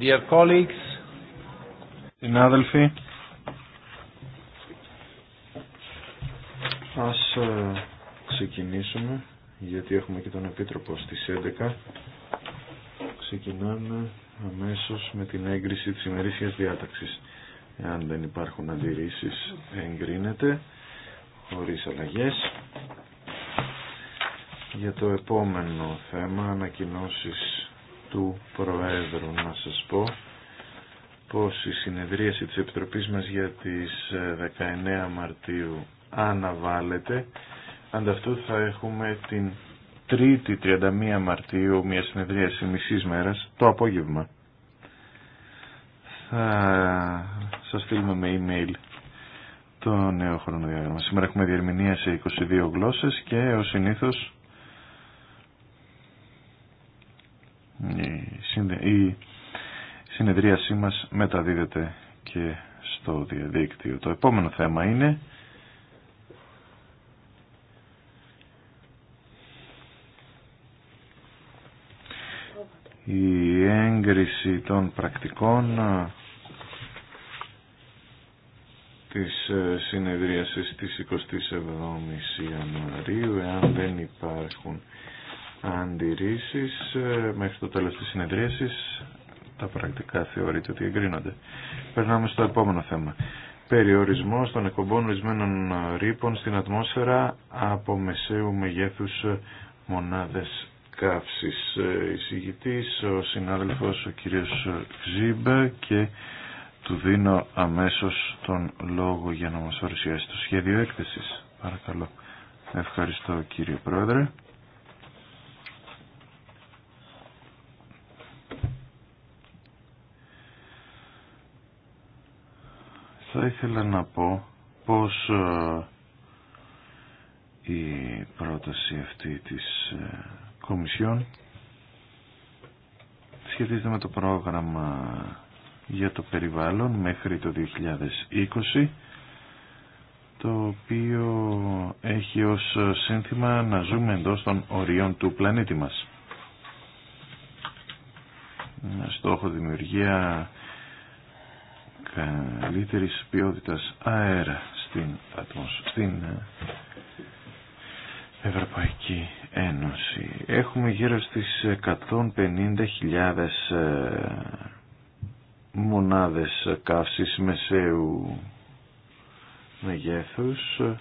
Dear colleagues, συνάδελφοι, ας ε, ξεκινήσουμε, γιατί έχουμε και τον Επίτροπο στις 11. Ξεκινάμε αμέσως με την έγκριση της ημερήσιας διάταξης. Εάν δεν υπάρχουν αντιρρήσεις, εγκρίνεται, χωρίς αλλαγές. Για το επόμενο θέμα, ανακοινώσεις του Προέδρου να σας πω πως η συνεδρίαση της Επιτροπής μας για τις 19 ε, Μαρτίου αναβάλλεται. Ανταυτού θα έχουμε την 3η 31 Μαρτίου μια συνεδρίαση μισής μέρας το απόγευμα. Θα σας στείλουμε με email το νέο χρονοδιάγραμμα. Σήμερα έχουμε διερμηνία σε 22 γλώσσες και ο συνήθως η συνεδρίασή μας μεταδίδεται και στο διαδίκτυο. Το επόμενο θέμα είναι η έγκριση των πρακτικών ε, της ε, συνεδρίασης της 27ης Ιανουαρίου εάν δεν υπάρχουν αντιρρήσει ε, μέχρι το τέλο της συνεδρίαση. τα πρακτικά θεωρείται ότι εγκρίνονται. Περνάμε στο επόμενο θέμα. Περιορισμός των εκπομπών ορισμένων ε, ρήπων στην ατμόσφαιρα από μεσαίου μεγέθους ε, μονάδες καύσης. Εισηγητή ο συνάδελφο, ο κύριος Ζήμπα και του δίνω αμέσως τον λόγο για να μας παρουσιάσει το σχέδιο έκθεση. Παρακαλώ. Ευχαριστώ κύριε Πρόεδρε. θα ήθελα να πω πως ε, η πρόταση αυτή της ε, Κομισιόν σχετίζεται με το πρόγραμμα για το περιβάλλον μέχρι το 2020 το οποίο έχει ως σύνθημα να ζούμε εντός των ορίων του πλανήτη μας. Στόχο δημιουργία καλύτερης ποιότητας αέρα στην, ε, Ευρωπαϊκή Ένωση. Έχουμε γύρω στις 150.000 ε, μονάδες καύσης μεσαίου μεγέθους ε,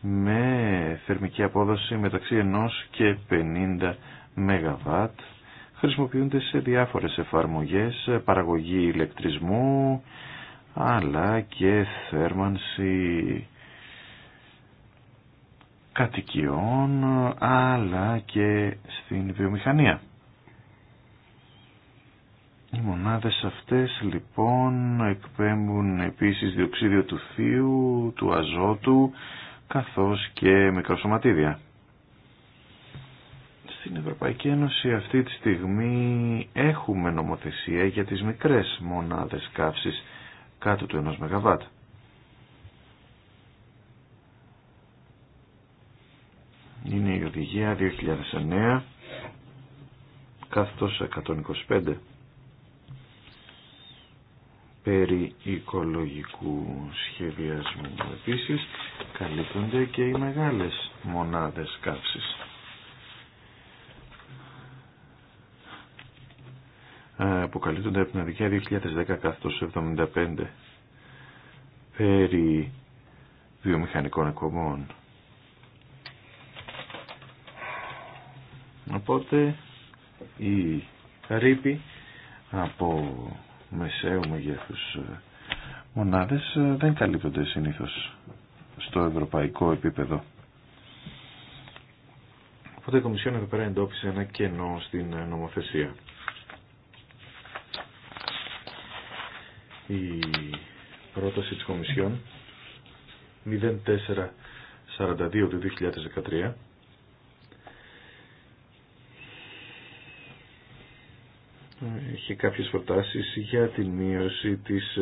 με θερμική απόδοση μεταξύ 1 και 50 ΜΒ χρησιμοποιούνται σε διάφορες εφαρμογές, παραγωγή ηλεκτρισμού, αλλά και θέρμανση κατοικιών, αλλά και στην βιομηχανία. Οι μονάδες αυτές λοιπόν εκπέμπουν επίσης διοξίδιο του θείου, του αζότου, καθώς και μικροσωματίδια. Στην Ευρωπαϊκή Ένωση αυτή τη στιγμή έχουμε νομοθεσία για τις μικρές μονάδες καύσης κάτω του 1 ΜΒ. Είναι η οδηγία 2009 κάθετος 125 περί οικολογικού σχεδιασμού. Επίσης καλύπτονται και οι μεγάλες μονάδες καύσης. αποκαλύπτονται από την Αδικία 2010 75 περί βιομηχανικών εκπομπών. Οπότε η ρήπη από μεσαίου μεγέθους ε, μονάδες ε, δεν καλύπτονται συνήθως στο ευρωπαϊκό επίπεδο. Οπότε η Κομισιόν εδώ πέρα εντόπισε ένα κενό στην ε, νομοθεσία. η πρόταση της Κομισιόν 0442 του 2013 έχει κάποιες προτάσεις για τη μείωση της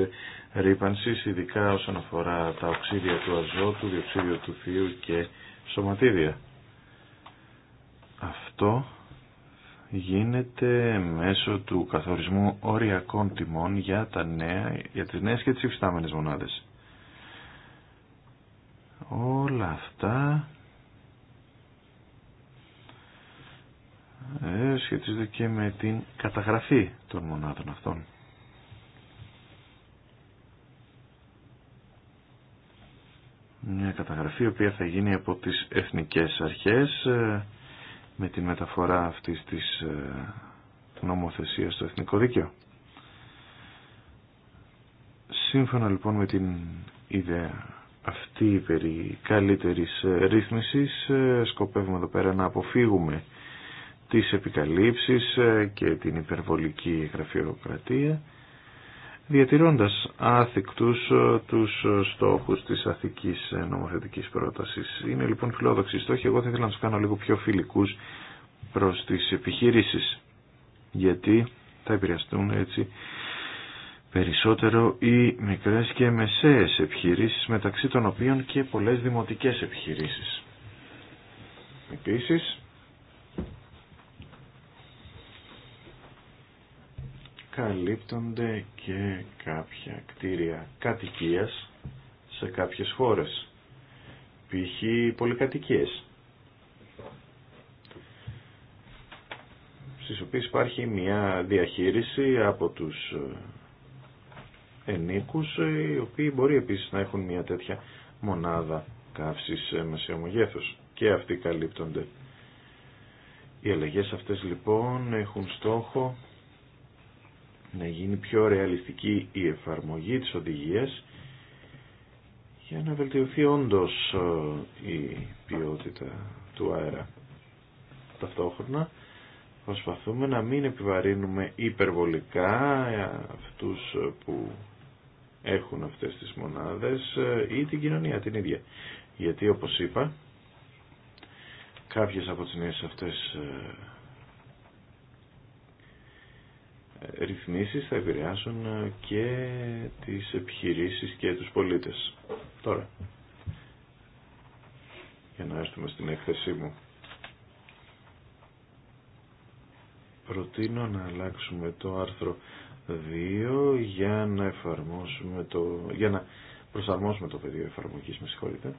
ρήπανσης, ειδικά όσον αφορά τα οξύδια του αζότου, διοξίδιο του θείου και σωματίδια. Αυτό γίνεται μέσω του καθορισμού οριακών τιμών για, τα νέα, για τις νέες και τις υφιστάμενες μονάδες. Όλα αυτά ε, σχετίζονται και με την καταγραφή των μονάδων αυτών. Μια καταγραφή η οποία θα γίνει από τις εθνικές αρχές ε, με την μεταφορά αυτής της ε, νομοθεσίας στο εθνικό δίκαιο. Σύμφωνα λοιπόν με την ιδέα αυτή περί καλύτερης ε, ρύθμισης ε, σκοπεύουμε εδώ πέρα να αποφύγουμε τις επικαλύψεις και την υπερβολική γραφειοκρατία διατηρώντας άθικτους ε, τους ε, στόχους της αθικής ε, νομοθετικής πρότασης. Είναι λοιπόν φιλόδοξη η στόχη, εγώ θα ήθελα να τους κάνω λίγο πιο φιλικούς προς τις επιχειρήσεις, γιατί θα επηρεαστούν έτσι περισσότερο οι μικρές και μεσαίες επιχειρήσεις, μεταξύ των οποίων και πολλές δημοτικές επιχειρήσεις. Επίσης, καλύπτονται και κάποια κτίρια κατοικίας σε κάποιες χώρες, π.χ. πολυκατοικίες, στις οποίες υπάρχει μια διαχείριση από τους ε, ενίκους, ε, οι οποίοι μπορεί επίσης να έχουν μια τέτοια μονάδα καύσης ε, μεσαιομογέθους και αυτοί καλύπτονται. Οι αλλαγές αυτές λοιπόν έχουν στόχο να γίνει πιο ρεαλιστική η εφαρμογή της οδηγίας για να βελτιωθεί όντως ε, η ποιότητα του αέρα. Ταυτόχρονα προσπαθούμε να μην επιβαρύνουμε υπερβολικά ε, αυτούς ε, που έχουν αυτές τις μονάδες ή την κοινωνία την ίδια. Γιατί όπως είπα, κάποιες από τις νέες αυτές ρυθμίσεις θα επηρεάσουν ε, και τις επιχειρήσεις και τους πολίτες. Τώρα, για να έρθουμε στην έκθεσή μου. Προτείνω να αλλάξουμε το άρθρο 2 για να εφαρμόσουμε το, για να προσαρμόσουμε το πεδίο εφαρμογής, με συγχωρείτε,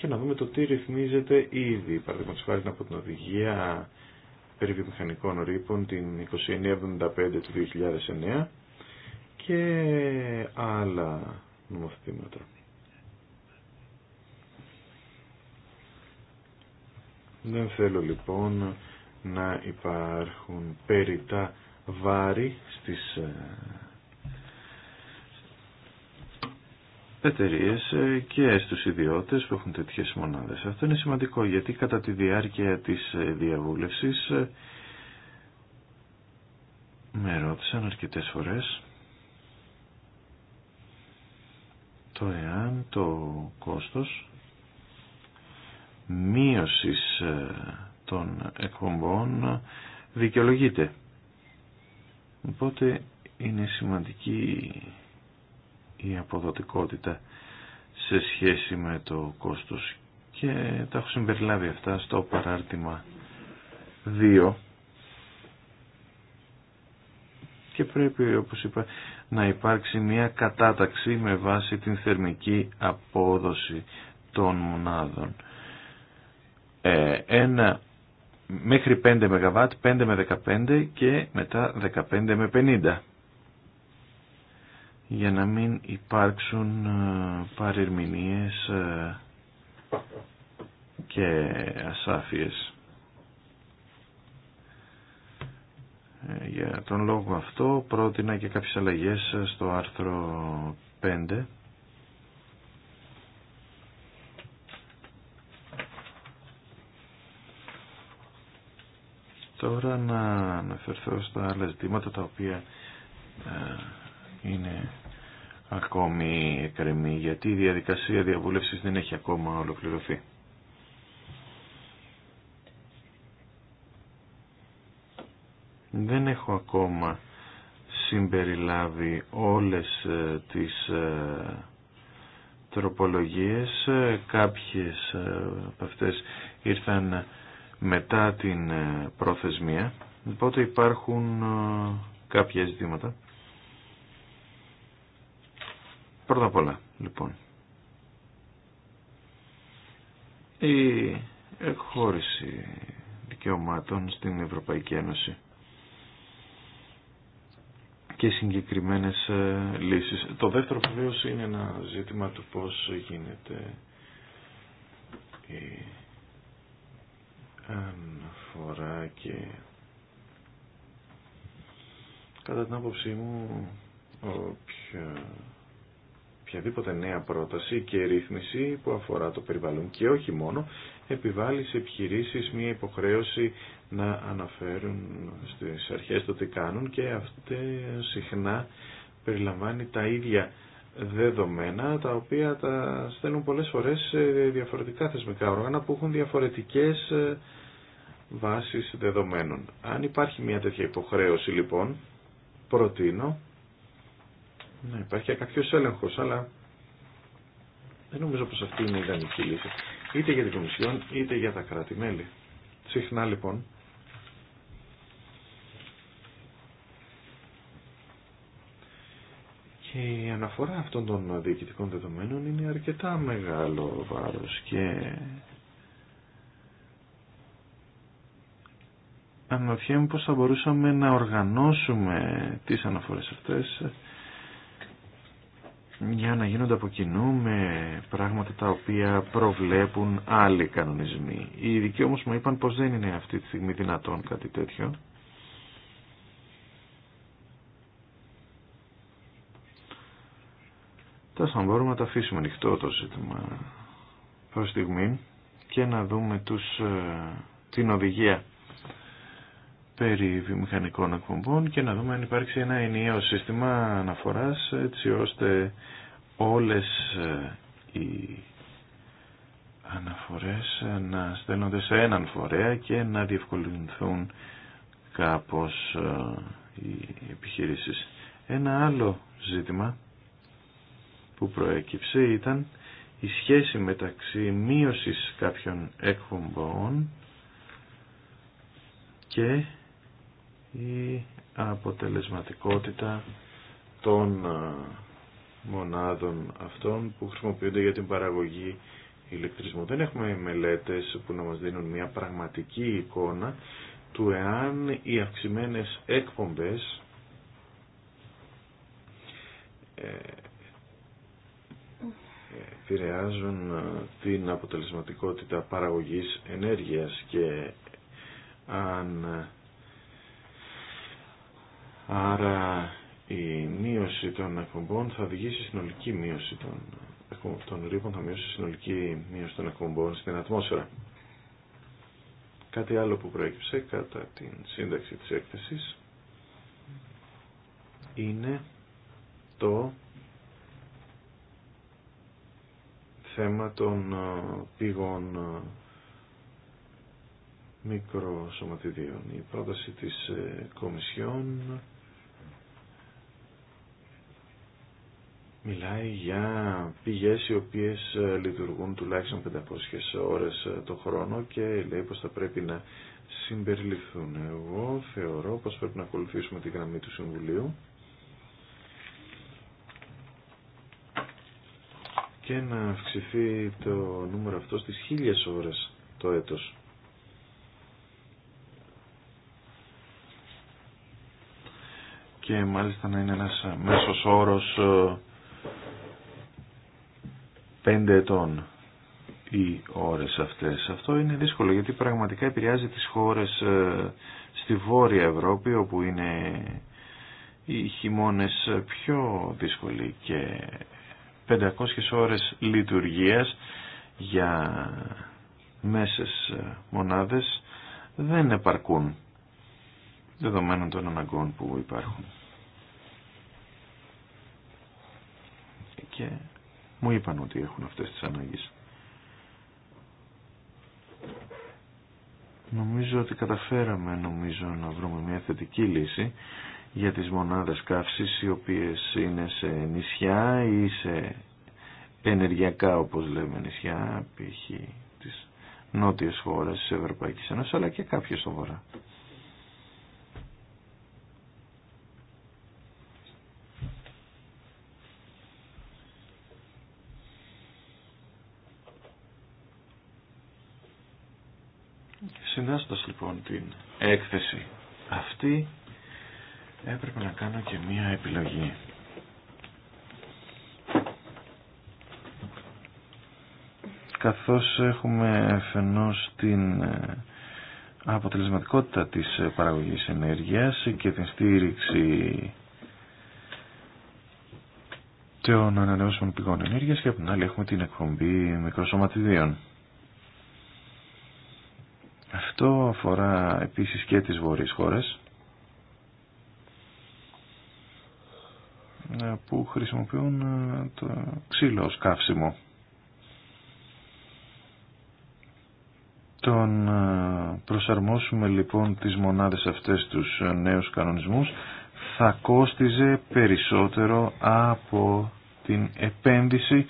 και να δούμε το τι ρυθμίζεται ήδη. Παραδείγματος χάρη από την οδηγία περί βιομηχανικών ρήπων την 2975 του 2009 και άλλα νομοθετήματα. Δεν θέλω λοιπόν να υπάρχουν περιτά βάρη στις ε, εταιρείε ε, και στους ιδιώτε που έχουν τέτοιε μονάδε Αυτό είναι σημαντικό γιατί κατά τη διάρκεια της ε, διαβούλευση ε, με ρώτησαν αρκετέ φορές το εάν το κόστο, μείωση των εκπομπών δικαιολογείται. Οπότε είναι σημαντική η αποδοτικότητα σε σχέση με το κόστος και τα έχω συμπεριλάβει αυτά στο παράρτημα 2 και πρέπει όπως είπα να υπάρξει μια κατάταξη με βάση την θερμική απόδοση των μονάδων. Ε, ένα μέχρι 5 ΜΒ, 5 με 15 και μετά 15 με 50 για να μην υπάρξουν ε, παρερμηνίες ε, και ασάφειες. Ε, για τον λόγο αυτό πρότεινα και κάποιες αλλαγές στο άρθρο 5. Τώρα να αναφερθώ στα άλλα ζητήματα τα οποία είναι ακόμη εκκρεμή γιατί η διαδικασία διαβούλευσης δεν έχει ακόμα ολοκληρωθεί. Δεν έχω ακόμα συμπεριλάβει όλες ε, τις ε, τροπολογίες. Ε, κάποιες από αυτές ήρθαν μετά την προθεσμία. Οπότε υπάρχουν κάποια ζητήματα Πρώτα απ' όλα, λοιπόν, η εκχώρηση δικαιωμάτων στην Ευρωπαϊκή Ένωση και συγκεκριμένες ε, λύσεις. Το δεύτερο βεβαίω είναι ένα ζήτημα του πώς γίνεται η αναφορά και κατά την άποψή μου όποια οποιαδήποτε νέα πρόταση και ρύθμιση που αφορά το περιβάλλον και όχι μόνο επιβάλλει σε επιχειρήσεις μια υποχρέωση να αναφέρουν στις αρχές το τι κάνουν και αυτή συχνά περιλαμβάνει τα ίδια δεδομένα τα οποία τα στέλνουν πολλές φορές σε διαφορετικά θεσμικά όργανα που έχουν διαφορετικές ε, βάσεις δεδομένων. Αν υπάρχει μια τέτοια υποχρέωση λοιπόν προτείνω ναι, υπάρχει κάποιο έλεγχο, αλλά δεν νομίζω πω αυτή είναι η ιδανική λύση. Είτε για την Κομισιόν, είτε για τα κράτη-μέλη. Συχνά λοιπόν. Και η αναφορά αυτών των διοικητικών δεδομένων είναι αρκετά μεγάλο βάρος και αναρωτιέμαι πώς θα μπορούσαμε να οργανώσουμε τις αναφορές αυτές για να γίνονται από κοινού με πράγματα τα οποία προβλέπουν άλλοι κανονισμοί. Οι ειδικοί όμως μου είπαν πως δεν είναι αυτή τη στιγμή δυνατόν κάτι τέτοιο. Τώρα θα μπορούμε να τα αφήσουμε ανοιχτό το ζήτημα προς στιγμή και να δούμε τους, ε, την οδηγία περί βιομηχανικών εκπομπών και να δούμε αν υπάρξει ένα ενιαίο σύστημα αναφοράς έτσι ώστε όλες ε, οι αναφορές να στέλνονται σε έναν φορέα και να διευκολυνθούν κάπως ε, οι επιχειρήσεις. Ένα άλλο ζήτημα που προέκυψε ήταν η σχέση μεταξύ μείωσης κάποιων εκπομπών και η αποτελεσματικότητα των ε, μονάδων αυτών που χρησιμοποιούνται για την παραγωγή ηλεκτρισμού. Δεν έχουμε μελέτες που να μας δίνουν μια πραγματική εικόνα του εάν οι αυξημένες εκπομπές ε, επηρεάζουν ε, την αποτελεσματικότητα παραγωγής ενέργειας και αν Άρα η μείωση των εκπομπών θα οδηγήσει συνολική μείωση των, των ρήπων, θα μειώσει συνολική μείωση των εκπομπών στην ατμόσφαιρα. Κάτι άλλο που προέκυψε κατά την σύνταξη της έκθεσης είναι το θέμα των ε, πήγων ε, μικροσωματιδίων. Η πρόταση της ε, Κομισιόν μιλάει για πηγές οι οποίες ε, λειτουργούν τουλάχιστον 500 ώρες ε, το χρόνο και λέει πως θα πρέπει να συμπεριληφθούν. Εγώ θεωρώ πως πρέπει να ακολουθήσουμε τη γραμμή του Συμβουλίου και να αυξηθεί το νούμερο αυτό στις χίλιες ώρες το έτος. Και μάλιστα να είναι ένας μέσος όρος ε, πέντε ετών οι ώρες αυτές. Αυτό είναι δύσκολο γιατί πραγματικά επηρεάζει τις χώρες ε, στη Βόρεια Ευρώπη όπου είναι οι χειμώνες πιο δύσκολοι και 500 ώρες λειτουργίας για μέσες ε, μονάδες δεν επαρκούν δεδομένων των αναγκών που υπάρχουν. Και μου είπαν ότι έχουν αυτές τις ανάγκες. Νομίζω ότι καταφέραμε νομίζω να βρούμε μια θετική λύση για τις μονάδες καύσης οι οποίες είναι σε νησιά ή σε ενεργειακά όπως λέμε νησιά π.χ. τις νότιες χώρες της Ευρωπαϊκής Ένωσης αλλά και κάποιες στο βορρά. Συντάσσοντας λοιπόν την έκθεση αυτή έπρεπε να κάνω και μία επιλογή. Καθώς έχουμε φαινός την ε, αποτελεσματικότητα της ε, παραγωγής ενέργειας και την στήριξη των ανανεώσιμων πηγών ενέργειας και από την άλλη έχουμε την εκπομπή μικροσωματιδίων. Αυτό αφορά επίσης και τις βορείς χώρες ε, που χρησιμοποιούν ε, το ξύλο ως καύσιμο. Τον ε, προσαρμόσουμε λοιπόν τις μονάδες αυτές τους νέους κανονισμούς θα κόστιζε περισσότερο από την επένδυση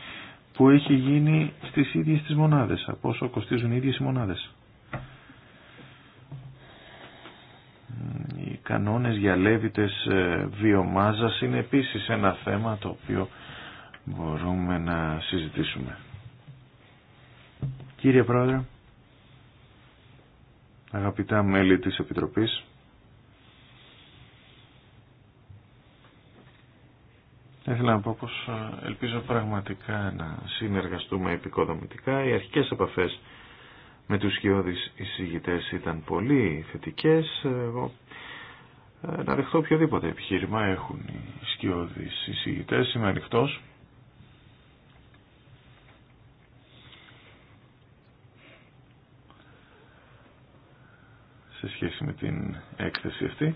που έχει γίνει στις ίδιες τις μονάδες, από όσο κοστίζουν οι ίδιες οι μονάδες. κανόνες για λέβητες ε, βιομάζας είναι επίσης ένα θέμα το οποίο μπορούμε να συζητήσουμε. Κύριε Πρόεδρε, αγαπητά μέλη της Επιτροπής, ήθελα να πω πως ε, ελπίζω πραγματικά να συνεργαστούμε επικοδομητικά. Οι αρχικές επαφές με τους σκιώδεις εισηγητές ήταν πολύ θετικές. Εγώ ε, να δεχτώ οποιοδήποτε επιχείρημα έχουν οι σκιώδεις εισηγητές. Είμαι ανοιχτό. σε σχέση με την έκθεση αυτή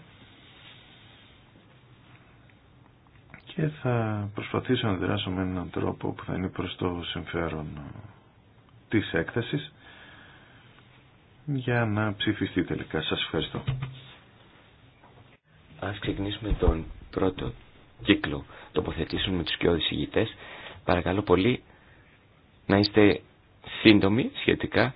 και θα προσπαθήσω να δράσω με έναν τρόπο που θα είναι προς το συμφέρον της έκθεσης για να ψηφιστεί τελικά. Σας ευχαριστώ. Ας ξεκινήσουμε τον πρώτο κύκλο τοποθετήσεων με τους κοιόδης ηγητές. Παρακαλώ πολύ να είστε σύντομοι σχετικά,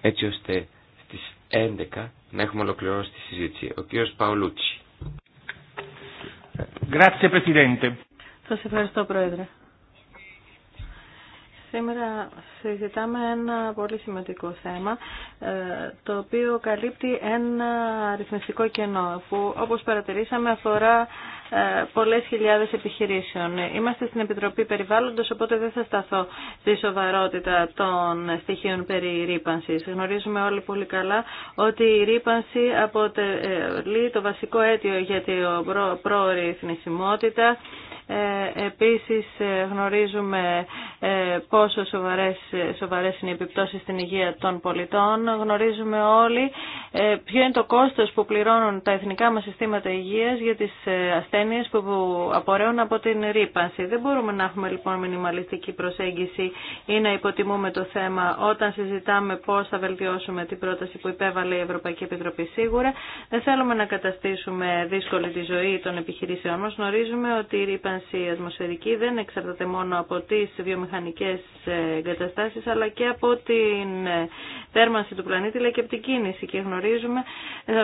έτσι ώστε στις 11 να έχουμε ολοκληρώσει τη συζήτηση. Ο κύριος Παολούτσι. Grazie Σας ευχαριστώ Πρόεδρε. Σήμερα συζητάμε ένα πολύ σημαντικό θέμα, ε, το οποίο καλύπτει ένα αριθμιστικό κενό, που όπως παρατηρήσαμε αφορά ε, πολλές χιλιάδες επιχειρήσεων. Είμαστε στην Επιτροπή Περιβάλλοντος, οπότε δεν θα σταθώ στη σοβαρότητα των στοιχείων περί ρήπανσης. Γνωρίζουμε όλοι πολύ καλά ότι η ρήπανση αποτελεί το βασικό αίτιο για την προορυθμισιμότητα, ε, επίσης ε, γνωρίζουμε ε, πόσο σοβαρές, σοβαρές είναι οι επιπτώσεις στην υγεία των πολιτών. Γνωρίζουμε όλοι ποιο είναι το κόστος που πληρώνουν τα εθνικά μας συστήματα υγείας για τις ασθένειες που απορρέουν από την ρήπανση. Δεν μπορούμε να έχουμε λοιπόν μινιμαλιστική προσέγγιση ή να υποτιμούμε το θέμα όταν συζητάμε πώς θα βελτιώσουμε την πρόταση που υπέβαλε η Ευρωπαϊκή Επιτροπή σίγουρα. Δεν θέλουμε να καταστήσουμε δύσκολη τη ζωή των επιχειρήσεών μας. Γνωρίζουμε ότι η ευρωπαικη επιτροπη σιγουρα δεν θελουμε να καταστησουμε δυσκολη τη ζωη των επιχειρησεων μας γνωριζουμε οτι ρήπανση ατμοσφαιρική δεν εξαρτάται μόνο από τις βιομηχανικές εγκαταστάσεις αλλά και από την θέρμανση του πλανήτη αλλά και από την κίνηση και γνωρίζουμε ε,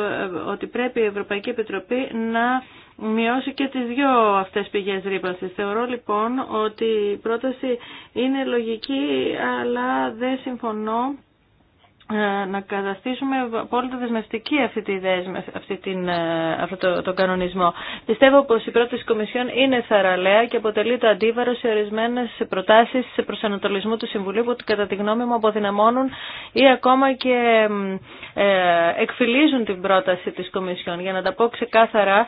ότι πρέπει η Ευρωπαϊκή Επιτροπή να μειώσει και τις δύο αυτές πηγές ρήπανσης. Θεωρώ λοιπόν ότι η πρόταση είναι λογική αλλά δεν συμφωνώ ε, να καταστήσουμε απόλυτα δεσμευτική αυτή τη δέσμευση, αυτή την, ε, αυτό το, κανονισμό. Πιστεύω πως η πρόταση Κομισιόν είναι θαραλέα και αποτελεί το αντίβαρο σε ορισμένες προτάσεις σε ανατολισμού του Συμβουλίου που κατά τη γνώμη μου αποδυναμώνουν ή ακόμα και ε, εκφυλίζουν την πρόταση της Κομισιόν. Για να τα πω ξεκάθαρα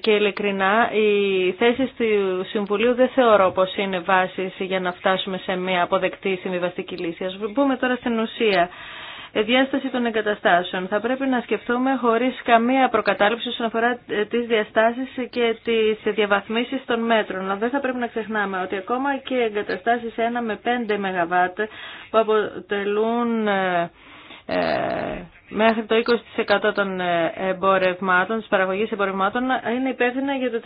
και ειλικρινά, οι θέσει του Συμβουλίου δεν θεωρώ πως είναι βάση για να φτάσουμε σε μια αποδεκτή συμβιβαστική λύση. Α πούμε τώρα στην ουσία διάσταση των εγκαταστάσεων. Θα πρέπει να σκεφτούμε χωρίς καμία προκατάληψη όσον αφορά ε, τις διαστάσεις και τις διαβαθμίσεις των μέτρων. Αλλά δεν θα πρέπει να ξεχνάμε ότι ακόμα και εγκαταστάσεις 1 με 5 ΜΒ που αποτελούν ε, ε, μέχρι το 20% των εμπορευμάτων, της παραγωγής εμπορευμάτων, είναι υπεύθυνα για το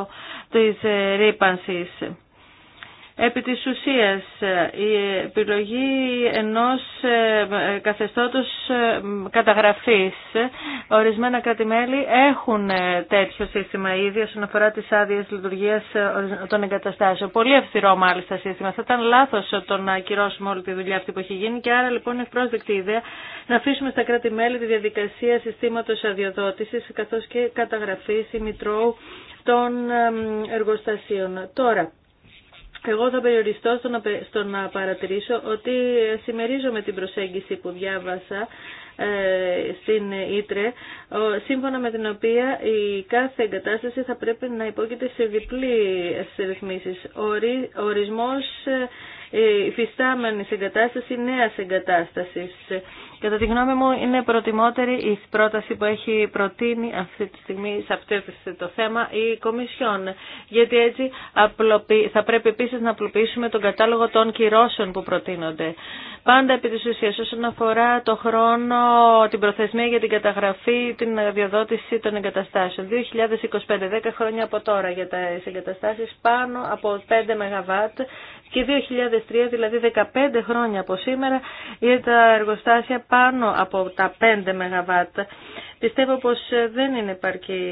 35% της ρήπανσης. Επί της ουσίας, η επιλογή ενός ε, καθεστώτος ε, καταγραφής, ορισμένα κρατημέλη έχουν ε, τέτοιο σύστημα ήδη όσον αφορά τις άδειες λειτουργίας των εγκαταστάσεων. Πολύ αυστηρό μάλιστα σύστημα. Θα ήταν λάθος το να ακυρώσουμε όλη τη δουλειά αυτή που έχει γίνει και άρα λοιπόν είναι προσδεκτή η ιδέα να αφήσουμε στα κρατη τη διαδικασία συστήματος αδειοδότησης καθώς και καταγραφής μητρώου των εργοστασίων. Τώρα, εγώ θα περιοριστώ στο να, στο να παρατηρήσω ότι συμμερίζομαι την προσέγγιση που διάβασα ε, στην Ήτρε, σύμφωνα με την οποία η κάθε εγκατάσταση θα πρέπει να υπόκειται σε διπλή ρυθμίσει. Ο ορισμός ε, η φυστάμενη συγκατάσταση νέα εγκατάσταση. Κατά τη γνώμη μου είναι προτιμότερη η πρόταση που έχει προτείνει αυτή τη στιγμή σε αυτό το θέμα η Κομισιόν. Γιατί έτσι θα πρέπει επίση να απλοποιήσουμε τον κατάλογο των κυρώσεων που προτείνονται. Πάντα επί της ουσίας όσον αφορά το χρόνο, την προθεσμία για την καταγραφή, την διαδότηση των εγκαταστάσεων. 2025, 10 χρόνια από τώρα για τα εγκαταστάσεις πάνω από 5 ΜΒ και 2003, δηλαδή 15 χρόνια από σήμερα, είναι τα εργοστάσια πάνω από τα 5 ΜΒ. Πιστεύω πως ε, δεν είναι επαρκή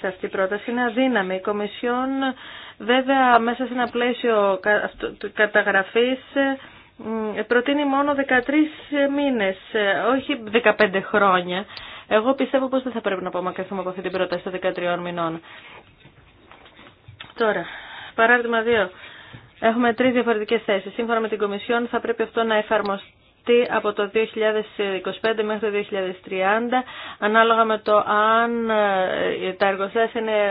σε αυτή η πρόταση, είναι αδύναμη. Η Κομισιόν βέβαια μέσα σε ένα πλαίσιο καταγραφής ε, προτείνει μόνο 13 μήνες, ε, όχι 15 χρόνια. Εγώ πιστεύω πως δεν θα πρέπει να απομακρυνθούμε από αυτή την πρόταση των 13 μηνών. Τώρα, παράδειγμα 2. Έχουμε τρει διαφορετικέ θέσει. Σύμφωνα με την Κομισιόν θα πρέπει αυτό να εφαρμοστεί από το 2025 μέχρι το 2030, ανάλογα με το αν ε, τα εργοστάσια είναι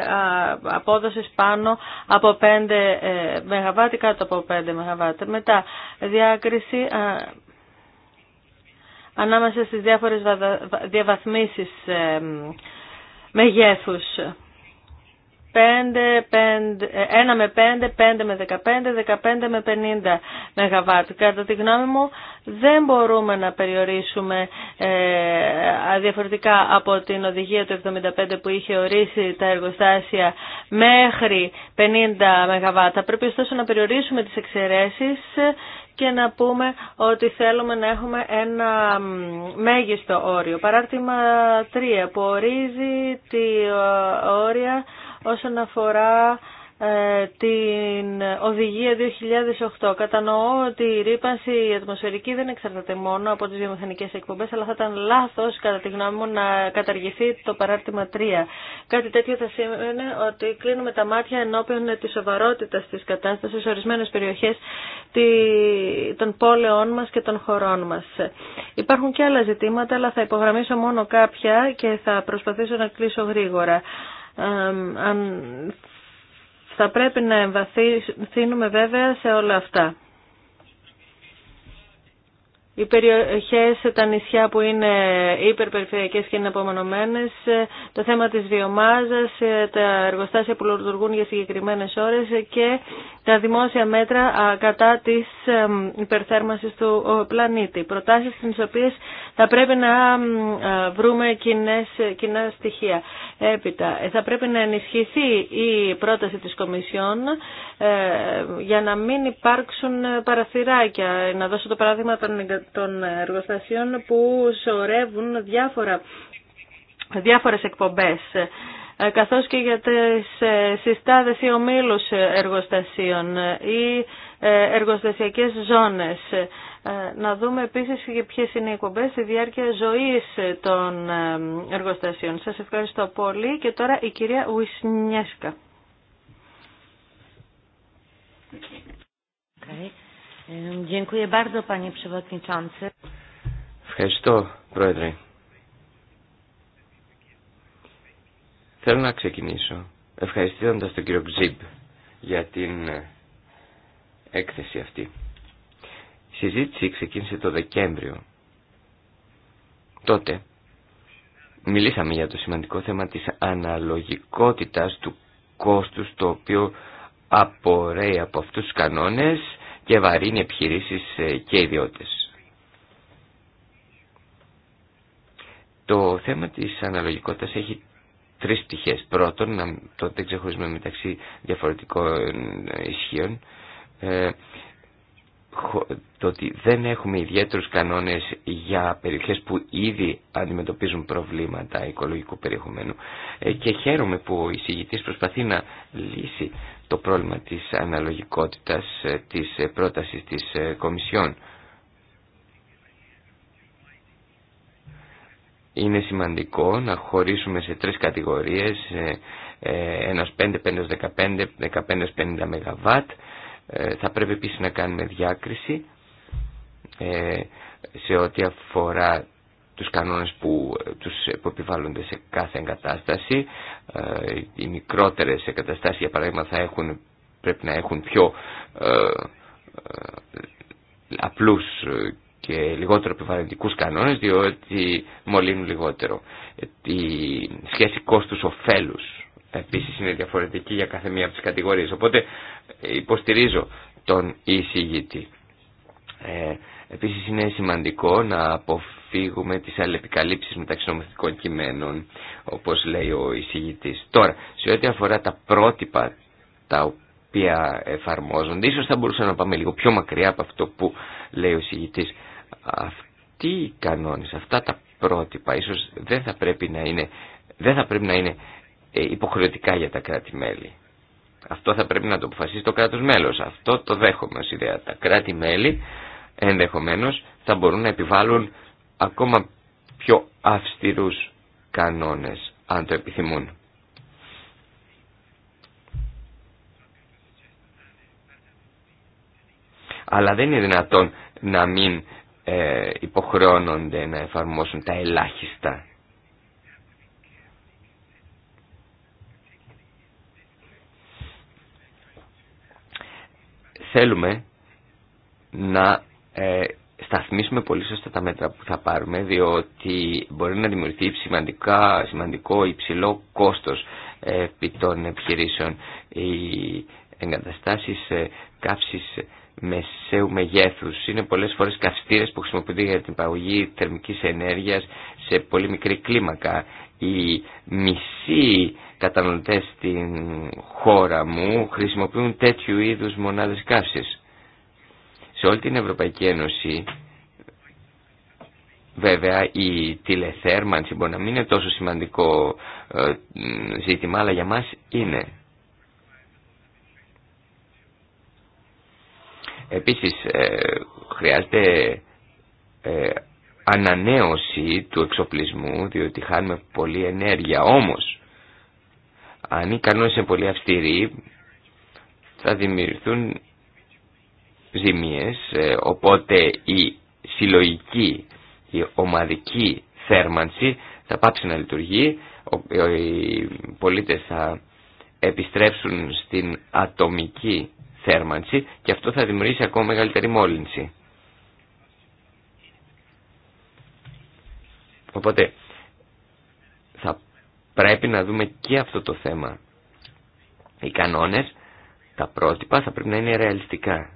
απόδοσης πάνω από 5 ε, ΜΒ ή κάτω από 5 ΜΒ. Μετά, διάκριση ανάμεσα στις διάφορες διαβαθμίσεις ε, μεγέθους. 1 ε, με 5, 5 με 15, 15 με 50 ΜΒ. Κατά τη γνώμη μου δεν μπορούμε να περιορίσουμε ε, διαφορετικά από την οδηγία του 75 που είχε ορίσει τα εργοστάσια μέχρι 50 ΜΒ. Πρέπει ωστόσο να περιορίσουμε τις εξαιρέσεις και να πούμε ότι θέλουμε να έχουμε ένα μέγιστο όριο. Παράρτημα 3 που ορίζει τη όρια όσον αφορά ε, την οδηγία 2008. Κατανοώ ότι η ρήπανση η ατμοσφαιρική δεν εξαρτάται μόνο από τις βιομηχανικές εκπομπές, αλλά θα ήταν λάθος κατά τη γνώμη μου να καταργηθεί το παράρτημα 3. Κάτι τέτοιο θα σημαίνει ότι κλείνουμε τα μάτια ενώπιον τη σοβαρότητα της κατάστασης σε ορισμένες περιοχές των πόλεων μας και των χωρών μας. Υπάρχουν και άλλα ζητήματα, αλλά θα υπογραμμίσω μόνο κάποια και θα προσπαθήσω να κλείσω γρήγορα θα πρέπει να εμβαθύνουμε βέβαια σε όλα αυτά οι περιοχές, τα νησιά που είναι υπερπεριφερειακές και είναι απομονωμένες, το θέμα της βιομάζας, τα εργοστάσια που λειτουργούν για συγκεκριμένες ώρες και τα δημόσια μέτρα κατά της υπερθέρμανσης του πλανήτη. Προτάσεις στις οποίες θα πρέπει να βρούμε κοινές, κοινά στοιχεία. Έπειτα, ε, θα πρέπει να ενισχυθεί η πρόταση της Κομισιόν ε, για να μην υπάρξουν παραθυράκια. Να δώσω το παράδειγμα των των εργοστασίων που σωρεύουν διάφορα, διάφορες εκπομπές ε, καθώς και για τις ε, συστάδες ή ομίλους εργοστασίων ή ε, εργοστασιακές ζώνες. Να δούμε επίσης και ποιες είναι οι εκπομπές στη διάρκεια ζωής των εργοστασίων. Σας ευχαριστώ πολύ και τώρα η κυρία Ουισνιέσκα. Ευχαριστώ, Πρόεδρε. Θέλω να ξεκινήσω ευχαριστώντας τον κύριο Ξιμπ για την ε, έκθεση αυτή. Η συζήτηση ξεκίνησε το Δεκέμβριο. Τότε μιλήσαμε για το σημαντικό θέμα της αναλογικότητας του κόστους το οποίο απορρέει από αυτούς τους κανόνες και βαρύνει επιχειρήσεις ε, και ιδιώτες. Το θέμα της αναλογικότητας έχει τρεις πτυχές. Πρώτον, να το ξεχωρίζουμε μεταξύ διαφορετικών ε, ισχύων, ε, το ότι δεν έχουμε ιδιαίτερους κανόνες για περιοχές που ήδη αντιμετωπίζουν προβλήματα οικολογικού περιεχομένου και χαίρομαι που ο εισηγητής προσπαθεί να λύσει το πρόβλημα της αναλογικότητας ε, της ε, πρότασης της ε, Κομισιόν. Είναι σημαντικό να χωρίσουμε σε τρεις κατηγορίες, ένας 5, 5, 15, 15, 50 ΜΒ. Θα πρέπει επίσης να κάνουμε διάκριση σε ό,τι αφορά τους κανόνες που ε, τους ε, επιβάλλονται σε κάθε εγκατάσταση. Ε, οι μικρότερες εγκαταστάσεις, για παράδειγμα, έχουν, πρέπει να έχουν πιο απλούς και λιγότερο επιβαρυντικούς κανόνες, διότι μολύνουν λιγότερο. Η σχέση κόστους-οφέλους επίσης είναι διαφορετική για κάθε μία από τις κατηγορίες. Οπότε υποστηρίζω τον εισηγητή. Ε, επίσης είναι σημαντικό να αποφύγουμε τις αλληλεπικαλύψεις μεταξύ νομοθετικών κειμένων, όπως λέει ο εισηγητής. Τώρα, σε ό,τι αφορά τα πρότυπα τα οποία εφαρμόζονται, ίσως θα μπορούσαμε να πάμε λίγο πιο μακριά από αυτό που λέει ο εισηγητής. Αυτοί οι κανόνες, αυτά τα πρότυπα, ίσως δεν θα πρέπει να είναι, δεν θα πρέπει να είναι ε, υποχρεωτικά για τα κράτη-μέλη. Αυτό θα πρέπει να το αποφασίσει το κράτος μέλος. Αυτό το δέχομαι ως ιδέα. Τα κράτη-μέλη ενδεχομένως θα μπορούν να επιβάλλουν ακόμα πιο αυστηρούς κανόνες, αν το επιθυμούν. Αλλά δεν είναι δυνατόν να μην ε, υποχρεώνονται να εφαρμόσουν τα ελάχιστα. Θέλουμε να ε, σταθμίσουμε πολύ σωστά τα μέτρα που θα πάρουμε, διότι μπορεί να δημιουργηθεί σημαντικά, σημαντικό υψηλό κόστος επί των επιχειρήσεων. Οι εγκαταστάσεις ε, κάψης μεσαίου μεγέθους είναι πολλές φορές καυστήρες που χρησιμοποιούνται για την παραγωγή θερμικής ενέργειας σε πολύ μικρή κλίμακα. Οι μισοί καταναλωτές στην χώρα μου χρησιμοποιούν τέτοιου είδους μονάδες καύσης. Σε όλη την Ευρωπαϊκή Ένωση Βέβαια η τηλεθέρμανση μπορεί να μην είναι τόσο σημαντικό ε, ζήτημα, αλλά για μας είναι. Επίσης ε, χρειάζεται ε, ανανέωση του εξοπλισμού, διότι χάνουμε πολλή ενέργεια. Όμως, αν οι κανόνες είναι πολύ αυστηροί, θα δημιουργηθούν ζημίες, ε, οπότε η συλλογική, η ομαδική θέρμανση θα πάψει να λειτουργεί, οι πολίτες θα επιστρέψουν στην ατομική θέρμανση και αυτό θα δημιουργήσει ακόμα μεγαλύτερη μόλυνση. Οπότε θα πρέπει να δούμε και αυτό το θέμα. Οι κανόνες, τα πρότυπα θα πρέπει να είναι ρεαλιστικά.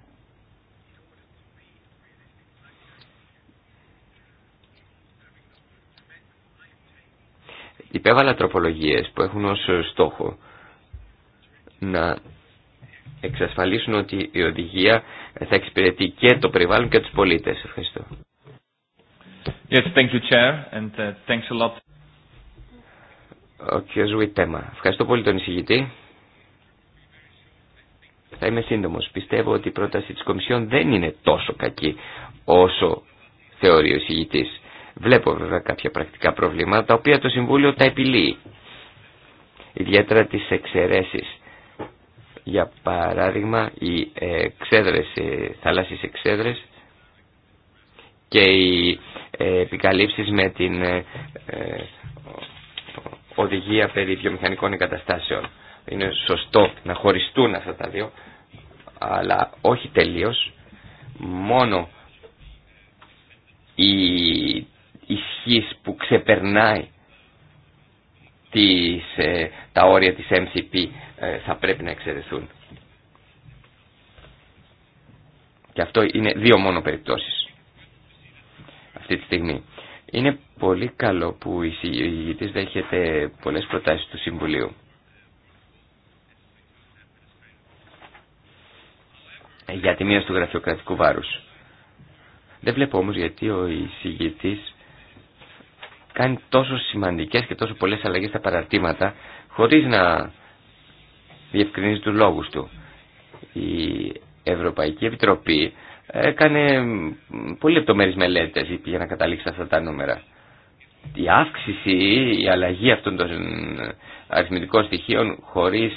υπέβαλα τροπολογίες που έχουν ως στόχο να εξασφαλίσουν ότι η οδηγία θα εξυπηρετεί και το περιβάλλον και τους πολίτες. Ευχαριστώ. Yes, thank you, Chair, and uh, thanks a lot. Ο κ. Ευχαριστώ πολύ τον εισηγητή. Θα είμαι σύντομος. Πιστεύω ότι η πρόταση της Κομισιόν δεν είναι τόσο κακή όσο θεωρεί ο εισηγητής. Βλέπω βέβαια κάποια πρακτικά προβλήματα τα οποία το Συμβούλιο τα επιλύει. Ιδιαίτερα τις εξαιρέσεις. Για παράδειγμα οι εξέδρες, οι θαλάσσιες εξέδρες και οι ε, επικαλύψεις με την ε, ε, οδηγία περί βιομηχανικών εγκαταστάσεων. Είναι σωστό να χωριστούν αυτά τα δύο, αλλά όχι τελείως. Μόνο η ισχύς που ξεπερνάει τις, ε, τα όρια της MCP ε, θα πρέπει να εξαιρεθούν. Και αυτό είναι δύο μόνο περιπτώσεις αυτή τη στιγμή. Είναι πολύ καλό που η συγγητής δέχεται πολλές προτάσεις του Συμβουλίου. Για τη μείωση του γραφειοκρατικού βάρους. Δεν βλέπω όμως γιατί ο εισηγητής κάνει τόσο σημαντικές και τόσο πολλές αλλαγές στα παραρτήματα χωρίς να διευκρινίζει τους λόγους του. Η Ευρωπαϊκή Επιτροπή έκανε πολύ λεπτομέρειες μελέτες για να καταλήξει αυτά τα νούμερα. Η αύξηση, η αλλαγή αυτών των αριθμητικών στοιχείων χωρίς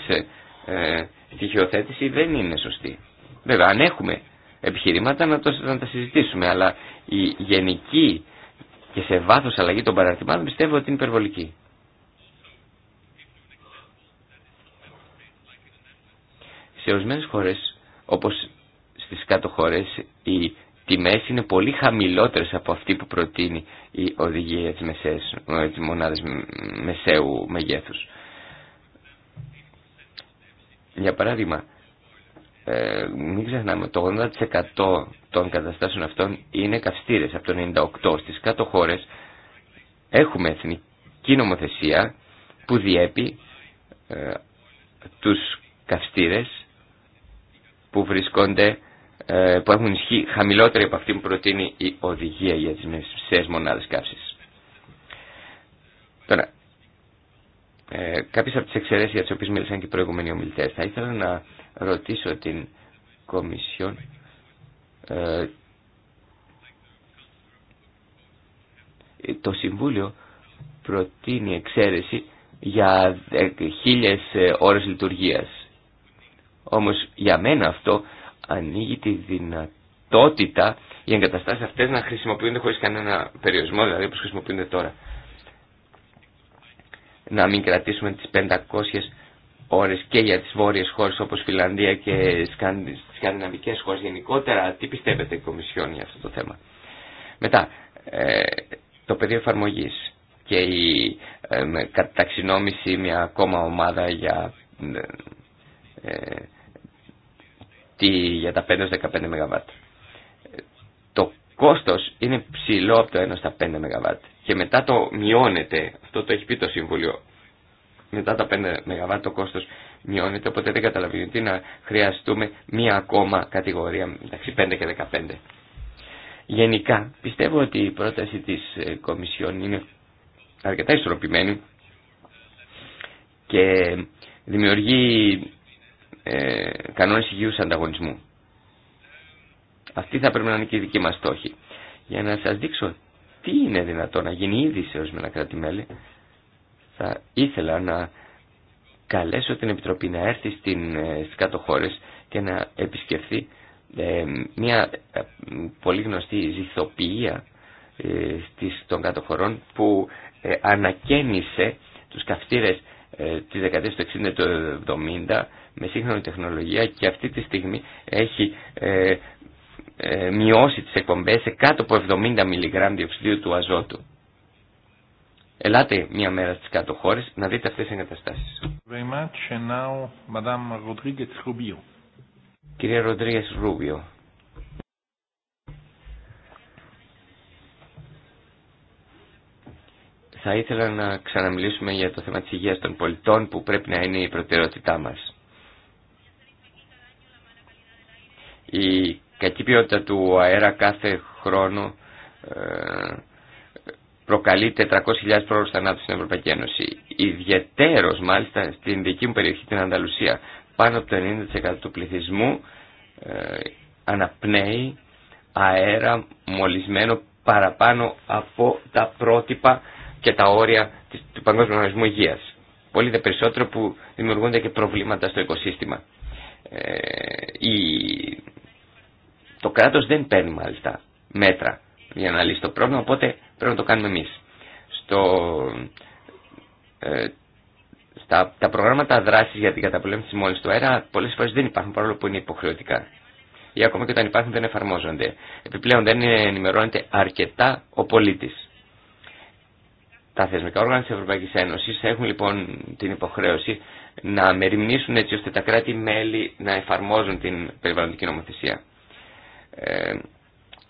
ε, στοιχειοθέτηση δεν είναι σωστή. Βέβαια, αν έχουμε επιχειρήματα να, να τα συζητήσουμε, αλλά η γενική και σε βάθος αλλαγή των παραρτημάτων πιστεύω ότι είναι υπερβολική. Σε ορισμένες χώρες, όπως στις κάτω χώρες, οι τιμές είναι πολύ χαμηλότερες από αυτή που προτείνει η οδηγία της μεσαίες, ε, μεσαίου μεγέθους. Για παράδειγμα, ε, μην ξεχνάμε, το 80% των καταστάσεων αυτών είναι καυστήρες. Από το 98% στις κάτω χώρες έχουμε εθνική νομοθεσία που διέπει ε, τους καυστήρες που βρισκόνται ε, που έχουν ισχύ χαμηλότερη από αυτή που προτείνει η οδηγία για τις μεσαίες μονάδες καύσης. Τώρα, ε, κάποιες από τις εξαιρέσεις για τις οποίες μίλησαν και οι προηγούμενοι ομιλητές θα ήθελα να ρωτήσω την Κομισιόν ε, το Συμβούλιο προτείνει εξαίρεση για χίλιες ε, ώρες λειτουργίας. Όμως για μένα αυτό ανοίγει τη δυνατότητα οι εγκαταστάσεις αυτές να χρησιμοποιούνται χωρίς κανένα περιορισμό, δηλαδή όπως χρησιμοποιούνται τώρα. Να μην κρατήσουμε τις 500 ώρες και για τις βόρειες χώρες όπως Φιλανδία και σκανδιναβικές χώρες γενικότερα. Τι πιστεύετε η Κομισιόν για αυτό το θέμα. Μετά, ε, το πεδίο εφαρμογή και η ε, καταξινόμηση μια ακόμα ομάδα για, ε, τι, για τα 5-15 ΜΒ. Το κόστος είναι ψηλό από το 1 στα 5 ΜΒ και μετά το μειώνεται, αυτό το έχει πει το Συμβούλιο, μετά τα 5 ΜΒ το κόστος μειώνεται, οπότε δεν καταλαβαίνει να χρειαστούμε μία ακόμα κατηγορία μεταξύ 5 και 15. Γενικά, πιστεύω ότι η πρόταση της ε, Κομισιόν είναι αρκετά ισορροπημένη και δημιουργεί ε, κανόνες υγιούς ανταγωνισμού. Αυτή θα πρέπει να είναι και η δική μας στόχη. Για να σας δείξω τι είναι δυνατό να γίνει ήδη σε ορισμένα κράτη-μέλη, θα ήθελα να καλέσω την Επιτροπή να έρθει στην, ε, στις κάτω χώρες και να επισκεφθεί ε, μια ε, πολύ γνωστή ζηθοποιία των κάτω χωρών που ανακαίνισε τους καυτήρες ε, της δεκαετίας του 60 του 70 με σύγχρονη τεχνολογία και αυτή τη στιγμή έχει μειώσει τις εκπομπές σε κάτω από 70 μιλιγκράμμ διοξιδίου του αζότου. Ελάτε μια μέρα στις κάτω χώρες να δείτε αυτές τις εγκαταστάσεις. Κυρία Ροντρίγες Ρούβιο. Θα ήθελα να ξαναμιλήσουμε για το θέμα της υγείας των πολιτών που πρέπει να είναι η προτεραιότητά μας. Η κακή ποιότητα του αέρα κάθε χρόνο ε, προκαλεί 400.000 πρόορους θανάτους στην Ευρωπαϊκή Ένωση. Ιδιαιτέρως μάλιστα στην δική μου περιοχή, την Ανταλουσία, πάνω από το 90% του πληθυσμού ε, αναπνέει αέρα μολυσμένο παραπάνω από τα πρότυπα και τα όρια του Παγκόσμιου Οργανισμού Υγείας. Πολύ δε περισσότερο που δημιουργούνται και προβλήματα στο οικοσύστημα. Ε, το κράτος δεν παίρνει μάλιστα μέτρα για να λύσει το πρόβλημα, οπότε πρέπει να το κάνουμε εμείς. Στο, ε, στα, τα προγράμματα δράσης για την καταπολέμηση μόλι του αέρα πολλές φορές δεν υπάρχουν παρόλο που είναι υποχρεωτικά. Ή ακόμα και όταν υπάρχουν δεν εφαρμόζονται. Επιπλέον δεν ενημερώνεται αρκετά ο πολίτης. Τα θεσμικά όργανα της Ευρωπαϊκής Ένωσης έχουν λοιπόν την υποχρέωση να μεριμνήσουν έτσι ώστε τα κράτη-μέλη να εφαρμόζουν την περιβαλλοντική νομοθεσία. Ε,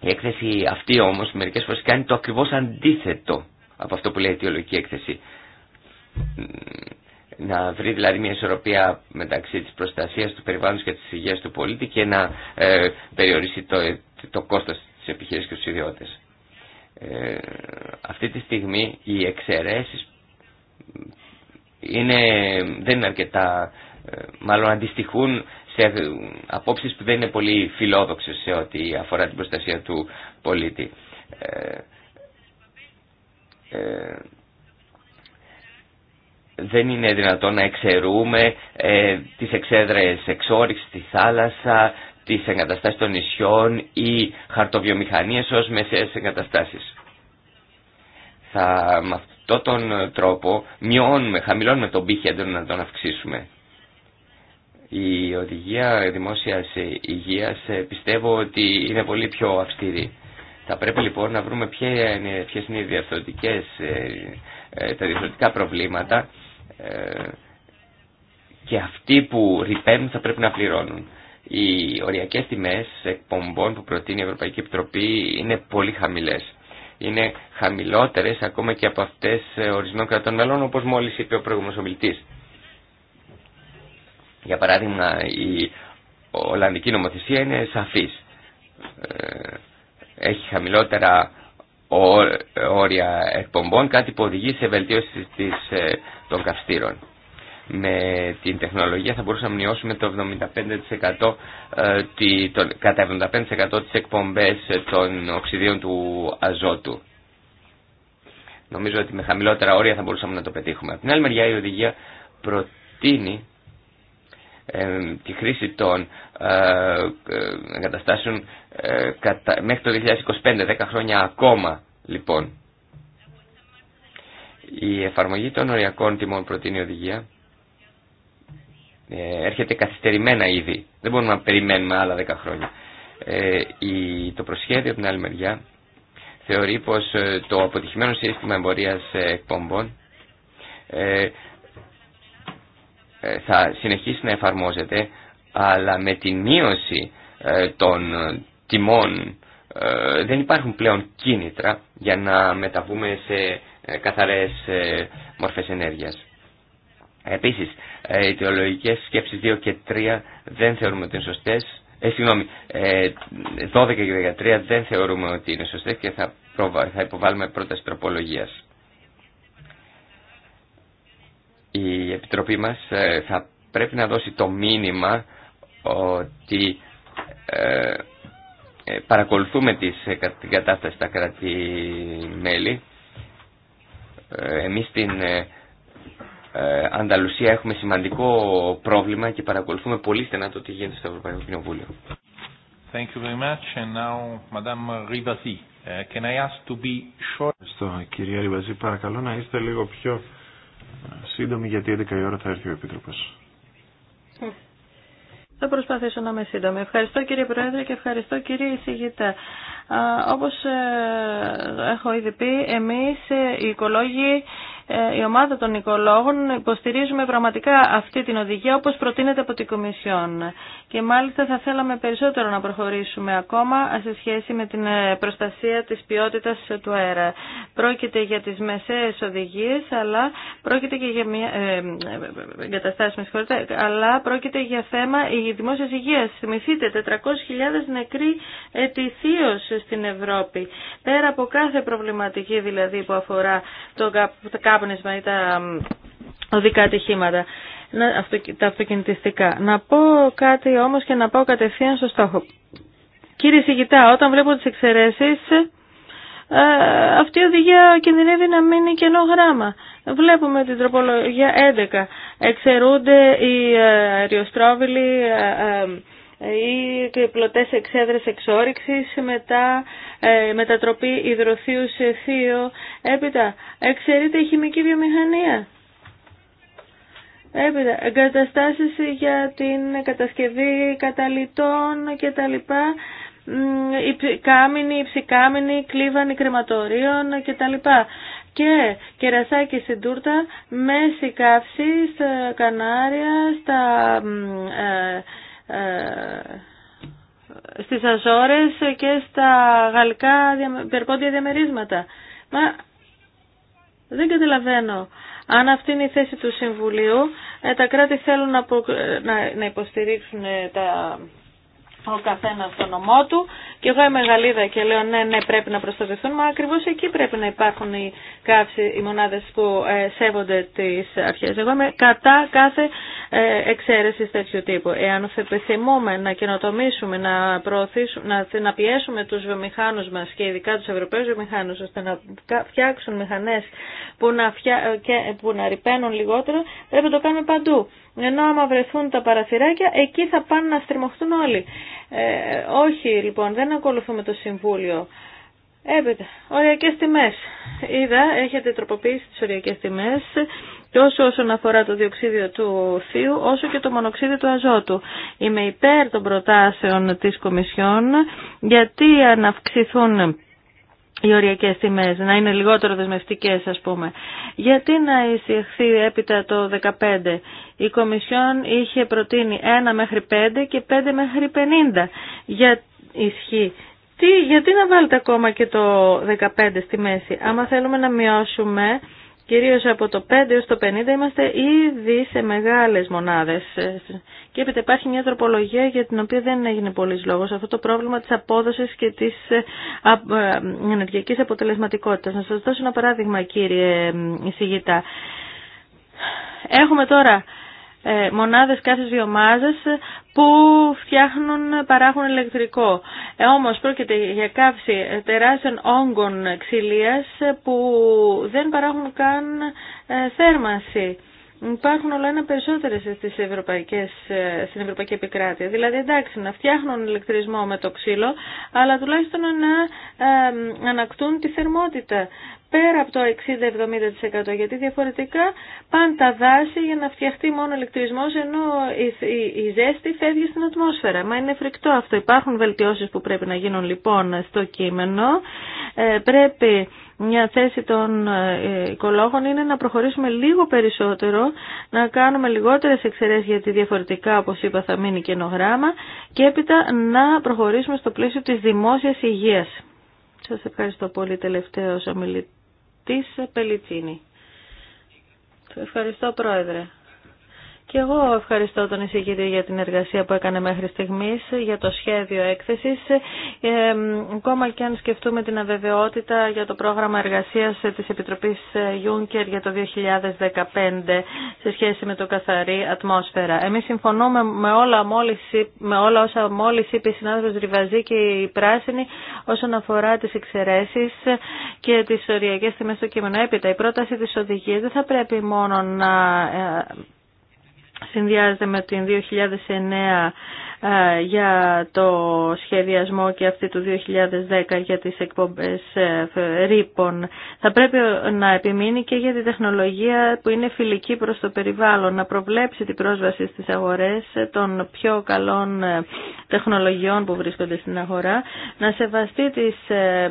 η έκθεση αυτή όμως μερικές φορές κάνει το ακριβώς αντίθετο από αυτό που λέει η αιτιολογική έκθεση. Να βρει δηλαδή μια ισορροπία μεταξύ της προστασίας του περιβάλλοντος και της υγείας του πολίτη και να ε, περιορίσει το, το κόστος της επιχείρησης και τους ιδιώτες. Ε, αυτή τη στιγμή οι εξαιρέσεις είναι, δεν είναι αρκετά, ε, μάλλον αντιστοιχούν σε απόψεις που δεν είναι πολύ φιλόδοξες σε ό,τι αφορά την προστασία του πολίτη. Ε, ε δεν είναι δυνατόν να εξαιρούμε ε, τις εξέδρες εξόριξης στη θάλασσα, τις εγκαταστάσεις των νησιών ή χαρτοβιομηχανίες ως μεσαίες εγκαταστάσεις. Θα, με αυτόν τον τρόπο μειώνουμε, χαμηλώνουμε τον πύχη αντί να τον αυξήσουμε. Η οδηγία δημόσιας υγείας ε, πιστεύω ότι είναι πολύ πιο αυστηρή. Θα πρέπει λοιπόν να βρούμε ποιες είναι οι διαφορετικές ε, ε, τα διαφορετικά προβλήματα και αυτοί που ρηπαίνουν θα πρέπει να πληρώνουν. Οι οριακές τιμές εκπομπών που προτείνει η Ευρωπαϊκή Επιτροπή είναι πολύ χαμηλές. Είναι χαμηλότερες ακόμα και από αυτές ορισμένων κρατών μελών όπως μόλις είπε ο προηγούμενος ομιλητής. Για παράδειγμα, η Ολλανδική νομοθεσία είναι σαφής. Ε, έχει χαμηλότερα όρια εκπομπών, κάτι που οδηγεί σε βελτίωση της, ε, των καυστήρων. Με την τεχνολογία θα μπορούσαμε να μειώσουμε το 75%, ε, κατά 75% τις εκπομπές των οξυδίων του αζότου. Νομίζω ότι με χαμηλότερα όρια θα μπορούσαμε να το πετύχουμε. Από την άλλη μεριά η οδηγία προτείνει τη χρήση των ε, ε, εγκαταστάσεων ε, μέχρι το 2025, 10 χρόνια ακόμα λοιπόν. Η εφαρμογή των οριακών τιμών προτείνει οδηγία έρχεται καθυστερημένα ήδη. Δεν μπορούμε να περιμένουμε άλλα 10 χρόνια. το προσχέδιο από την άλλη μεριά θεωρεί πως το αποτυχημένο σύστημα εμπορίας εκπομπών ε, θα συνεχίσει να εφαρμόζεται, αλλά με τη μείωση ε, των τιμών ε, δεν υπάρχουν πλέον κίνητρα για να μεταβούμε σε καθαρές μορφές ενέργειας. Επίσης, οι ιδεολογικές σκέψεις 2 και 3 δεν θεωρούμε ότι είναι σωστές. Ε, συγγνώμη, 12 και 13 δεν θεωρούμε ότι είναι σωστές και θα, υποβάλουμε πρόταση τροπολογίας. η Επιτροπή μας ε, θα πρέπει να δώσει το μήνυμα ότι ε, ε, παρακολουθούμε τις, την κατάσταση στα κράτη-μέλη. Εμείς στην Ανταλουσία έχουμε σημαντικό πρόβλημα και παρακολουθούμε πολύ στενά το τι γίνεται στο Ευρωπαϊκό Κοινοβούλιο. Thank you very much. And now, Madame Rivasi, can I ask to be short? Στο κυρία Ριβαζή, παρακαλώ να είστε λίγο πιο σύντομη γιατί 11 η ώρα θα έρθει ο Επίτροπος. Θα προσπαθήσω να είμαι σύντομη. Ευχαριστώ κύριε Πρόεδρε και ευχαριστώ κύριε Ισηγητά. Όπως ε, έχω ήδη πει, εμείς ε, οι οικολόγοι η ομάδα των οικολόγων υποστηρίζουμε πραγματικά αυτή την οδηγία όπως προτείνεται από την Κομισιόν. Και μάλιστα θα θέλαμε περισσότερο να προχωρήσουμε ακόμα σε σχέση με την ε, προστασία της ποιότητας του αέρα. Πρόκειται για τις μεσαίες οδηγίες, αλλά πρόκειται και για μια... Ε, με αλλά πρόκειται για θέμα η δημόσιας υγείας. Θυμηθείτε, 400.000 νεκροί ετησίως στην Ευρώπη. Πέρα από κάθε προβληματική δηλαδή που αφορά το κάπνισμα ή τα οδικά ατυχήματα τα αυτοκινητιστικά. Να πω κάτι όμως και να πάω κατευθείαν στο στόχο. Κύριε Σιγητά, όταν βλέπω τις εξαιρέσεις, ε, αυτή η οδηγία κινδυνεύει να μείνει κενό γράμμα. Βλέπουμε την τροπολογία 11. Εξαιρούνται οι ε, αεριοστρόβιλοι ε, ή πλωτές εξέδρες εξόριξης μετά ε, μετατροπή υδροθείου σε θείο. Έπειτα, εξαιρείται η χημική βιομηχανία. Έπειτα, εγκαταστάσεις για την κατασκευή καταλυτών κτλ. Κάμινοι, υψικάμινοι, κλίβανοι κρεματορίων κτλ και κερασάκι στην τούρτα, μέση καύση στα ε, Κανάρια, στα ε, ε στις Αζόρες και στα γαλλικά περπόντια διαμερίσματα. Μα δεν καταλαβαίνω. Αν αυτή είναι η θέση του Συμβουλίου, ε, τα κράτη θέλουν να υποστηρίξουν ε, τα ο καθένα στο νομό του. Και εγώ είμαι Γαλλίδα και λέω ναι, ναι, πρέπει να προστατευτούν, μα ακριβώ εκεί πρέπει να υπάρχουν οι, καύσι, οι μονάδε που ε, σέβονται τι αρχέ. Εγώ είμαι κατά κάθε ε, εξαίρεση τέτοιου τύπου. Εάν επιθυμούμε να καινοτομήσουμε, να, να, να πιέσουμε του βιομηχάνου μα και ειδικά του Ευρωπαίου βιομηχάνου, ώστε να φτιάξουν μηχανέ που, να ε, που να ρηπαίνουν λιγότερο, πρέπει να το κάνουμε παντού. Ενώ άμα βρεθούν τα παραθυράκια, εκεί θα πάνε να στριμωχτούν όλοι. Ε, όχι λοιπόν, δεν ακολουθούμε το Συμβούλιο. Έπειτα, ε, οριακές τιμές. Είδα, έχετε τροποποιήσει τις οριακές τιμές τόσο όσον αφορά το διοξίδιο του θείου όσο και το μονοξίδιο του αζότου. Είμαι υπέρ των προτάσεων της Κομισιόν γιατί αν αυξηθούν οι οριακέ τιμέ, να είναι λιγότερο δεσμευτικέ, α πούμε. Γιατί να εισηχθεί έπειτα το 15. Η Κομισιόν είχε προτείνει 1 μέχρι 5 και 5 μέχρι 50 για ισχύ. Τι, γιατί να βάλετε ακόμα και το 15 στη μέση. Άμα θέλουμε να μειώσουμε κυρίως από το 5 έως το 50 είμαστε ήδη σε μεγάλες μονάδες. Και έπειτα υπάρχει μια τροπολογία για την οποία δεν έγινε πολλής λόγος. Αυτό το πρόβλημα της απόδοσης και της ε, ε, ενεργειακής αποτελεσματικότητας. Να σας δώσω ένα παράδειγμα κύριε ε, Σιγητά. Έχουμε τώρα ε, μονάδες κάθε βιομάζας που φτιάχνουν, παράγουν ηλεκτρικό. Ε, όμως πρόκειται για καύση ε, τεράστιων όγκων ξυλίας που δεν παράγουν καν ε, θέρμανση. Υπάρχουν όλα ένα περισσότερες στις ευρωπαϊκές, στην ευρωπαϊκή επικράτεια. Δηλαδή εντάξει να φτιάχνουν ηλεκτρισμό με το ξύλο, αλλά τουλάχιστον να ανακτούν τη θερμότητα πέρα από το 60-70% γιατί διαφορετικά πάνε τα δάση για να φτιαχτεί μόνο ηλεκτρισμός ενώ η, ζέστη φεύγει στην ατμόσφαιρα. Μα είναι φρικτό αυτό. Υπάρχουν βελτιώσεις που πρέπει να γίνουν λοιπόν στο κείμενο. Ε, πρέπει μια θέση των ε, οικολόγων είναι να προχωρήσουμε λίγο περισσότερο, να κάνουμε λιγότερες εξαιρέσεις γιατί διαφορετικά όπως είπα θα μείνει καινογράμμα και έπειτα να προχωρήσουμε στο πλαίσιο της δημόσιας υγείας. Σας ευχαριστώ πολύ τελευταίος ομιλητή της Πελιτσίνη. Ευχαριστώ Πρόεδρε. Και εγώ ευχαριστώ τον εισηγητή για την εργασία που έκανε μέχρι στιγμής, για το σχέδιο έκθεσης. Ε, και αν σκεφτούμε την αβεβαιότητα για το πρόγραμμα εργασίας της Επιτροπής Juncker για το 2015 σε σχέση με το καθαρή ατμόσφαιρα. Εμείς συμφωνούμε με όλα, μόλις, με όλα όσα μόλις είπε η συνάδελφος Ριβαζή και η Πράσινη όσον αφορά τις εξαιρέσεις και τις οριακές τιμές στο κείμενο. Έπειτα η πρόταση της οδηγίας δεν θα πρέπει μόνο να ε, συνδυάζεται με την 2009 ε, για το σχεδιασμό και αυτή του 2010 για τις εκπομπές ε, ρήπων. Θα πρέπει να επιμείνει και για τη τεχνολογία που είναι φιλική προς το περιβάλλον, να προβλέψει την πρόσβαση στις αγορές των πιο καλών ε, τεχνολογιών που βρίσκονται στην αγορά, να σεβαστεί τις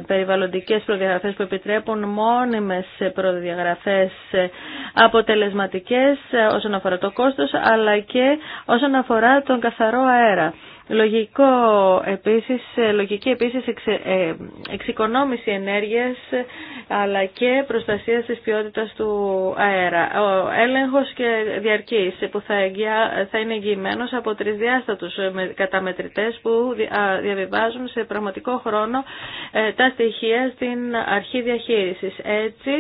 περιβαλλοντικές προδιαγραφές που επιτρέπουν μόνιμες προδιαγραφές αποτελεσματικές όσον αφορά το κόστος, αλλά και όσον αφορά τον καθαρό αέρα Λογικό επίσης, λογική επίσης ε, εξοικονόμηση ενέργειας αλλά και προστασία της ποιότητας του αέρα. Ο έλεγχος και διαρκής που θα, θα είναι εγγυημένος από τρισδιάστατους καταμετρητές που διαβιβάζουν σε πραγματικό χρόνο ε, τα στοιχεία στην αρχή διαχείρισης. Έτσι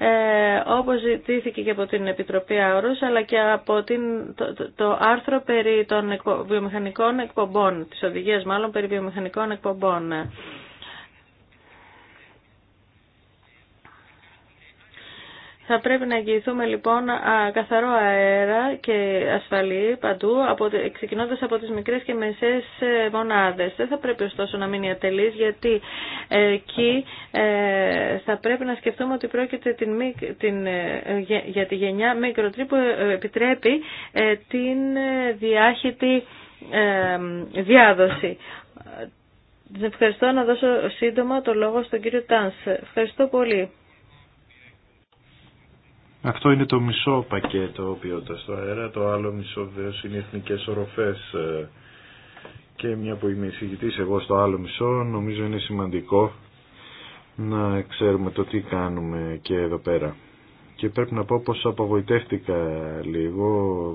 ε, όπως ζητήθηκε και από την Επιτροπή Αόρος, αλλά και από την, το, το, άρθρο περί των βιομηχανικών εκπομπών, της οδηγίας μάλλον περί βιομηχανικών εκπομπών. Θα πρέπει να εγγυηθούμε λοιπόν καθαρό αέρα και ασφαλή παντού, ξεκινώντας από τις μικρές και μεσές ε, μονάδες. Δεν θα πρέπει ωστόσο να μείνει ατελής, γιατί ε, εκεί ε, θα πρέπει να σκεφτούμε ότι πρόκειται την, για τη γενιά μικροτρή που επιτρέπει την διάχυτη διάδοση. Ευχαριστώ να δώσω σύντομα το λόγο στον κύριο Τάνς. Ευχαριστώ πολύ. Αυτό είναι το μισό πακέτο ποιότητα στο αέρα, το άλλο μισό βεβαίω είναι οι εθνικέ οροφές ε, και μια που είμαι εισηγητή, εγώ στο άλλο μισό νομίζω είναι σημαντικό να ξέρουμε το τι κάνουμε και εδώ πέρα. Και πρέπει να πω πω απογοητεύτηκα λίγο,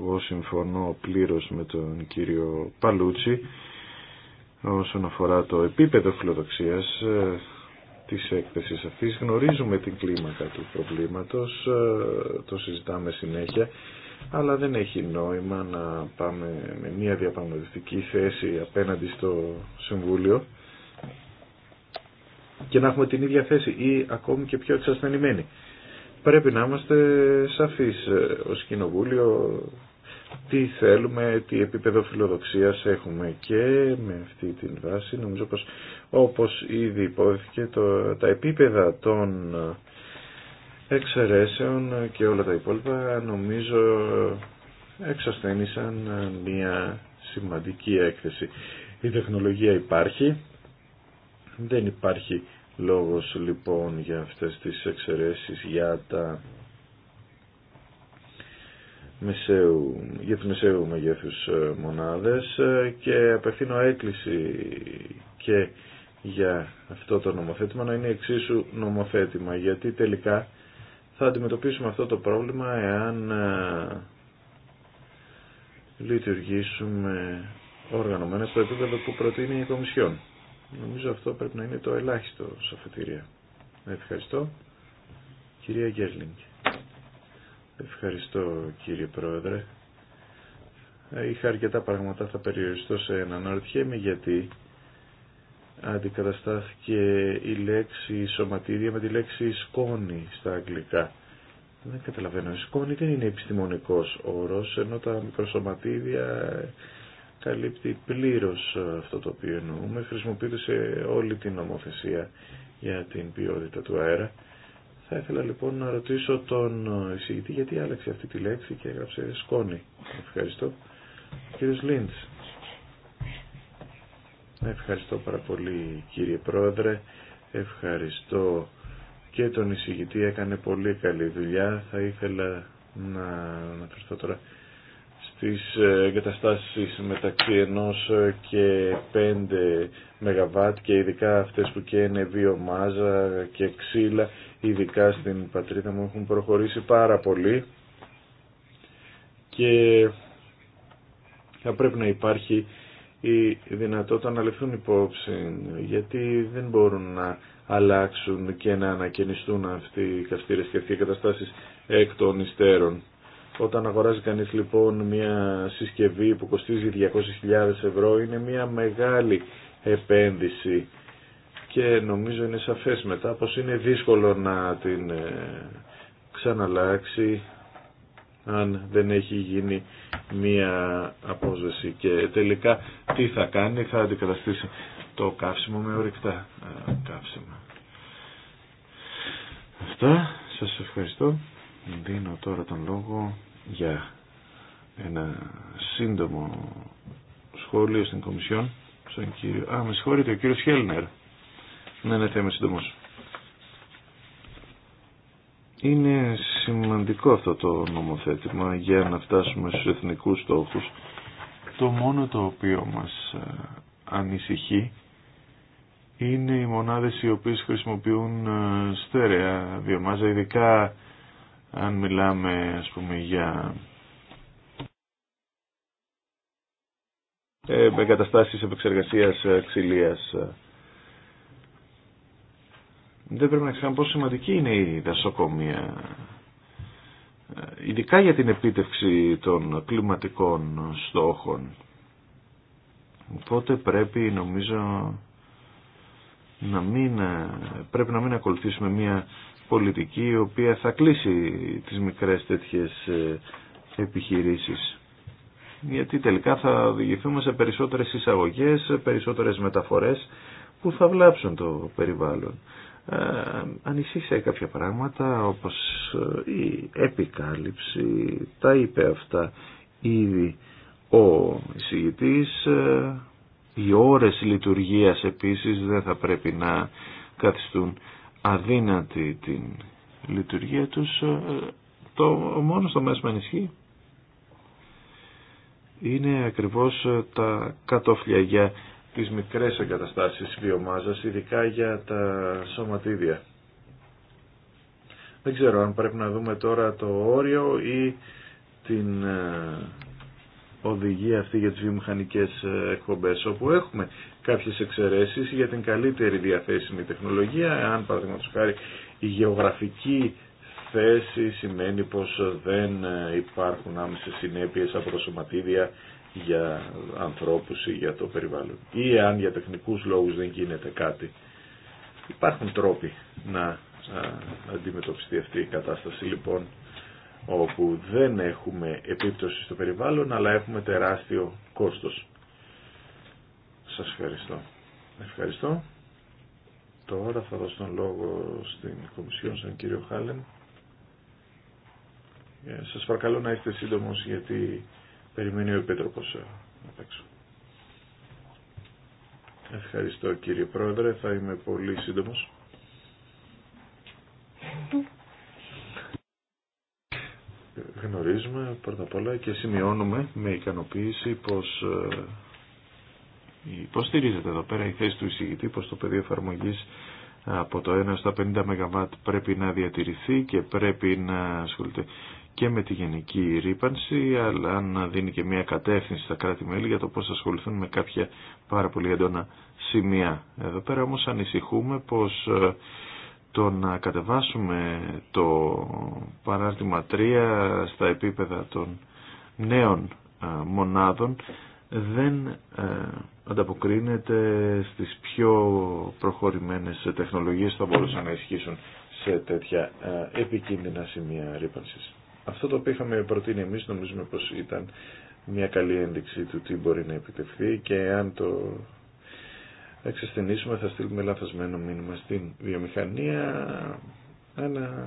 εγώ συμφωνώ πλήρω με τον κύριο Παλούτσι όσον αφορά το επίπεδο φιλοδοξία. Ε, της έκθεσης αυτής. Γνωρίζουμε την κλίμακα του προβλήματος, ε, το συζητάμε συνέχεια, αλλά δεν έχει νόημα να πάμε με μια διαπραγματευτική θέση απέναντι στο Συμβούλιο και να έχουμε την ίδια θέση ή ακόμη και πιο εξασθενημένη. Πρέπει να είμαστε σαφείς ε, ως Κοινοβούλιο τι θέλουμε, τι επίπεδο φιλοδοξίας έχουμε και με αυτή την βάση νομίζω πως όπως ήδη υπόθηκε το, τα επίπεδα των εξαιρέσεων και όλα τα υπόλοιπα νομίζω εξασθένησαν μια σημαντική έκθεση. Η τεχνολογία υπάρχει, δεν υπάρχει λόγος λοιπόν για αυτές τις εξαιρέσεις για τα μεσαίου, για τις μεσαίου μεγέθους ε, μονάδες ε, και απευθύνω έκκληση και για αυτό το νομοθέτημα να είναι εξίσου νομοθέτημα γιατί τελικά θα αντιμετωπίσουμε αυτό το πρόβλημα εάν ε, λειτουργήσουμε οργανωμένα στο επίπεδο που προτείνει η Κομισιόν. Νομίζω αυτό πρέπει να είναι το ελάχιστο σαφετήρια. Ευχαριστώ. Κυρία Γκέρλινγκ. Ευχαριστώ κύριε Πρόεδρε. Ε, είχα αρκετά πράγματα, θα περιοριστώ σε έναν. Αναρωτιέμαι γιατί αντικαταστάθηκε η λέξη σωματίδια με τη λέξη σκόνη στα αγγλικά. Δεν καταλαβαίνω. Η σκόνη δεν είναι επιστημονικός όρος, ενώ τα μικροσωματίδια καλύπτει πλήρως αυτό το οποίο εννοούμε. Χρησιμοποιείται σε όλη την νομοθεσία για την ποιότητα του αέρα θα ήθελα λοιπόν να ρωτήσω τον εισηγητή γιατί άλλαξε αυτή τη λέξη και έγραψε σκόνη. Ευχαριστώ. Κύριος Λίντς. Ευχαριστώ πάρα πολύ κύριε Πρόεδρε. Ευχαριστώ και τον εισηγητή. Έκανε πολύ καλή δουλειά. Θα ήθελα να αναφερθώ τώρα στις εγκαταστάσεις μεταξύ ενός και 5 ΜΒ και ειδικά αυτές που καίνε βιομάζα και ξύλα ειδικά στην πατρίδα μου έχουν προχωρήσει πάρα πολύ και θα πρέπει να υπάρχει η δυνατότητα να λεφθούν υπόψη γιατί δεν μπορούν να αλλάξουν και να ανακαινιστούν αυτοί οι καυστήρες και αυτοί οι καταστάσεις εκ των υστέρων. Όταν αγοράζει κανείς λοιπόν μια συσκευή που κοστίζει 200.000 ευρώ είναι μια μεγάλη επένδυση και νομίζω είναι σαφές μετά πως είναι δύσκολο να την ε, ξαναλλάξει αν δεν έχει γίνει μία απόσβεση και τελικά τι θα κάνει θα αντικαταστήσει το καύσιμο με ορυκτά ε, καύσιμα αυτά σας ευχαριστώ δίνω τώρα τον λόγο για ένα σύντομο σχόλιο στην Κομισιόν στον κύριο... Α, με συγχωρείτε, ο κύριος Χέλνερ. Ναι, ναι, θα είμαι Είναι σημαντικό αυτό το νομοθέτημα για να φτάσουμε στους εθνικούς στόχους. Το μόνο το οποίο μας ε, ανησυχεί είναι οι μονάδες οι οποίες χρησιμοποιούν ε, στέρεα βιομάζα, ειδικά αν μιλάμε ας πούμε για ε, εγκαταστάσεις επεξεργασίας ξυλίας δεν πρέπει να ξεχνάμε πόσο σημαντική είναι η δασοκομεία ε, ειδικά για την επίτευξη των κλιματικών στόχων. Οπότε πρέπει νομίζω να μην, ε, πρέπει να μην ακολουθήσουμε μια πολιτική η οποία θα κλείσει τις μικρές τέτοιες ε, επιχειρήσεις. Γιατί τελικά θα οδηγηθούμε σε περισσότερες εισαγωγές, σε περισσότερες μεταφορές που θα βλάψουν το περιβάλλον. Ε, ανησύχησα κάποια πράγματα όπως ε, η επικάλυψη, τα είπε αυτά ήδη ο εισηγητής, ε, οι ώρες λειτουργίας επίσης δεν θα πρέπει να καθιστούν αδύνατη την λειτουργία τους. Το μόνο στο μέσο με είναι ακριβώς τα για τις μικρές εγκαταστάσεις βιομάζας, ειδικά για τα σωματίδια. Δεν ξέρω αν πρέπει να δούμε τώρα το όριο ή την ε, οδηγία αυτή για τις βιομηχανικές ε, εκπομπές, όπου έχουμε κάποιες εξαιρέσεις για την καλύτερη διαθέσιμη τεχνολογία, αν παραδείγματος χάρη η γεωγραφική θέση σημαίνει πως δεν ε, υπάρχουν άμεσες συνέπειες από τα σωματίδια για ανθρώπους ή για το περιβάλλον. Ή αν για τεχνικούς λόγους δεν γίνεται κάτι. Υπάρχουν τρόποι να αντιμετωπιστεί αυτή η κατάσταση λοιπόν όπου δεν έχουμε επίπτωση στο περιβάλλον αλλά έχουμε τεράστιο κόστος. Σας ευχαριστώ. Ευχαριστώ. Τώρα θα δώσω τον λόγο στην Κομισιόν, στον κύριο χαλεμ ε, Σας παρακαλώ να είστε σύντομος γιατί Περιμένει ο Επίτροπος να ε, έξω. Ευχαριστώ κύριε Πρόεδρε, θα είμαι πολύ σύντομος. Γνωρίζουμε πρώτα απ' όλα και σημειώνουμε με ικανοποίηση πως υποστηρίζεται ε, εδώ πέρα η θέση του εισηγητή πως το πεδίο εφαρμογή ε, από το 1 στα 50 ΜΒ πρέπει να διατηρηθεί και πρέπει να ασχοληθεί και με τη γενική ρήπανση, αλλά να δίνει και μια κατεύθυνση στα κράτη-μέλη για το πώς ασχοληθούν με κάποια πάρα πολύ έντονα σημεία. Εδώ πέρα όμως ανησυχούμε πως ε, το να κατεβάσουμε το παράρτημα 3 στα επίπεδα των νέων ε, μονάδων δεν ε, ανταποκρίνεται στις πιο προχωρημένες τεχνολογίες που θα μπορούσαν να ισχύσουν σε τέτοια επικίνδυνα σημεία ρήπανσης. Αυτό το οποίο είχαμε προτείνει εμείς νομίζουμε πως ήταν μια καλή ένδειξη του τι μπορεί να επιτευχθεί και αν το εξασθενήσουμε θα στείλουμε λάθασμένο μήνυμα στην βιομηχανία ένα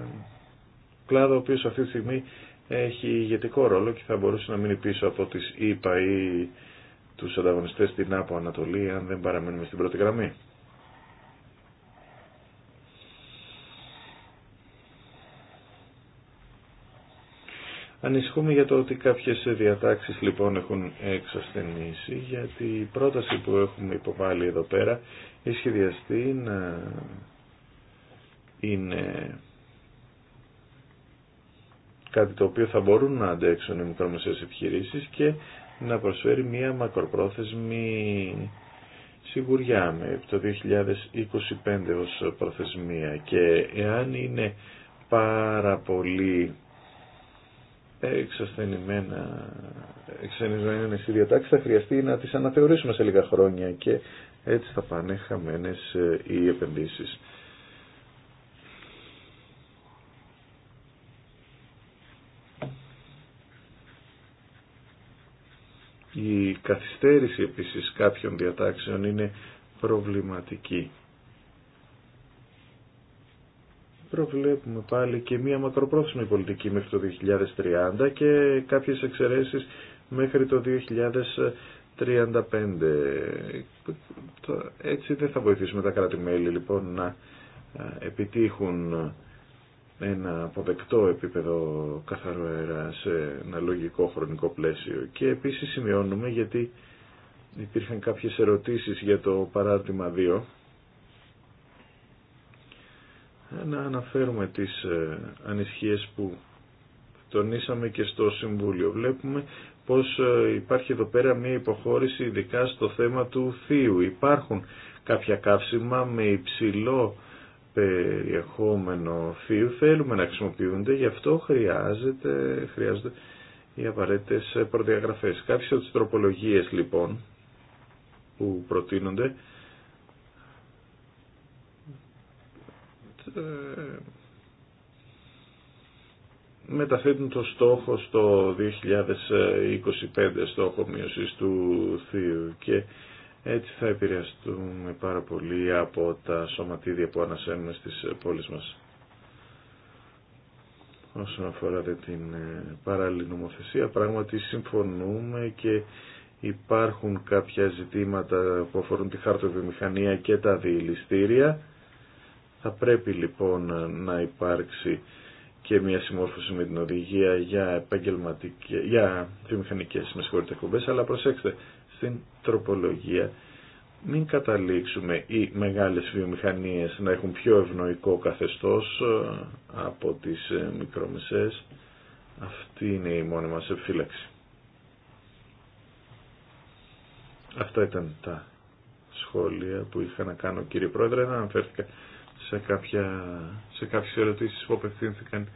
κλάδο ο οποίος αυτή τη στιγμή έχει ηγετικό ρόλο και θα μπορούσε να μείνει πίσω από τις ΙΠΑ ή τους ανταγωνιστές στην ΑΠΟ Ανατολή αν δεν παραμείνουμε στην πρώτη γραμμή. Ανησυχούμε για το ότι κάποιες διατάξεις λοιπόν έχουν εξασθενήσει γιατί η πρόταση που έχουμε υποβάλει εδώ πέρα έχει σχεδιαστεί να είναι κάτι το οποίο θα μπορούν να αντέξουν οι μικρομεσαίες επιχειρήσεις και να προσφέρει μια μακροπρόθεσμη σιγουριά με το 2025 ως προθεσμία και εάν είναι πάρα πολύ εξασθενημένα εξασθενημένες οι διατάξεις θα χρειαστεί να τις αναθεωρήσουμε σε λίγα χρόνια και έτσι θα πάνε χαμένες ε, οι επενδύσεις. Η καθυστέρηση επίσης κάποιων διατάξεων είναι προβληματική προβλέπουμε πάλι και μία μακροπρόθεσμη πολιτική μέχρι το 2030 και κάποιες εξαιρέσεις μέχρι το 2035. Έτσι δεν θα βοηθήσουμε τα κράτη-μέλη λοιπόν να ε, επιτύχουν ε, ένα αποδεκτό επίπεδο καθαρό αέρα σε ένα λογικό χρονικό πλαίσιο. Και επίσης σημειώνουμε γιατί υπήρχαν κάποιες ερωτήσεις για το παράδειγμα 2 να αναφέρουμε τις ε, ανησυχίες που τονίσαμε και στο Συμβούλιο. Βλέπουμε πως ε, υπάρχει εδώ πέρα μια υποχώρηση ειδικά στο θέμα του θείου. Υπάρχουν κάποια καύσιμα με υψηλό περιεχόμενο θείου, θέλουμε να χρησιμοποιούνται, γι' αυτό χρειάζεται, χρειάζονται οι απαραίτητες προδιαγραφές. Κάποιες από τις τροπολογίες λοιπόν που προτείνονται Ε, ε, μεταθέτουν το στόχο στο 2025 στόχο μείωσης του θείου και έτσι θα επηρεαστούμε πάρα πολύ από τα σωματίδια που ανασένουμε στις πόλεις μας. Όσον αφορά την ε, παράλληλη νομοθεσία, πράγματι συμφωνούμε και υπάρχουν κάποια ζητήματα που αφορούν τη χάρτοβιομηχανία και τα διελιστήρια θα πρέπει λοιπόν να υπάρξει και μια συμμόρφωση με την οδηγία για επαγγελματικές, για βιομηχανικές, με συγχωρείτε αλλά προσέξτε, στην τροπολογία μην καταλήξουμε οι μεγάλες βιομηχανίες να έχουν πιο ευνοϊκό καθεστώς ε, από τις ε, μικρομεσές. Αυτή είναι η μόνη μας επιφύλαξη. Αυτά ήταν τα σχόλια που είχα να κάνω κύριε Πρόεδρε, να αναφέρθηκα σε, κάποια, σε κάποιες ερωτήσεις που απευθύνθηκαν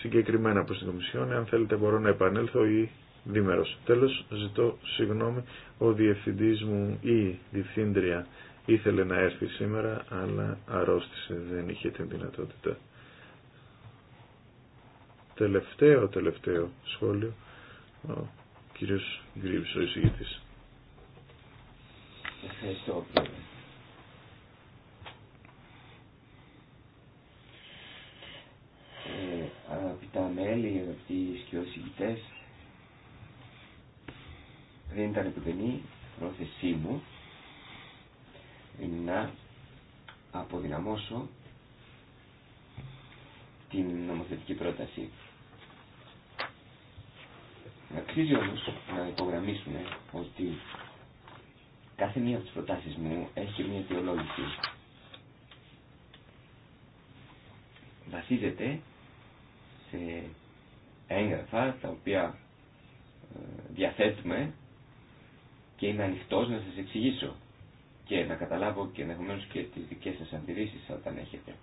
συγκεκριμένα προς την Κομισιόν. Αν θέλετε μπορώ να επανέλθω ή δίμερος. Τέλος, ζητώ συγγνώμη, ο διευθυντής μου ή διευθύντρια ήθελε να έρθει σήμερα, αλλά αρρώστησε, δεν είχε την δυνατότητα. Τελευταίο, τελευταίο σχόλιο, ο κύριος Γκρίβης, ο εισηγητής. Ευχαριστώ, Τα μέλη, αγαπητοί σκιοσυγητές. Δεν ήταν επιδενή πρόθεσή μου να αποδυναμώσω την νομοθετική πρόταση. Αξίζει όμως να υπογραμμίσουμε ότι κάθε μία από τις προτάσεις μου έχει μία αιτιολόγηση. Βασίζεται σε έγγραφα τα οποία ε, διαθέτουμε και είναι ανοιχτό να σας εξηγήσω και να καταλάβω και ενδεχομένω και τις δικές σας αντιρρήσεις όταν έχετε.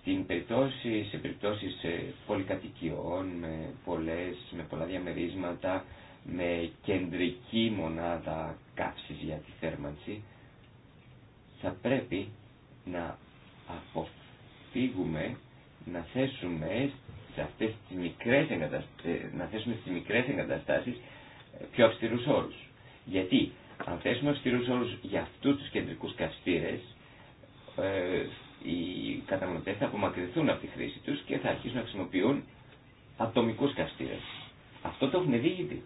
Στην περιπτώση, σε περιπτώσεις πολυκατοικιών, με, πολλές, με πολλά διαμερίσματα, με κεντρική μονάδα καύσης για τη θέρμανση, θα πρέπει να αποφύγουμε να θέσουμε σε αυτές τις μικρές εγκαταστάσεις, να θέσουμε στις μικρές εγκαταστάσεις ε, πιο αυστηρούς όρους. Γιατί αν θέσουμε αυστηρούς όρους για αυτούς τους κεντρικούς καυστήρες, ε, οι καταναλωτές θα απομακρυνθούν από τη χρήση τους και θα αρχίσουν να χρησιμοποιούν ατομικούς καυστήρες. Αυτό το έχουν δει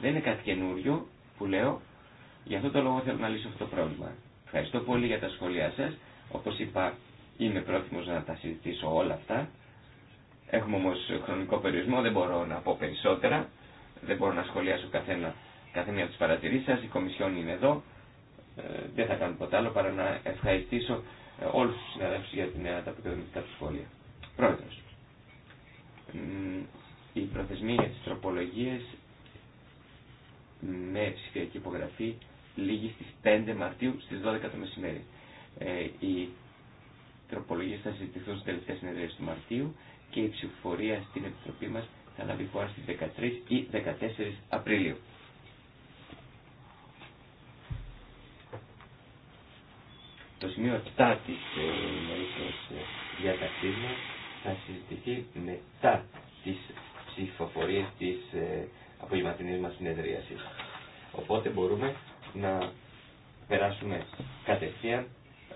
Δεν είναι κάτι καινούριο που λέω. Γι' αυτό το λόγο θέλω να λύσω αυτό το πρόβλημα. Ευχαριστώ πολύ για τα σχόλιά σας. Όπως είπα, Είμαι πρόθυμο να τα συζητήσω όλα αυτά. Έχουμε όμω χρονικό περιορισμό, δεν μπορώ να πω περισσότερα. Δεν μπορώ να σχολιάσω καθένα, κάθε μία από τι παρατηρήσει σα. Η Κομισιόν είναι εδώ. Ε, δεν θα κάνω ποτέ άλλο παρά να ευχαριστήσω ε, όλου του συναδέλφου για την ανταποκριτική του σχόλια. Πρόεδρο. Οι προθεσμοί για τι τροπολογίε με ψηφιακή υπογραφή λίγη στι 5 Μαρτίου στι 12 το μεσημέρι. Ε, η τροπολογίες θα συζητηθούν στι τελευταίε συνεδρίε του Μαρτίου και η ψηφοφορία στην Επιτροπή μας θα λάβει χώρα στις 13 ή 14 Απριλίου. Το σημείο 7 τη ε, ημερήσεω διαταξή μα θα συζητηθεί μετά τι ψηφοφορίε της ε, απογευματινής μας συνεδρίασης. Οπότε μπορούμε να περάσουμε κατευθείαν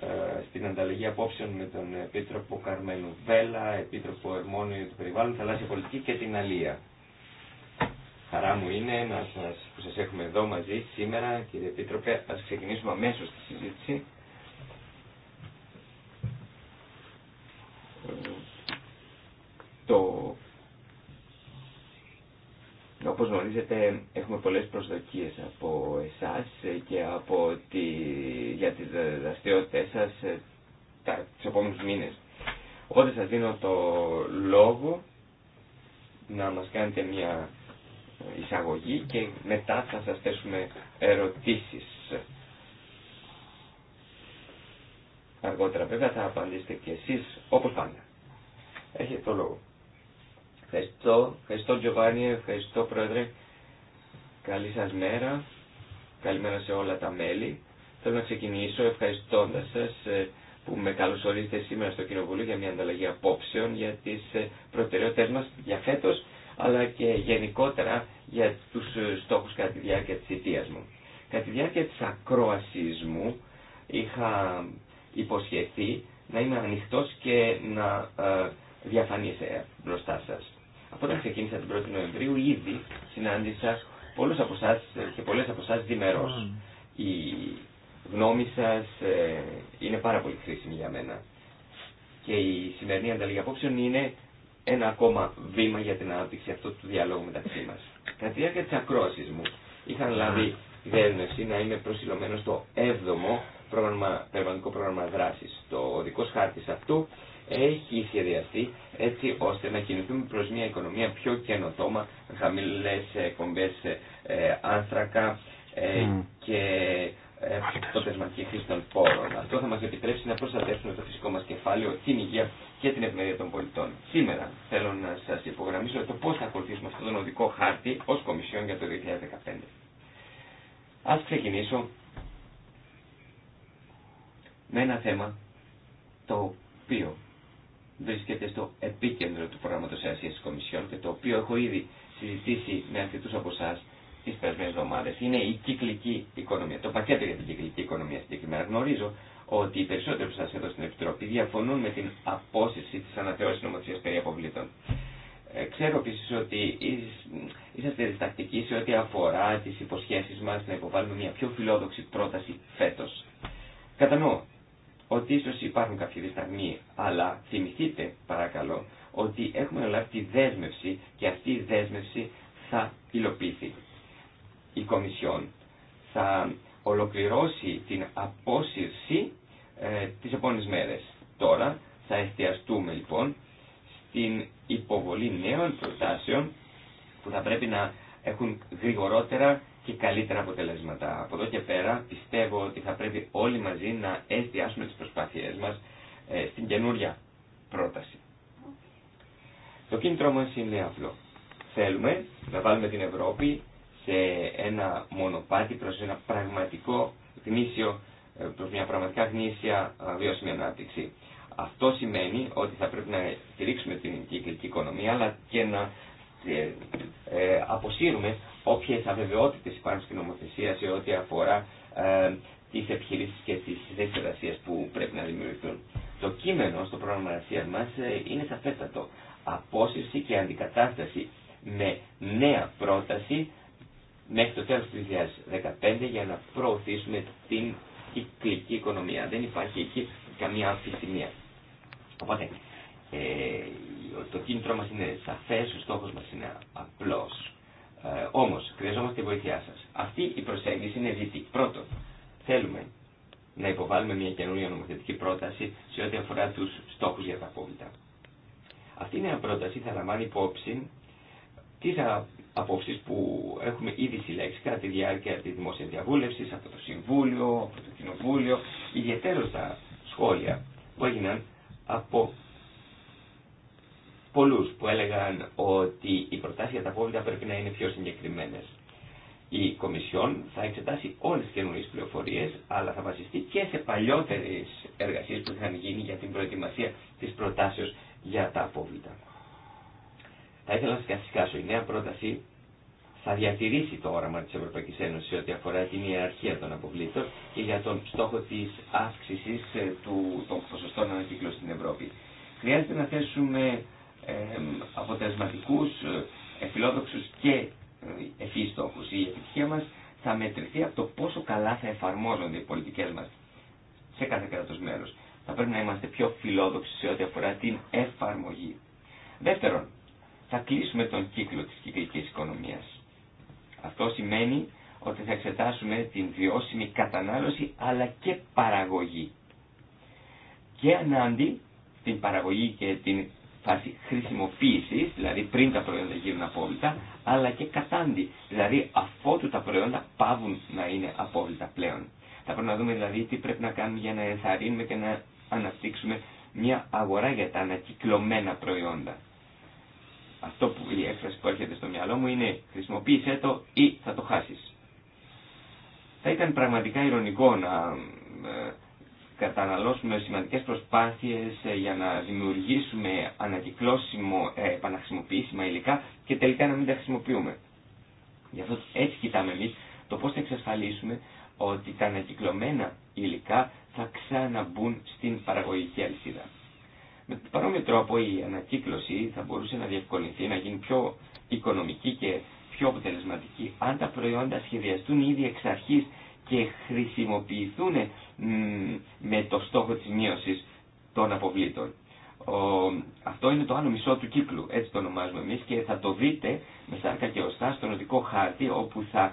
ε, στην ανταλλαγή απόψεων με τον Επίτροπο Καρμένου Βέλα, Επίτροπο Ερμόνιο του Περιβάλλον, Θαλάσσια Πολιτική και την Αλία. Χαρά μου είναι να σας, που σας έχουμε εδώ μαζί σήμερα, κύριε Επίτροπε. Ας ξεκινήσουμε αμέσω τη συζήτηση. Ε, το όπως γνωρίζετε έχουμε πολλές προσδοκίες από εσάς και από τη, για τις δραστηριότητε σας ε, τα, επόμενου μήνε. μήνες. Οπότε σας δίνω το λόγο να μας κάνετε μια εισαγωγή και μετά θα σας θέσουμε ερωτήσεις. Αργότερα βέβαια θα απαντήσετε και εσείς όπως πάντα. Έχετε το λόγο. Ευχαριστώ, ευχαριστώ Τζοβάνι, ευχαριστώ Πρόεδρε. Καλή σας μέρα, καλημέρα σε όλα τα μέλη. Θέλω να ξεκινήσω ευχαριστώντας σας ε, που με καλωσορίζετε σήμερα στο Κοινοβούλιο για μια ανταλλαγή απόψεων για τις ε, προτεραιότητες μας για φέτος αλλά και γενικότερα για τους ε, στόχους κατά τη διάρκεια της θητείας μου. Κατά τη διάρκεια της ακρόασής μου είχα υποσχεθεί να είμαι ανοιχτός και να διαφανίσαι μπροστά σας. Από όταν ξεκίνησα την 1η Νοεμβρίου ήδη συνάντησα πολλούς από εσάς και πολλές από εσάς διμερώς. Η γνώμη σας ε, είναι πάρα πολύ χρήσιμη για μένα. Και η σημερινή ανταλλαγή απόψεων είναι ένα ακόμα βήμα για την ανάπτυξη αυτού του διαλόγου μεταξύ μας. Κατά τη διάρκεια της ακρόασης μου είχα λάβει δέσμευση να είμαι προσιλωμένο στο 7ο πρόγραμμα, περιβαλλοντικό πρόγραμμα δράσης. Το δικός χάρτης αυτού έχει σχεδιαστεί έτσι ώστε να κινηθούμε προς μια οικονομία πιο καινοτόμα, χαμηλές ε, άνθρακα ε, και ε, αποτελεσματική χρήση των πόρων. Αυτό θα μας επιτρέψει να προστατεύσουμε το φυσικό μας κεφάλαιο, την υγεία και την ευμερία των πολιτών. Σήμερα θέλω να σας υπογραμμίσω το πώς θα ακολουθήσουμε αυτόν τον οδικό χάρτη ως Κομισιόν για το 2015. Ας ξεκινήσω με ένα θέμα το οποίο βρίσκεται στο επίκεντρο του προγράμματος εργασίας της Κομισιόν και το οποίο έχω ήδη συζητήσει με αρκετούς από εσά τις περασμένες εβδομάδες. Είναι η κυκλική οικονομία, το πακέτο για την κυκλική οικονομία συγκεκριμένα. Γνωρίζω ότι οι περισσότεροι από εσά εδώ στην Επιτροπή διαφωνούν με την απόσυρση της αναθεώρησης νομοθεσίας περί αποβλήτων. Ε, ξέρω επίση ότι είσαστε διστακτικοί σε ό,τι αφορά τι υποσχέσει μα να υποβάλουμε μια πιο φιλόδοξη πρόταση φέτο. Κατανοώ ότι ίσω υπάρχουν κάποιοι δισταγμοί, αλλά θυμηθείτε παρακαλώ ότι έχουμε αναλάβει τη δέσμευση και αυτή η δέσμευση θα υλοποιηθεί. Η Κομισιόν θα ολοκληρώσει την απόσυρση ε, τις επόμενες μέρες. Τώρα θα εστιαστούμε λοιπόν στην υποβολή νέων προτάσεων που θα πρέπει να έχουν γρηγορότερα και καλύτερα αποτελέσματα. Από εδώ και πέρα πιστεύω ότι θα πρέπει όλοι μαζί να εστιάσουμε τις προσπάθειές μας ε, στην καινούρια πρόταση. Το κίνητρο μας είναι απλό. Θέλουμε να βάλουμε την Ευρώπη σε ένα μονοπάτι προς ένα πραγματικό γνήσιο, ε, προς μια πραγματικά γνήσια ε, βιώσιμη ανάπτυξη. Αυτό σημαίνει ότι θα πρέπει να στηρίξουμε την κυκλική οικονομία αλλά και να ε, ε, αποσύρουμε όποιες αβεβαιότητες υπάρχουν στην νομοθεσία σε ό,τι αφορά ε, τις επιχειρήσεις και τις θέσεις εργασία που πρέπει να δημιουργηθούν. Το κείμενο στο πρόγραμμα εργασία μας είναι σαφέστατο. Απόσυρση και αντικατάσταση με νέα πρόταση μέχρι το τέλος του 2015 για να προωθήσουμε την κυκλική οικονομία. Δεν υπάρχει εκεί καμία αμφισημία. Οπότε, το κίνητρο μας είναι σαφές, ο στόχος μας είναι απλός. Ε, όμως, χρειαζόμαστε τη βοήθειά σας. Αυτή η προσέγγιση είναι δυτή. Πρώτον, θέλουμε να υποβάλουμε μια καινούργια νομοθετική πρόταση σε ό,τι αφορά τους στόχους για τα απόβλητα. Αυτή η νέα πρόταση θα λαμβάνει υπόψη τις απόψεις που έχουμε ήδη συλλέξει κατά τη διάρκεια της δημόσιας διαβούλευσης, από το Συμβούλιο, από το Κοινοβούλιο, ιδιαίτερα τα σχόλια που έγιναν από Πολλού που έλεγαν ότι οι προτάσει για τα απόβλητα πρέπει να είναι πιο συγκεκριμένε. Η Κομισιόν θα εξετάσει όλε τις καινούριε πληροφορίες, αλλά θα βασιστεί και σε παλιότερε εργασίε που είχαν γίνει για την προετοιμασία τη προτάσεω για τα απόβλητα. Θα ήθελα να σα. καθισκάσω. Η νέα πρόταση θα διατηρήσει το όραμα τη Ευρωπαϊκή Ένωση ό,τι αφορά την ιεραρχία των αποβλήτων και για τον στόχο τη αύξηση ε, των ποσοστών ανακύκλωση στην Ευρώπη. Χρειάζεται να θέσουμε αποτελεσματικούς, ε, εφιλόδοξους και ε, ευφύς Η επιτυχία μας θα μετρηθεί από το πόσο καλά θα εφαρμόζονται οι πολιτικές μας σε κάθε κράτος μέρος. Θα πρέπει να είμαστε πιο φιλόδοξοι σε ό,τι αφορά την εφαρμογή. Δεύτερον, θα κλείσουμε τον κύκλο της κυκλικής οικονομίας. Αυτό σημαίνει ότι θα εξετάσουμε την βιώσιμη κατανάλωση αλλά και παραγωγή. Και ανάντι την παραγωγή και την φάση χρησιμοποίηση, δηλαδή πριν τα προϊόντα γίνουν απόλυτα, αλλά και κατάντι, δηλαδή αφότου τα προϊόντα πάβουν να είναι απόλυτα πλέον. Θα πρέπει να δούμε δηλαδή τι πρέπει να κάνουμε για να ενθαρρύνουμε και να αναπτύξουμε μια αγορά για τα ανακυκλωμένα προϊόντα. Αυτό που η έκφραση που έρχεται στο μυαλό μου είναι χρησιμοποίησέ το ή θα το χάσεις. Θα ήταν πραγματικά ηρωνικό να ε, καταναλώσουμε σημαντικές προσπάθειες ε, για να δημιουργήσουμε ανακυκλώσιμο, ε, επαναχρησιμοποιήσιμα υλικά και τελικά να μην τα χρησιμοποιούμε. Γι' αυτό έτσι κοιτάμε εμείς το πώς θα εξασφαλίσουμε ότι τα ανακυκλωμένα υλικά θα ξαναμπούν στην παραγωγική αλυσίδα. Με παρόμοιο τρόπο η ανακύκλωση θα μπορούσε να διευκολυνθεί, να γίνει πιο οικονομική και πιο αποτελεσματική αν τα προϊόντα σχεδιαστούν ήδη εξ αρχής και χρησιμοποιηθούν με το στόχο της μείωσης των αποβλήτων. Ο, αυτό είναι το άλλο μισό του κύκλου, έτσι το ονομάζουμε εμείς και θα το δείτε με σάρκα και οστά στον οδικό χάρτη όπου θα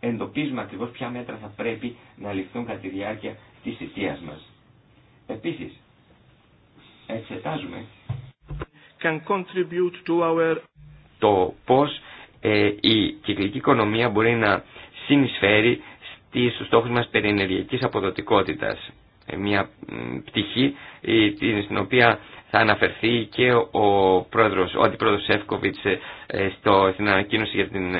εντοπίζουμε ακριβώς ποια μέτρα θα πρέπει να ληφθούν κατά τη διάρκεια της θητείας μας. Επίσης, εξετάζουμε can to our... το πώς ε, η κυκλική οικονομία μπορεί να συνεισφέρει στους στόχους μα περί ενεργειακή αποδοτικότητας. Ε, μια πτυχή στην οποία θα αναφερθεί και ο, πρόεδρος, ο αντιπρόεδρος Σεύκοβιτς ε, ε, στο, στην ανακοίνωση για την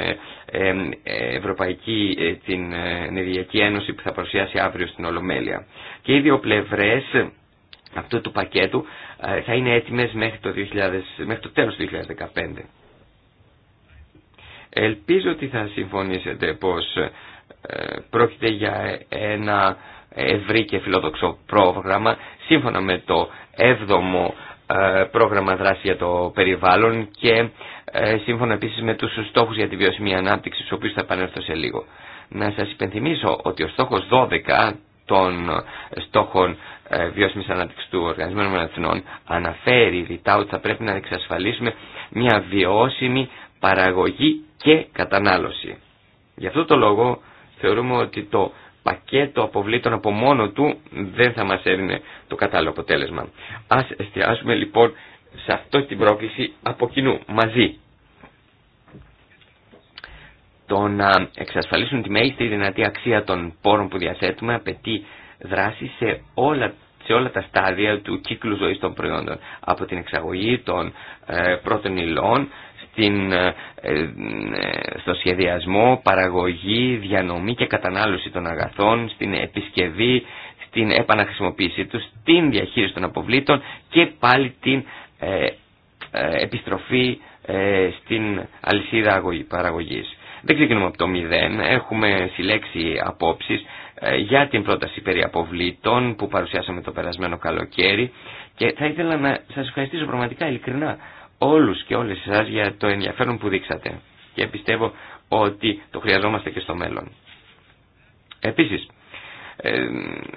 Ευρωπαϊκή την Ενεργειακή Ένωση που θα παρουσιάσει αύριο στην Ολομέλεια. Και οι δύο πλευρές αυτού του πακέτου θα είναι έτοιμες μέχρι το, 2000, μέχρι το τέλος του 2015. Ελπίζω ότι θα συμφωνήσετε πως ε, πρόκειται για ένα ευρύ και φιλόδοξο πρόγραμμα σύμφωνα με το 7ο ε, πρόγραμμα δράση για το περιβάλλον και ε, σύμφωνα επίσης με τους στόχους για τη βιώσιμη ανάπτυξη στους οποίους θα επανέλθω σε λίγο. Να σας υπενθυμίσω ότι ο στόχος 12 των στόχων βιώσιμη ανάπτυξη του ΟΕΕ αναφέρει διτά ότι θα πρέπει να εξασφαλίσουμε μια βιώσιμη παραγωγή και κατανάλωση. Γι' αυτό το λόγο θεωρούμε ότι το πακέτο αποβλήτων από μόνο του δεν θα μας έδινε το κατάλληλο αποτέλεσμα. Ας εστιάσουμε λοιπόν σε αυτό την πρόκληση από κοινού, μαζί. Το να εξασφαλίσουν τη μέγιστη δυνατή αξία των πόρων που διαθέτουμε απαιτεί δράση σε όλα όλα τα στάδια του κύκλου ζωής των προϊόντων. Από την εξαγωγή των ε, πρώτων υλών στην, ε, ε, στο σχεδιασμό, παραγωγή, διανομή και κατανάλωση των αγαθών, στην επισκευή, στην επαναχρησιμοποίησή τους, στην διαχείριση των αποβλήτων και πάλι την ε, επιστροφή στην αλυσίδα παραγωγής. Δεν ξεκινούμε από το μηδέν, έχουμε συλλέξει απόψεις για την πρόταση περί αποβλήτων που παρουσιάσαμε το περασμένο καλοκαίρι και θα ήθελα να σας ευχαριστήσω πραγματικά ειλικρινά όλους και όλες εσάς για το ενδιαφέρον που δείξατε και πιστεύω ότι το χρειαζόμαστε και στο μέλλον. Επίσης, ε,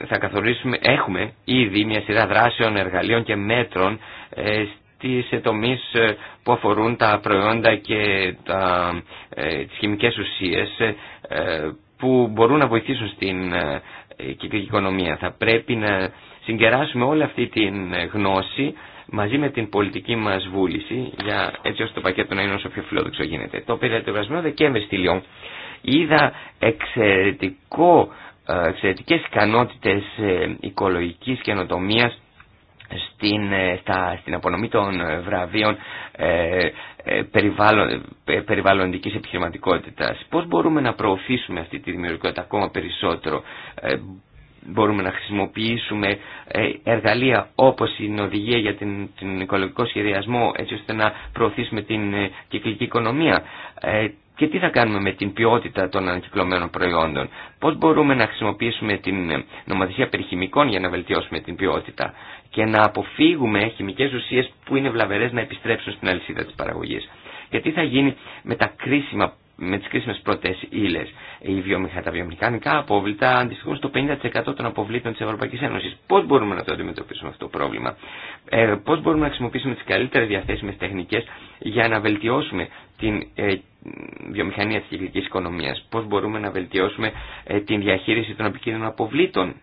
θα καθορίσουμε, έχουμε ήδη μια σειρά δράσεων, εργαλείων και μέτρων ε, στις τομείς ε, που αφορούν τα προϊόντα και τα, τις χημικές ουσίες που μπορούν να βοηθήσουν στην κυκλική οικονομία. Θα πρέπει να συγκεράσουμε όλη αυτή την γνώση μαζί με την πολιτική μας βούληση για έτσι ώστε το πακέτο να είναι όσο πιο φιλόδοξο γίνεται. Το περασμένο Δεκέμβρη στη Λιόν είδα εξαιρετικέ ε, εξαιρετικές ικανότητες ε, οικολογικής καινοτομίας στην, ε, στην απονομή των βραβείων ε, ε, περιβάλλον, περιβαλλοντικής επιχειρηματικότητας. Πώς μπορούμε να προωθήσουμε αυτή τη δημιουργικότητα ακόμα περισσότερο μπορούμε να χρησιμοποιήσουμε ε, εργαλεία όπως η οδηγία για την, την οικολογικό σχεδιασμό έτσι ώστε να προωθήσουμε την ε, κυκλική οικονομία ε, και τι θα κάνουμε με την ποιότητα των ανακυκλωμένων προϊόντων. Πώς μπορούμε να χρησιμοποιήσουμε την νομοθεσία περιχημικών για να βελτιώσουμε την ποιότητα και να αποφύγουμε χημικές ουσίες που είναι βλαβερές να επιστρέψουν στην αλυσίδα της παραγωγής. Και τι θα γίνει με, τα κρίσιμα, με τις κρίσιμες πρώτες ύλες η βιομηχανικά, τα βιομηχανικά απόβλητα αντιστοιχούν στο 50% των αποβλήτων της Ευρωπαϊκής Ένωσης. Πώς μπορούμε να το αντιμετωπίσουμε αυτό το πρόβλημα. Ε, πώς μπορούμε να χρησιμοποιήσουμε τι καλύτερε διαθέσιμες τεχνικές για να βελτιώσουμε την ε, βιομηχανία της κυκλική οικονομίας. Πώς μπορούμε να βελτιώσουμε ε, την διαχείριση των επικίνδυνων αποβλήτων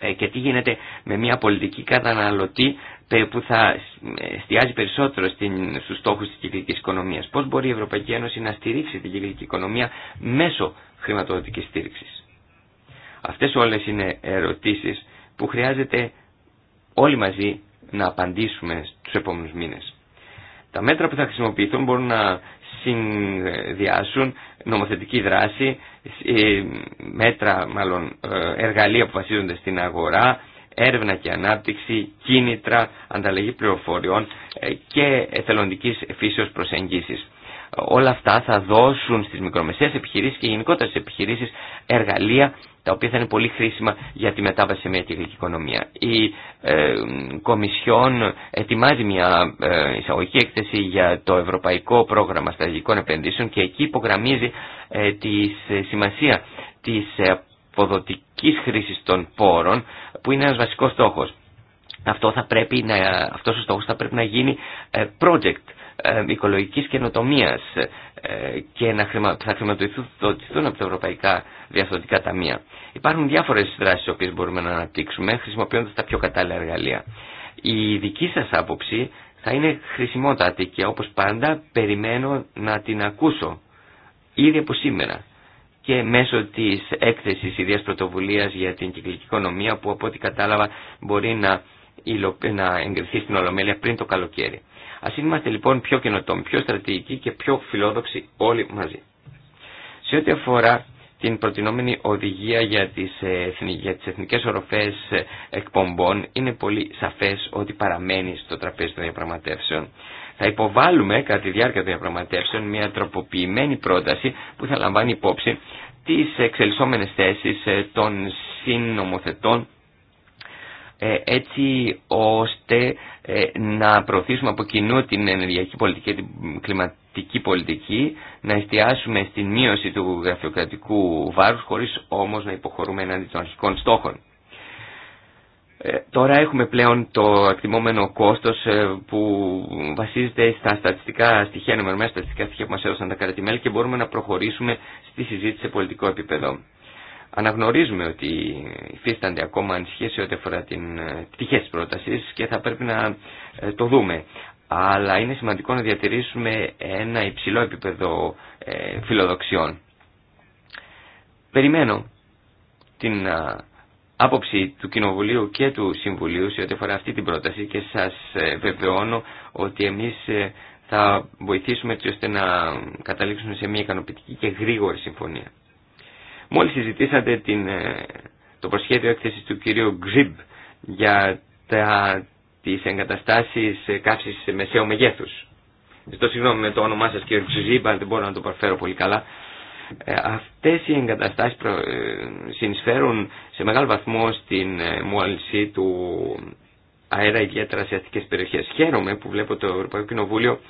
ε, και τι γίνεται με μια πολιτική καταναλωτή που θα εστιάζει περισσότερο στην, στους στόχους της κυκλικής οικονομίας. Πώς μπορεί η Ευρωπαϊκή Ένωση να στηρίξει την κυκλική οικονομία μέσω χρηματοδοτικής στήριξης. Αυτές όλες είναι ερωτήσεις που χρειάζεται όλοι μαζί να απαντήσουμε στους επόμενους μήνες. Τα μέτρα που θα χρησιμοποιηθούν μπορούν να συνδυάσουν νομοθετική δράση, ε, μέτρα, μάλλον ε, εργαλεία που βασίζονται στην αγορά, έρευνα και ανάπτυξη, κίνητρα, ανταλλαγή πληροφοριών ε, και εθελοντικής φύσεως προσεγγίσεις. Όλα αυτά θα δώσουν στις μικρομεσαίες επιχειρήσεις και γενικότερα στις επιχειρήσεις εργαλεία τα οποία θα είναι πολύ χρήσιμα για τη μετάβαση σε μια κυκλική οικονομία. Η ε, Κομισιόν ετοιμάζει μια ε, εισαγωγική έκθεση για το Ευρωπαϊκό Πρόγραμμα Στρατηγικών Επενδύσεων και εκεί υπογραμμίζει ε, τη σημασία της ε, αποδοτικής χρήσης των πόρων που είναι ένας βασικός στόχος. Αυτό θα πρέπει να, αυτός ο στόχος θα πρέπει να γίνει ε, project ε, οικολογικής καινοτομίας ε, και να χρημα, θα χρηματοδοτηθούν από τα ευρωπαϊκά τα ταμεία. Υπάρχουν διάφορες δράσεις που μπορούμε να αναπτύξουμε χρησιμοποιώντας τα πιο κατάλληλα εργαλεία. Η δική σας άποψη θα είναι χρησιμότατη και όπως πάντα περιμένω να την ακούσω ήδη από σήμερα και μέσω της έκθεσης ιδίας πρωτοβουλίας για την κυκλική οικονομία που από ό,τι κατάλαβα μπορεί να, να εγκριθεί στην Ολομέλεια πριν το καλοκαίρι. Ας είμαστε λοιπόν πιο καινοτόμοι, πιο στρατηγικοί και πιο φιλόδοξοι όλοι μαζί. Σε ό,τι αφορά την προτινόμενη οδηγία για τις, για τις εθνικές οροφές εκπομπών είναι πολύ σαφές ότι παραμένει στο τραπέζι των διαπραγματεύσεων. Θα υποβάλουμε κατά τη διάρκεια των διαπραγματεύσεων μια τροποποιημένη πρόταση που θα λαμβάνει υπόψη τις εξελισσόμενες θέσεις ε, των συνομοθετών ε, έτσι ώστε ε, να προωθήσουμε από κοινού την ενεργειακή πολιτική και την κλιματική πολιτική, να εστιάσουμε στην μείωση του γραφειοκρατικού βάρους χωρίς όμως να υποχωρούμε έναντι των αρχικών στόχων. Ε, τώρα έχουμε πλέον το εκτιμόμενο κόστος ε, που βασίζεται στα στατιστικά στοιχεία, ενημερωμένα στατιστικά στοιχεία που μας έδωσαν τα κρατημέλη και μπορούμε να προχωρήσουμε στη συζήτηση σε πολιτικό επίπεδο. Αναγνωρίζουμε ότι υφίστανται ακόμα ανησυχίες σε ό,τι αφορά την ε, πτυχές της πρότασης και θα πρέπει να το δούμε. Αλλά είναι σημαντικό να διατηρήσουμε ένα υψηλό επίπεδο φιλοδοξιών. Περιμένω την άποψη του Κοινοβουλίου και του Συμβουλίου σε ό,τι αφορά αυτή την πρόταση και σας ε, βεβαιώνω ότι εμείς ε, θα βοηθήσουμε έτσι ώστε να καταλήξουμε σε μια ικανοποιητική και γρήγορη συμφωνία. Μόλις συζητήσατε την, ε, το προσχέδιο έκθεσης του κυρίου Γκζιμπ για τα, τις εγκαταστάσεις καύσης μεσαίου μεγέθους. Ζητώ συγγνώμη με το όνομά σας κύριο Γκριμπ, αλλά δεν μπορώ να το προφέρω πολύ καλά. Αυτές οι εγκαταστάσεις συνεισφέρουν σε μεγάλο βαθμό στην ε, μόλυνση του αέρα ιδιαίτερα σε αστικέ περιοχέ. Χαίρομαι που βλέπω το Ευρωπαϊκό Κοινοβούλιο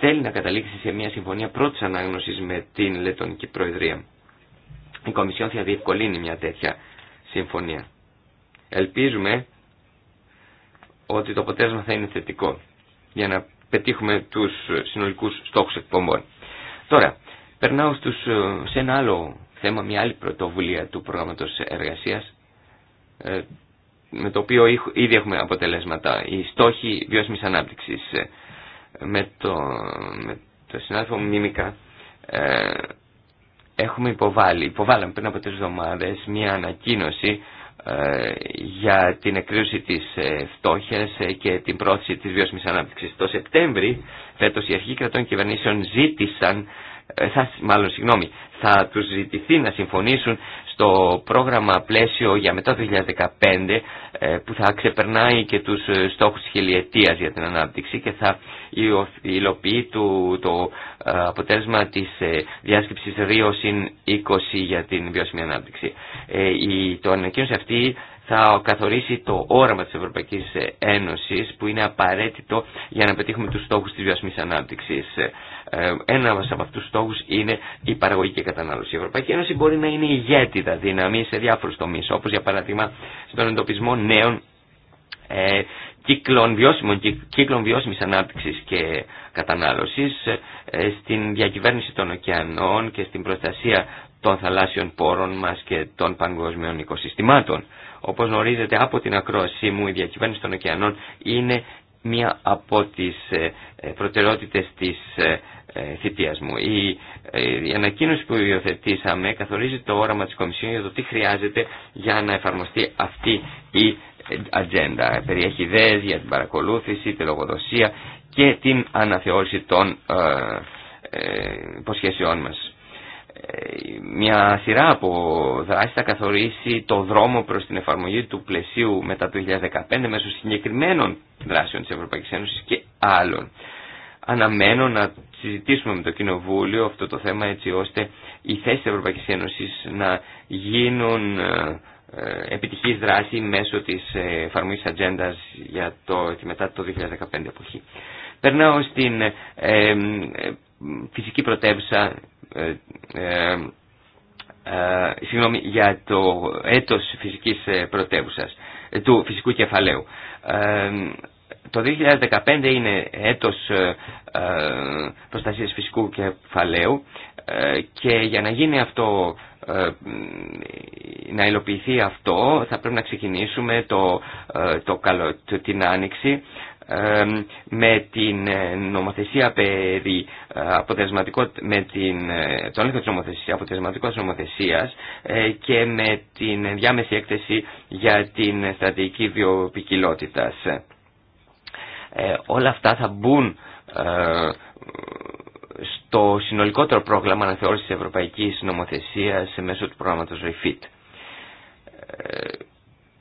θέλει να καταλήξει σε μια συμφωνία πρώτη ανάγνωση με την Λετωνική Προεδρία. Η Κομισιόν θα διευκολύνει μια τέτοια συμφωνία. Ελπίζουμε ότι το αποτέλεσμα θα είναι θετικό για να πετύχουμε τους συνολικούς στόχους εκπομπών. Τώρα, περνάω ε, σε ένα άλλο θέμα μια άλλη πρωτοβουλία του προγράμματος εργασίας ε, με το οποίο ήδη έχουμε αποτελέσματα. Οι στόχοι βιώσιμης ανάπτυξης ε, με το, με το συνάδελφο Μίμικα ε, έχουμε υποβάλει, υποβάλαμε πριν από τρεις εβδομάδες μια ανακοίνωση για την εκκρίωση της ε, φτώχειας και την πρόθεση της βιώσιμης ανάπτυξης. Το Σεπτέμβρη φέτος οι κρατών κυβερνήσεων ζήτησαν ε, θα, μάλλον συγγνώμη, θα τους ζητηθεί να συμφωνήσουν στο πρόγραμμα πλαίσιο για μετά το 2015 ε, που θα ξεπερνάει και τους ε, στόχους χιλιετίας για την ανάπτυξη και θα υλοποιεί το, το αποτέλεσμα της διάσκεψης 2 20 για την βιώσιμη ανάπτυξη. Η, το ανακοίνωση αυτή θα καθορίσει το όραμα της Ευρωπαϊκής Ένωσης που είναι απαραίτητο για να πετύχουμε τους στόχους της βιώσιμης ανάπτυξης. Ε, ένα από αυτούς τους στόχους είναι η παραγωγή και κατανάλωση. Η Ευρωπαϊκή Ένωση μπορεί να είναι ηγέτητα δύναμη σε διάφορους τομείς, όπως για παράδειγμα στον εντοπισμό νέων ε, κύκλων, βιώσιμων, κύκλων βιώσιμης ανάπτυξης και κατανάλωσης, ε, στην διακυβέρνηση των ωκεανών και στην προστασία των θαλάσσιων πόρων μας και των παγκόσμιων οικοσυστημάτων. Όπως γνωρίζετε από την ακρόασή μου, η διακυβέρνηση των ωκεανών είναι μία από τις ε, ε, προτεραιότητες της ε, θητείας μου. Η, ανακοίνωση που υιοθετήσαμε καθορίζει το όραμα της Κομισιόν για το τι χρειάζεται για να εφαρμοστεί αυτή η ατζέντα. Περιέχει ιδέες για την παρακολούθηση, τη λογοδοσία και την αναθεώρηση των ε, μας μια σειρά από δράσεις θα καθορίσει το δρόμο προς την εφαρμογή του πλαισίου μετά το 2015 μέσω συγκεκριμένων δράσεων της Ευρωπαϊκής Ένωσης και άλλων. Αναμένω να συζητήσουμε με το Κοινοβούλιο αυτό το θέμα έτσι ώστε οι θέσεις της Ευρωπαϊκής Ένωσης να γίνουν ε, ε, επιτυχής δράση μέσω της ε, εφαρμογής ατζέντα για το, τη μετά το 2015 εποχή. Περνάω στην φυσική πρωτεύουσα ε, ε, ε, συγγνώμη, για το έτος φυσικής πρωτεύουσας, του φυσικού κεφαλαίου. Το 2015 είναι έτος προστασίας φυσικού κεφαλαίου και για να γίνει αυτό ε, να υλοποιηθεί αυτό θα πρέπει να ξεκινήσουμε το, ε, το, καλό, την άνοιξη ε, με την νομοθεσία περί αποτελεσματικότητα, με την, τον έλεγχο της νομοθεσίας, και με την διάμεση έκθεση για την στρατηγική βιοποικιλότητας. όλα αυτά θα μπουν στο συνολικότερο πρόγραμμα αναθεώρηση τη Ευρωπαϊκή Νομοθεσία μέσω του πρόγραμματος REFIT. Ε,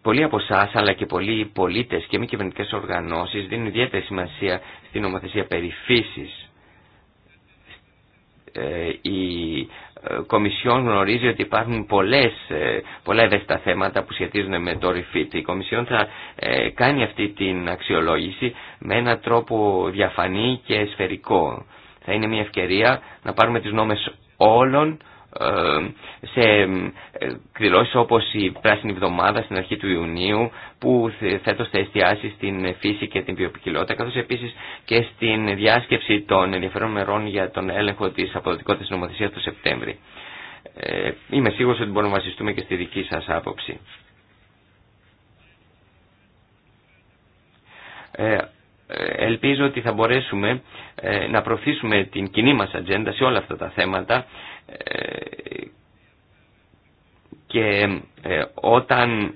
πολλοί από εσά, αλλά και πολλοί πολίτε και μη κυβερνητικέ οργανώσει δίνουν ιδιαίτερη σημασία στην νομοθεσία περί φύση. Ε, η ε, Κομισιόν γνωρίζει ότι υπάρχουν πολλές, πολλά ευαίσθητα θέματα που σχετίζουν με το refit. Η Κομισιόν θα κάνει αυτή την αξιολόγηση με έναν τρόπο διαφανή και σφαιρικό θα είναι μια ευκαιρία να πάρουμε τις νόμες όλων ε, σε ε, εκδηλώσει όπως η Πράσινη Εβδομάδα στην αρχή του Ιουνίου που θέτως θα εστιάσει στην φύση και την βιοποικιλότητα καθώς επίσης και στην διάσκεψη των ενδιαφέρον μερών για τον έλεγχο της αποδοτικότητας της νομοθεσίας το Σεπτέμβρη. Ε, είμαι σίγουρος ότι μπορούμε να βασιστούμε και στη δική σας άποψη ελπίζω ότι θα μπορέσουμε ε, να προωθήσουμε την κοινή μας ατζέντα σε όλα αυτά τα θέματα ε, και ε, όταν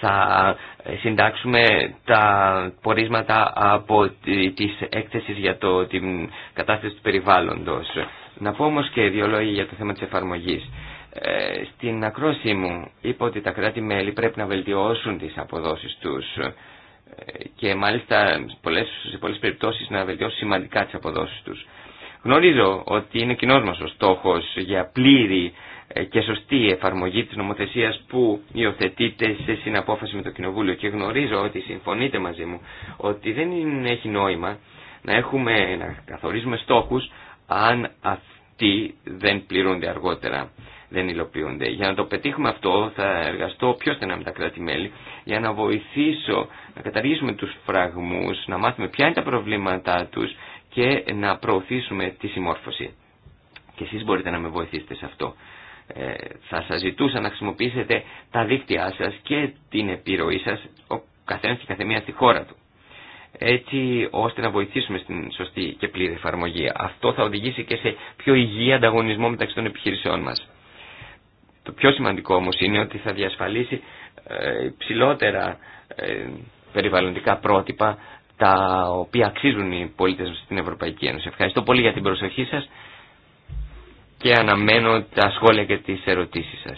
θα συντάξουμε τα πορίσματα από τις έκθεσεις για το, την κατάσταση του περιβάλλοντος. Να πω όμως και δύο λόγια για το θέμα της εφαρμογής. στην ακρόση μου είπα ότι τα κράτη-μέλη πρέπει να βελτιώσουν τις αποδόσεις τους και μάλιστα πολλές, σε πολλές περιπτώσεις να βελτιώσει σημαντικά τις αποδόσεις τους. Γνωρίζω ότι είναι κοινό μας ο στόχος για πλήρη ε, και σωστή εφαρμογή της νομοθεσίας που υιοθετείται σε συναπόφαση με το Κοινοβούλιο και γνωρίζω ότι συμφωνείτε μαζί μου ότι δεν έχει νόημα να, έχουμε, να καθορίζουμε στόχους αν αυτοί δεν πληρούνται αργότερα δεν υλοποιούνται. Για να το πετύχουμε αυτό θα εργαστώ πιο στενά με τα κράτη-μέλη για να βοηθήσω να καταργήσουμε τους φραγμούς, να μάθουμε ποια είναι τα προβλήματά τους και να προωθήσουμε τη συμμόρφωση. Και εσείς μπορείτε να με βοηθήσετε σε αυτό. Ε, θα σας ζητούσα να χρησιμοποιήσετε τα δίκτυά σας και την επιρροή σας, ο καθένας και καθεμία στη χώρα του έτσι ώστε να βοηθήσουμε στην σωστή και πλήρη εφαρμογή. Αυτό θα οδηγήσει και σε πιο υγιή ανταγωνισμό μεταξύ των επιχειρήσεών μας. Το πιο σημαντικό όμως είναι ότι θα διασφαλίσει ε, ψηλότερα ε, περιβαλλοντικά πρότυπα τα οποία αξίζουν οι μα στην Ευρωπαϊκή Ένωση. Ευχαριστώ πολύ για την προσοχή σας και αναμένω τα σχόλια και τι ερωτήσεις σα.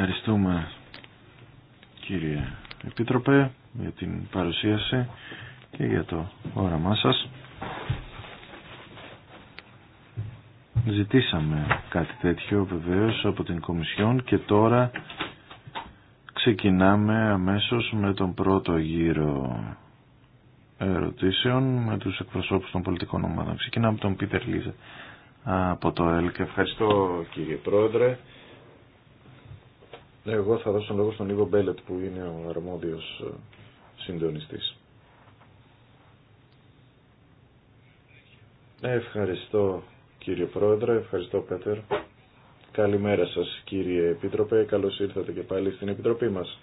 Ευχαριστούμε κύριε Επίτροπε για την παρουσίαση και για το όραμά σας. Ζητήσαμε κάτι τέτοιο βεβαίως από την Κομισιόν και τώρα ξεκινάμε αμέσως με τον πρώτο γύρο ερωτήσεων με τους εκπροσώπους των πολιτικών ομάδων. Ξεκινάμε τον Πίτερ Λίζε από το ΕΛΚ. Ευχαριστώ κύριε Πρόεδρε. Εγώ θα δώσω λόγο στον Λίγο Μπέλετ που είναι ο αρμόδιος ε, συντονιστής. Ευχαριστώ κύριε Πρόεδρε, ευχαριστώ Πέτερ. Καλημέρα σας κύριε Επίτροπε, καλώς ήρθατε και πάλι στην Επιτροπή μας.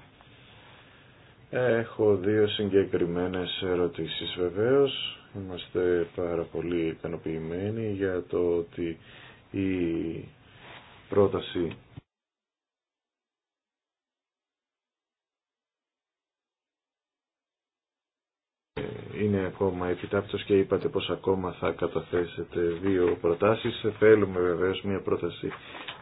Έχω δύο συγκεκριμένες ερωτήσεις βεβαίως. Είμαστε πάρα πολύ ικανοποιημένοι για το ότι η πρόταση ακόμα επιτάπτος και είπατε πως ακόμα θα καταθέσετε δύο προτάσεις. Θέλουμε βεβαίως μια πρόταση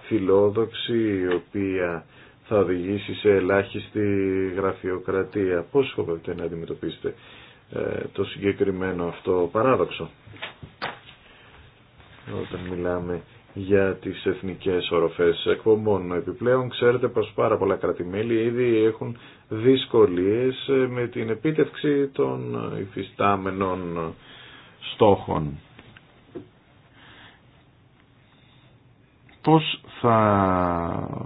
φιλόδοξη η οποία θα οδηγήσει σε ελάχιστη γραφειοκρατία. Πώς σκοπεύετε να αντιμετωπίσετε ε, το συγκεκριμένο αυτό παράδοξο όταν μιλάμε για τις εθνικές οροφές εκπομπών. Επιπλέον ξέρετε πως πάρα πολλά κρατημέλη ήδη έχουν δυσκολίες με την επίτευξη των υφιστάμενων στόχων. Πώς θα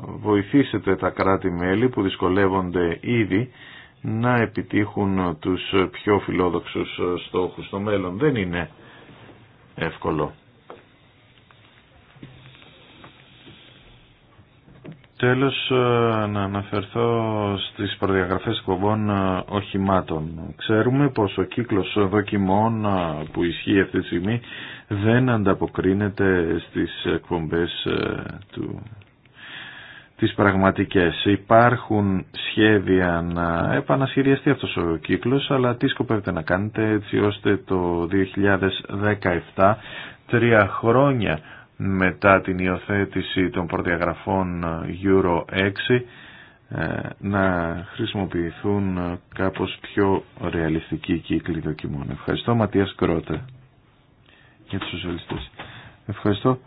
βοηθήσετε τα κράτη-μέλη που δυσκολεύονται ήδη να επιτύχουν τους πιο φιλόδοξους στόχους στο μέλλον. Δεν είναι εύκολο. Τέλος, ε, να αναφερθώ στις προδιαγραφές κομπών ε, οχημάτων. Ξέρουμε πως ο κύκλος δοκιμών ε, που ισχύει αυτή τη στιγμή δεν ανταποκρίνεται στις εκπομπές του, τις πραγματικές. Υπάρχουν σχέδια να επανασχεδιαστεί αυτός ο κύκλος, αλλά τι σκοπεύετε να κάνετε έτσι ώστε το 2017, τρία χρόνια μετά την υιοθέτηση των προδιαγραφών Euro 6 ε, να χρησιμοποιηθούν κάπως πιο ρεαλιστικοί κύκλοι δοκιμών. Ευχαριστώ Ματίας Κρότε για τους σοσιαλιστές. Ευχαριστώ.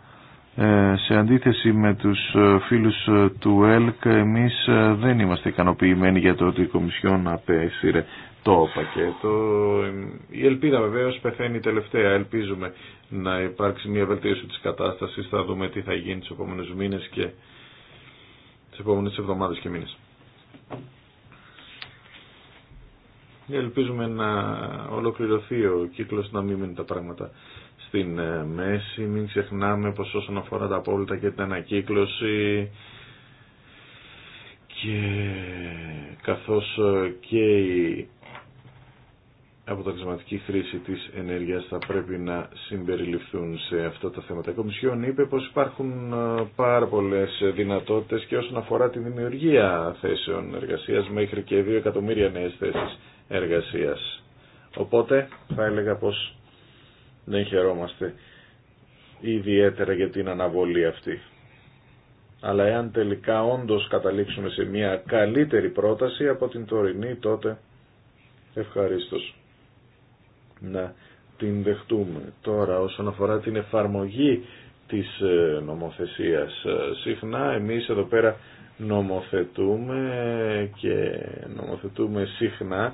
Ε, σε αντίθεση με τους ε, φίλους του ΕΛΚ εμείς δεν είμαστε ικανοποιημένοι για το ότι η Κομισιόν απέσυρε το πακέτο. Η ελπίδα βεβαίω πεθαίνει τελευταία. Ελπίζουμε να υπάρξει μια βελτίωση της κατάσταση Θα δούμε τι θα γίνει τι επόμενε μήνες και τι επόμενε εβδομάδες και μήνες. Ελπίζουμε να ολοκληρωθεί ο κύκλος, να μην μείνουν τα πράγματα στην ε, μέση. Μην ξεχνάμε πω όσον αφορά τα απόλυτα και την ανακύκλωση και καθώς ε, και η αποτελεσματική χρήση της ενέργειας θα πρέπει να συμπεριληφθούν σε αυτά τα θέματα. Η Κομισιόν είπε πως υπάρχουν ε, πάρα πολλές δυνατότητες και όσον αφορά τη δημιουργία θέσεων εργασίας μέχρι και 2 εκατομμύρια νέες θέσεις εργασίας. Οπότε θα έλεγα πως δεν ναι, χαιρόμαστε ιδιαίτερα για την αναβολή αυτή. Αλλά εάν τελικά όντως καταλήξουμε σε μια καλύτερη πρόταση από την τωρινή τότε ευχαρίστως να την δεχτούμε. Τώρα όσον αφορά την εφαρμογή της ε, νομοθεσίας ε, συχνά εμείς εδώ πέρα νομοθετούμε και νομοθετούμε συχνά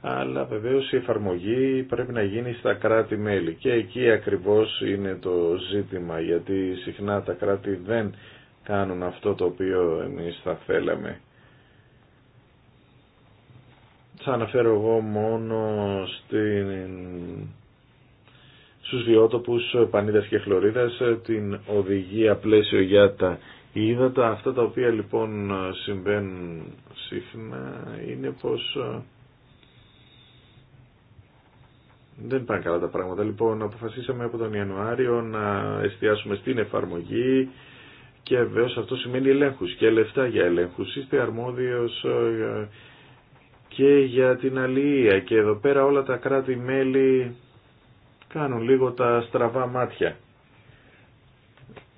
αλλά βεβαίως η εφαρμογή πρέπει να γίνει στα κράτη-μέλη και εκεί ακριβώς είναι το ζήτημα γιατί συχνά τα κράτη δεν κάνουν αυτό το οποίο εμείς θα θέλαμε θα αναφέρω εγώ μόνο στην, στους βιότοπους Πανίδας και Χλωρίδας, την οδηγία πλαίσιο για τα ύδατα. Αυτά τα οποία λοιπόν συμβαίνουν συχνά είναι πως ε, δεν πάνε καλά τα πράγματα. Λοιπόν, αποφασίσαμε από τον Ιανουάριο να εστιάσουμε στην εφαρμογή και βεβαίω αυτό σημαίνει ελέγχους και λεφτά για ελέγχους. Είστε αρμόδιος ε, και για την αλληλεία και εδώ πέρα όλα τα κράτη-μέλη κάνουν λίγο τα στραβά μάτια.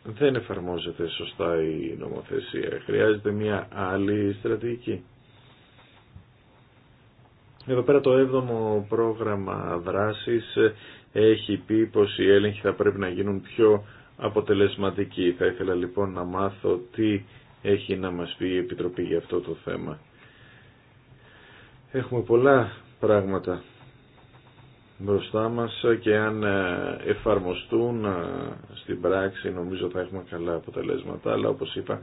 Δεν εφαρμόζεται σωστά η νομοθεσία. Χρειάζεται μια άλλη στρατηγική. Εδώ πέρα το 7ο πρόγραμμα δράσης έχει πει πως οι έλεγχοι θα πρέπει να γίνουν πιο αποτελεσματικοί. Θα ήθελα λοιπόν να μάθω τι έχει να μας πει η Επιτροπή για αυτό το θέμα. Έχουμε πολλά πράγματα μπροστά μας και αν ε, εφαρμοστούν ε, στην πράξη νομίζω θα έχουμε καλά αποτελέσματα αλλά όπως είπα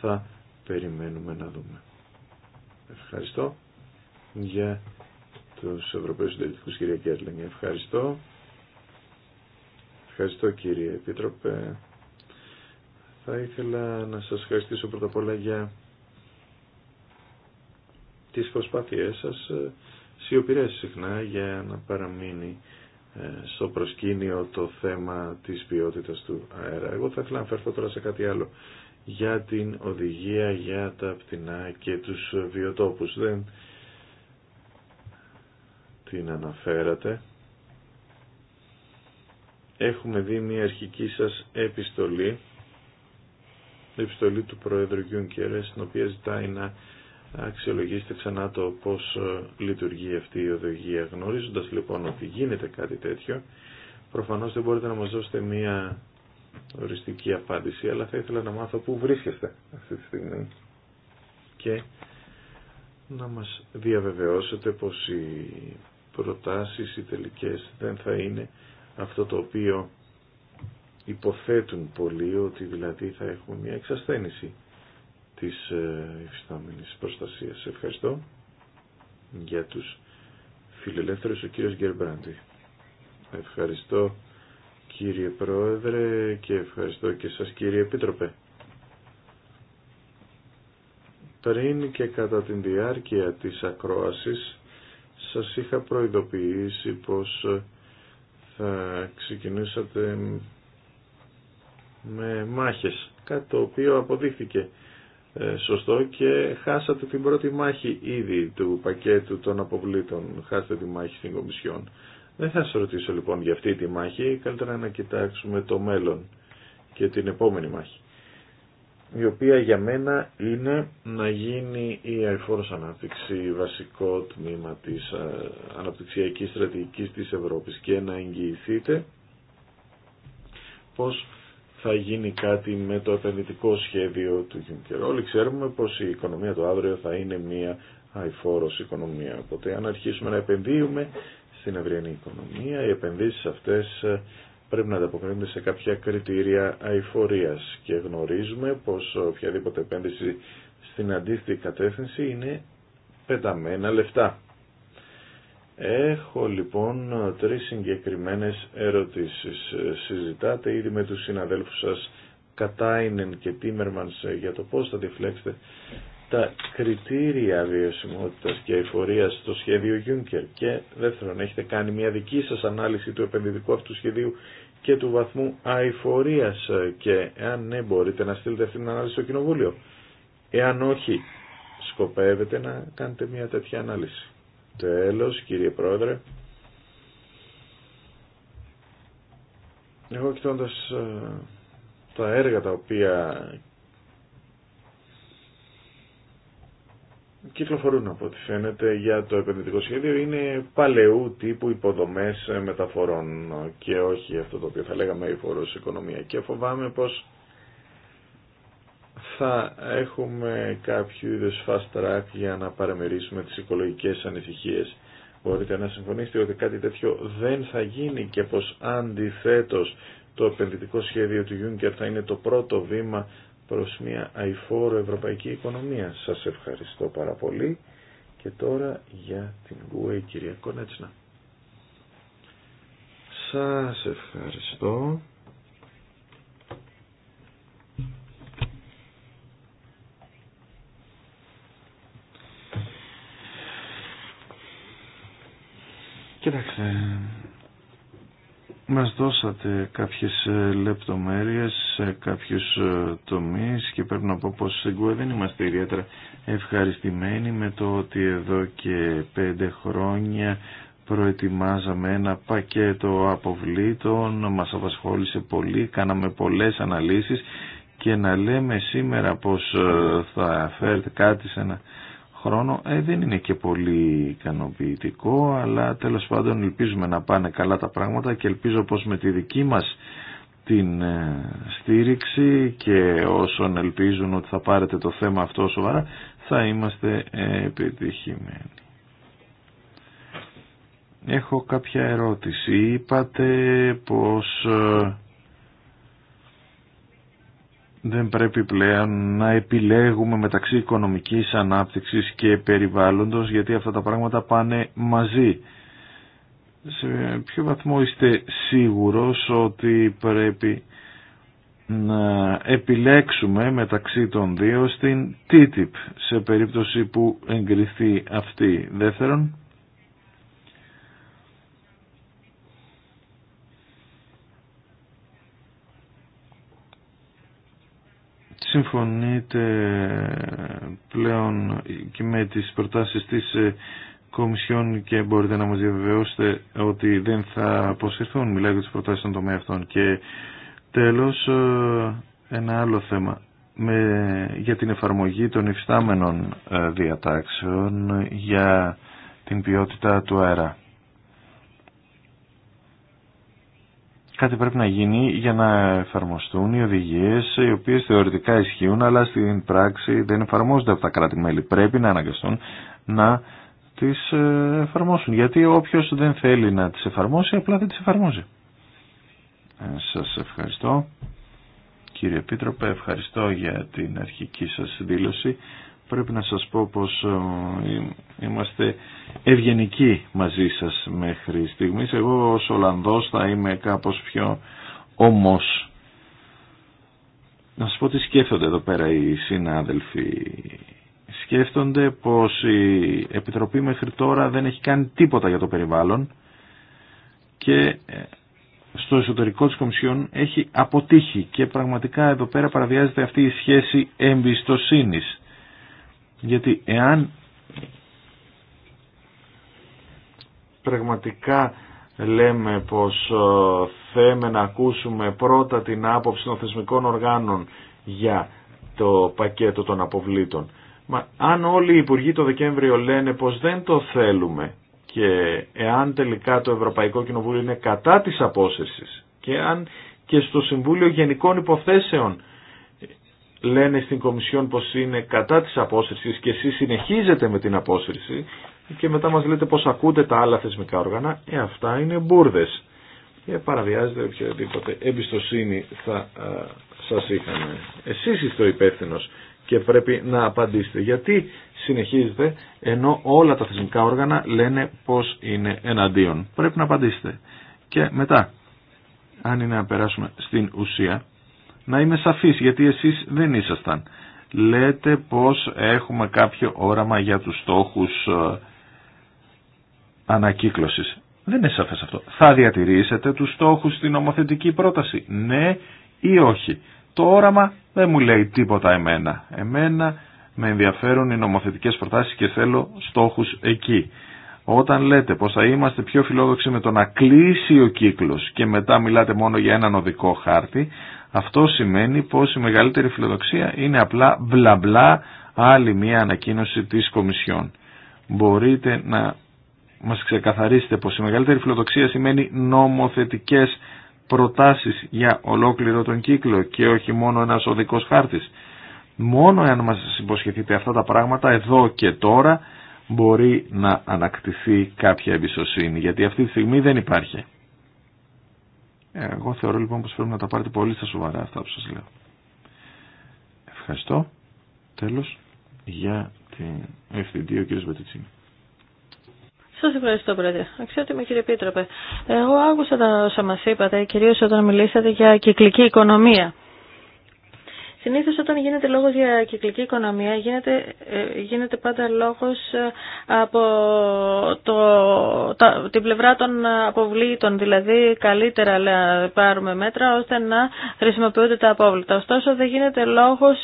θα περιμένουμε να δούμε. Ευχαριστώ για τους Ευρωπαίους Συντελετικούς κυρία Κέρλινγκ. Ευχαριστώ. Ευχαριστώ κύριε Επίτροπε. Θα ήθελα να σας ευχαριστήσω πρώτα απ' όλα για τις προσπάθειές σας ε, σιωπηρές συχνά για να παραμείνει ε, στο προσκήνιο το θέμα της ποιότητας του αέρα. Εγώ θα ήθελα να φέρθω τώρα σε κάτι άλλο για την οδηγία για τα πτηνά και τους βιοτόπους. Δεν την αναφέρατε. Έχουμε δει μια αρχική σας επιστολή, επιστολή του Πρόεδρου Γιούνκερ, στην οποία ζητάει να Αξιολογήστε ξανά το πώς ε, λειτουργεί αυτή η οδηγία. Γνωρίζοντας λοιπόν ότι γίνεται κάτι τέτοιο, προφανώς δεν μπορείτε να μας δώσετε μία οριστική απάντηση, αλλά θα ήθελα να μάθω πού βρίσκεστε αυτή τη στιγμή και να μας διαβεβαιώσετε πως οι προτάσεις, οι τελικές δεν θα είναι αυτό το οποίο υποθέτουν πολλοί ότι δηλαδή θα έχουμε μια εξασθένηση της ε, προστασίας. Ευχαριστώ για τους φιλελεύθερους ο κύριος Γκερμπράντη. Ευχαριστώ κύριε Πρόεδρε και ευχαριστώ και σας κύριε Επίτροπε. Πριν και κατά την διάρκεια της ακρόασης σας είχα προειδοποιήσει πως ε, θα ξεκινήσατε με μάχες, κάτι το οποίο αποδείχθηκε ε, σωστό και χάσατε την πρώτη μάχη ήδη του πακέτου των αποβλήτων. Χάσατε τη μάχη στην Κομισιόν. Δεν θα σας ρωτήσω λοιπόν για αυτή τη μάχη, καλύτερα να κοιτάξουμε το μέλλον και την επόμενη μάχη η οποία για μένα είναι να γίνει η αιφόρο ανάπτυξη βασικό τμήμα της ε, αναπτυξιακής στρατηγικής της Ευρώπης και να εγγυηθείτε πως θα γίνει κάτι με το επενδυτικό σχέδιο του Juncker. Όλοι ξέρουμε πως η οικονομία του αύριο θα είναι μια αϊφόρος οικονομία. Οπότε αν αρχίσουμε να επενδύουμε στην αυριανή οικονομία, οι επενδύσεις αυτές ε, πρέπει να ανταποκρίνονται σε κάποια κριτήρια αϊφορίας. και γνωρίζουμε πως οποιαδήποτε επένδυση στην αντίθετη κατεύθυνση είναι πεταμένα λεφτά. Έχω λοιπόν τρεις συγκεκριμένες ερωτήσεις. Συζητάτε ήδη με τους συναδέλφους σας Κατάινεν και Τίμερμανς για το πώς θα διφλέξετε τα κριτήρια βιωσιμότητας και εφορίας στο σχέδιο Juncker και δεύτερον έχετε κάνει μια δική σας ανάλυση του επενδυτικού αυτού σχεδίου και του βαθμού αηφορίας και εάν ναι μπορείτε να στείλετε αυτή την ανάλυση στο Κοινοβούλιο. Εάν όχι σκοπεύετε να κάνετε μια τέτοια ανάλυση. Τέλος, κύριε Πρόεδρε. Εγώ κοιτώντα ε, τα έργα τα οποία κυκλοφορούν από ό,τι φαίνεται για το επενδυτικό σχέδιο είναι παλαιού τύπου υποδομές ε, μεταφορών και όχι αυτό το οποίο θα λέγαμε η οικονομία και φοβάμαι πως θα έχουμε κάποιο είδους fast track για να παραμερίσουμε τις οικολογικές ανησυχίες. Μπορείτε να συμφωνήσετε ότι κάτι τέτοιο δεν θα γίνει και πως αντιθέτως το επενδυτικό σχέδιο του Juncker θα είναι το πρώτο βήμα προς μια αηφόρο ευρωπαϊκή οικονομία. Σας ευχαριστώ πάρα πολύ και τώρα για την ΚΟΕ κυρία Κονέτσνα. Σας ευχαριστώ. Κοιτάξτε, μας δώσατε κάποιες ε, λεπτομέρειες, κάποιους ε, τομείς και πρέπει να πω πως στην ΚΟΕ δεν είμαστε ιδιαίτερα ευχαριστημένοι με το ότι εδώ και πέντε χρόνια προετοιμάζαμε ένα πακέτο αποβλήτων, μας απασχόλησε πολύ, κάναμε πολλές αναλύσεις και να λέμε σήμερα πως ε, θα φέρετε κάτι σε ένα χρόνο ε, δεν είναι και πολύ ικανοποιητικό αλλά τέλος πάντων ελπίζουμε να πάνε καλά τα πράγματα και ελπίζω πως με τη δική μας την ε, στήριξη και όσων ελπίζουν ότι θα πάρετε το θέμα αυτό σοβαρά θα είμαστε ε, επιτυχημένοι. Έχω κάποια ερώτηση. Είπατε πως δεν πρέπει πλέον να επιλέγουμε μεταξύ οικονομικής ανάπτυξης και περιβάλλοντος γιατί αυτά τα πράγματα πάνε μαζί. Σε ποιο βαθμό είστε σίγουρος ότι πρέπει να επιλέξουμε μεταξύ των δύο στην TTIP σε περίπτωση που εγκριθεί αυτή. Δεύτερον, συμφωνείτε πλέον και με τις προτάσεις της ε, Κομισιόν και μπορείτε να μας διαβεβαιώσετε ότι δεν θα αποσυρθούν. Μιλάω για τις προτάσεις των τομέα αυτών. Και τέλος ε, ένα άλλο θέμα. Με, για την εφαρμογή των υφιστάμενων ε, διατάξεων για την ποιότητα του αέρα. κάτι πρέπει να γίνει για να εφαρμοστούν οι οδηγίες οι οποίες θεωρητικά ισχύουν αλλά στην πράξη δεν εφαρμόζονται από τα κράτη-μέλη. Πρέπει να αναγκαστούν να τις ε, εφαρμόσουν γιατί όποιος δεν θέλει να τις εφαρμόσει απλά δεν τις εφαρμόζει. Ε, σας ευχαριστώ. Κύριε Επίτροπε, ευχαριστώ για την αρχική σας δήλωση πρέπει να σας πω πως ε, ε, είμαστε ευγενικοί μαζί σας μέχρι στιγμής. Εγώ ως Ολλανδός θα είμαι κάπως πιο όμως. Να σας πω τι σκέφτονται εδώ πέρα οι συνάδελφοι. Σκέφτονται πως η Επιτροπή μέχρι τώρα δεν έχει κάνει τίποτα για το περιβάλλον και ε, στο εσωτερικό της Κομισιόν έχει αποτύχει και πραγματικά εδώ πέρα παραβιάζεται αυτή η σχέση εμπιστοσύνης γιατί εάν πραγματικά λέμε πως ε, θέμε να ακούσουμε πρώτα την άποψη των θεσμικών οργάνων για το πακέτο των αποβλήτων. Μα αν όλοι οι υπουργοί το Δεκέμβριο λένε πως δεν το θέλουμε και εάν τελικά το Ευρωπαϊκό Κοινοβούλιο είναι κατά της απόσυρσης και αν και στο Συμβούλιο Γενικών Υποθέσεων λένε στην Κομισιόν πως είναι κατά της απόσυρσης και εσείς συνεχίζετε με την απόσυρση και μετά μας λέτε πως ακούτε τα άλλα θεσμικά όργανα, ε, αυτά είναι μπουρδες. Και ε, παραβιάζετε οποιαδήποτε εμπιστοσύνη θα α, σας είχαμε. Εσείς είστε ο υπεύθυνο και πρέπει να απαντήσετε. Γιατί συνεχίζετε ενώ όλα τα θεσμικά όργανα λένε πως είναι εναντίον. Πρέπει να απαντήσετε. Και μετά, αν είναι να περάσουμε στην ουσία, να είμαι σαφής γιατί εσείς δεν ήσασταν. Λέτε πως έχουμε κάποιο όραμα για τους στόχους ε, ανακύκλωσης. Δεν είναι σαφές αυτό. Θα διατηρήσετε τους στόχους στην ομοθετική πρόταση. Ναι ή όχι. Το όραμα δεν μου λέει τίποτα εμένα. Εμένα με ενδιαφέρουν οι νομοθετικές προτάσεις και θέλω στόχους εκεί. Όταν λέτε πως θα είμαστε πιο φιλόδοξοι με το να κλείσει ο κύκλος και μετά μιλάτε μόνο για έναν οδικό χάρτη, αυτό σημαίνει πως η μεγαλύτερη φιλοδοξία είναι απλά μπλα μπλα άλλη μια ανακοίνωση της Κομισιόν. Μπορείτε να μας ξεκαθαρίσετε πως η μεγαλύτερη φιλοδοξία σημαίνει νομοθετικές προτάσεις για ολόκληρο τον κύκλο και όχι μόνο ένας οδικός χάρτης. Μόνο αν μας υποσχεθείτε αυτά τα πράγματα εδώ και τώρα μπορεί να ανακτηθεί κάποια εμπιστοσύνη γιατί αυτή τη στιγμή δεν υπάρχει. Ε, εγώ θεωρώ λοιπόν πως πρέπει να τα πάρετε πολύ στα σοβαρά αυτά που σας λέω. Ευχαριστώ. Τέλος για την ευθυντή ο κύριος Μπετιτσίνη. Σα ευχαριστώ, Πρόεδρε. Αξιότιμη κύριε Πίτροπε. Εγώ άκουσα τα όσα μα είπατε, κυρίω όταν μιλήσατε για κυκλική οικονομία. Συνήθως όταν γίνεται λόγος για κυκλική οικονομία γίνεται, ε, γίνεται πάντα λόγος ε, από το, την πλευρά των αποβλήτων, δηλαδή καλύτερα να πάρουμε μέτρα ώστε να χρησιμοποιούνται τα απόβλητα. Ωστόσο δεν γίνεται λόγος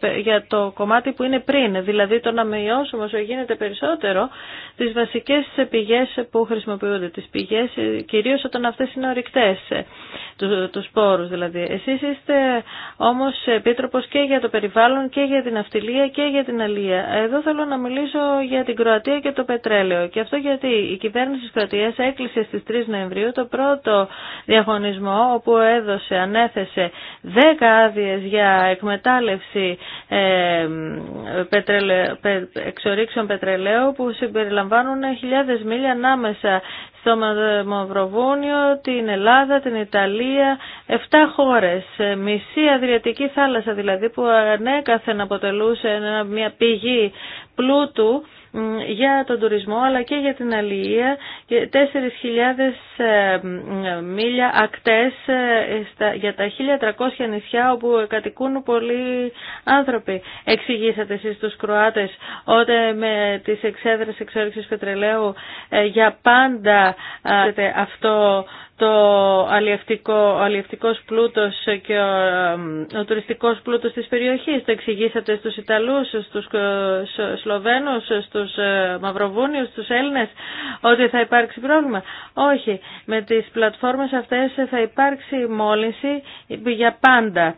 ε, για το κομμάτι που είναι πριν, δηλαδή το να μειώσουμε όσο γίνεται περισσότερο τις βασικές πηγές που χρησιμοποιούνται, τις πηγές κυρίως όταν αυτές είναι ορυκτές, τους, τους δηλαδή. Εσείς είστε όμως και για το περιβάλλον και για την αυτιλία και για την αλία. Εδώ θέλω να μιλήσω για την Κροατία και το πετρέλαιο. Και αυτό γιατί η κυβέρνηση της Κροατίας έκλεισε στις 3 Νοεμβρίου το πρώτο διαγωνισμό όπου έδωσε, ανέθεσε 10 άδειε για εκμετάλλευση ε, εξορίξεων πετρελαίου που συμπεριλαμβάνουν χιλιάδες μίλια ανάμεσα στο Μαυροβούνιο, την Ελλάδα, την Ιταλία, 7 χώρες, μισή Αδριατική θάλασσα δηλαδή που ανέκαθεν αποτελούσε μια πηγή πλούτου για τον τουρισμό αλλά και για την αλληλεία 4.000 ε, μίλια ακτές ε, για τα 1.300 νησιά όπου κατοικούν πολλοί άνθρωποι. Εξηγήσατε εσείς τους Κροάτες ότι με τις εξέδρες εξόριξης πετρελαίου ε, για πάντα αυτό το αλλιευτικό, ο πλούτος και ο, ο τουριστικός πλούτος της περιοχής. Το εξηγήσατε στους Ιταλούς, στους Σλοβαίνους, στους ε, Μαυροβούνιους, στους Έλληνες ότι θα υπάρξει πρόβλημα. Όχι, με τις πλατφόρμες αυτές θα υπάρξει μόλυνση για πάντα.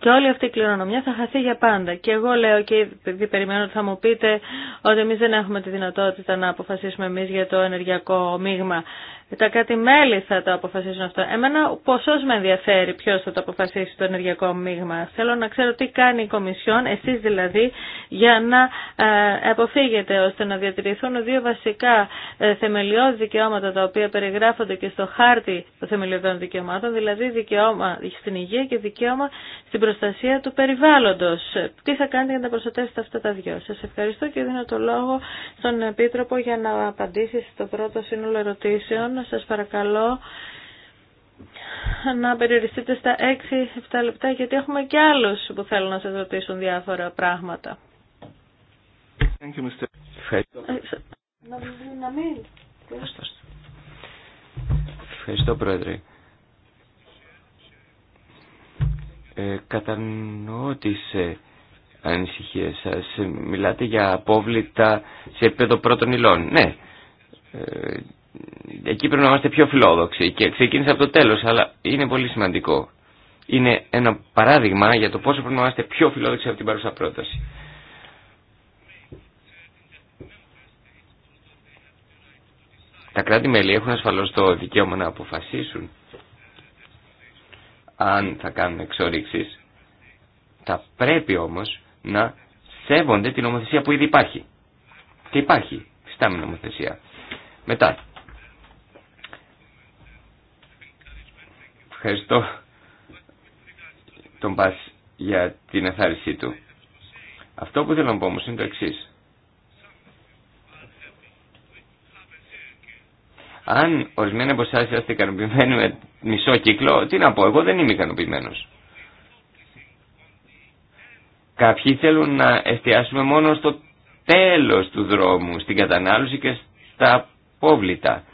Και όλη αυτή η κληρονομιά θα χαθεί για πάντα. Και εγώ λέω και επειδή περιμένω ότι θα μου πείτε ότι εμεί δεν έχουμε τη δυνατότητα να αποφασίσουμε εμεί για το ενεργειακό μείγμα τα κάτι μέλη θα το αποφασίσουν αυτό. Εμένα ποσός με ενδιαφέρει ποιος θα το αποφασίσει το ενεργειακό μείγμα. Θέλω να ξέρω τι κάνει η Κομισιόν, εσείς δηλαδή, για να ε, αποφύγετε ώστε να διατηρηθούν δύο βασικά ε, θεμελιώδη δικαιώματα τα οποία περιγράφονται και στο χάρτη των θεμελιωδών δικαιωμάτων, δηλαδή δικαιώμα στην υγεία και δικαίωμα στην προστασία του περιβάλλοντος. Τι θα κάνετε για να προστατεύσετε αυτά τα δυο. Σας ευχαριστώ και δίνω το λόγο στον Επίτροπο για να απαντήσει στο πρώτο σύνολο ερωτήσεων σας παρακαλώ να περιοριστείτε στα 6-7 λεπτά γιατί έχουμε και άλλους που θέλουν να σας ρωτήσουν διάφορα πράγματα. Ε, Ευχαριστώ. Ευχαριστώ, Πρόεδρε. Ε, κατανοώ τις ε, ανησυχίες σας. Μιλάτε για απόβλητα σε επίπεδο πρώτων υλών. Ναι, ε, εκεί πρέπει να είμαστε πιο φιλόδοξοι και ξεκίνησα από το τέλος αλλά είναι πολύ σημαντικό. Είναι ένα παράδειγμα για το πόσο πρέπει να είμαστε πιο φιλόδοξοι από την παρούσα πρόταση. Τα κράτη-μέλη έχουν ασφαλώς το δικαίωμα να αποφασίσουν αν θα κάνουν εξορίξεις. Θα πρέπει όμως να σέβονται την νομοθεσία που ήδη υπάρχει. Και υπάρχει στάμε νομοθεσία. Μετά, Ευχαριστώ τον Πας για την εθάρισή του. Αυτό που θέλω να πω όμως είναι το εξή. Αν ορισμένοι από εσάς είστε ικανοποιημένοι με μισό κύκλο, τι να πω, εγώ δεν είμαι ικανοποιημένο. Κάποιοι θέλουν να εστιάσουμε μόνο στο τέλος του δρόμου, στην κατανάλωση και στα απόβλητα.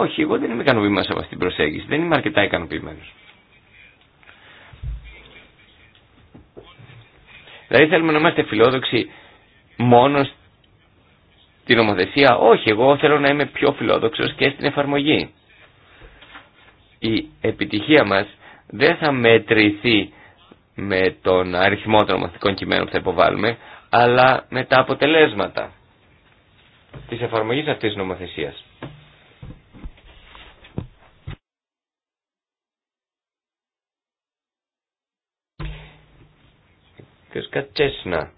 Όχι, εγώ δεν είμαι ικανοποιημένο από αυτή την προσέγγιση. Δεν είμαι αρκετά ικανοποιημένο. Δηλαδή θέλουμε να είμαστε φιλόδοξοι μόνο στην νομοθεσία. Όχι, εγώ θέλω να είμαι πιο φιλόδοξος και στην εφαρμογή. Η επιτυχία μας δεν θα μετρηθεί με τον αριθμό των νομοθετικών κειμένων που θα υποβάλουμε, αλλά με τα αποτελέσματα της εφαρμογής αυτής της νομοθεσίας. Σα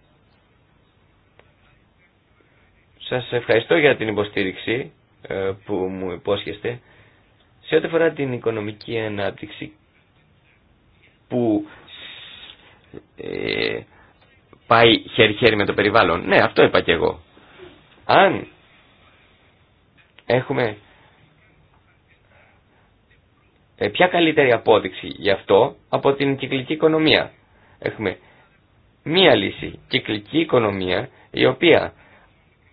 Σας ευχαριστώ για την υποστήριξη ε, που μου υπόσχεστε. Σε ό,τι φορά την οικονομική ανάπτυξη που ε, πάει χέρι-χέρι με το περιβάλλον. Ναι, αυτό είπα και εγώ. Αν έχουμε ε, πια ποια καλύτερη απόδειξη γι' αυτό από την κυκλική οικονομία. Έχουμε μία λύση, κυκλική οικονομία, η οποία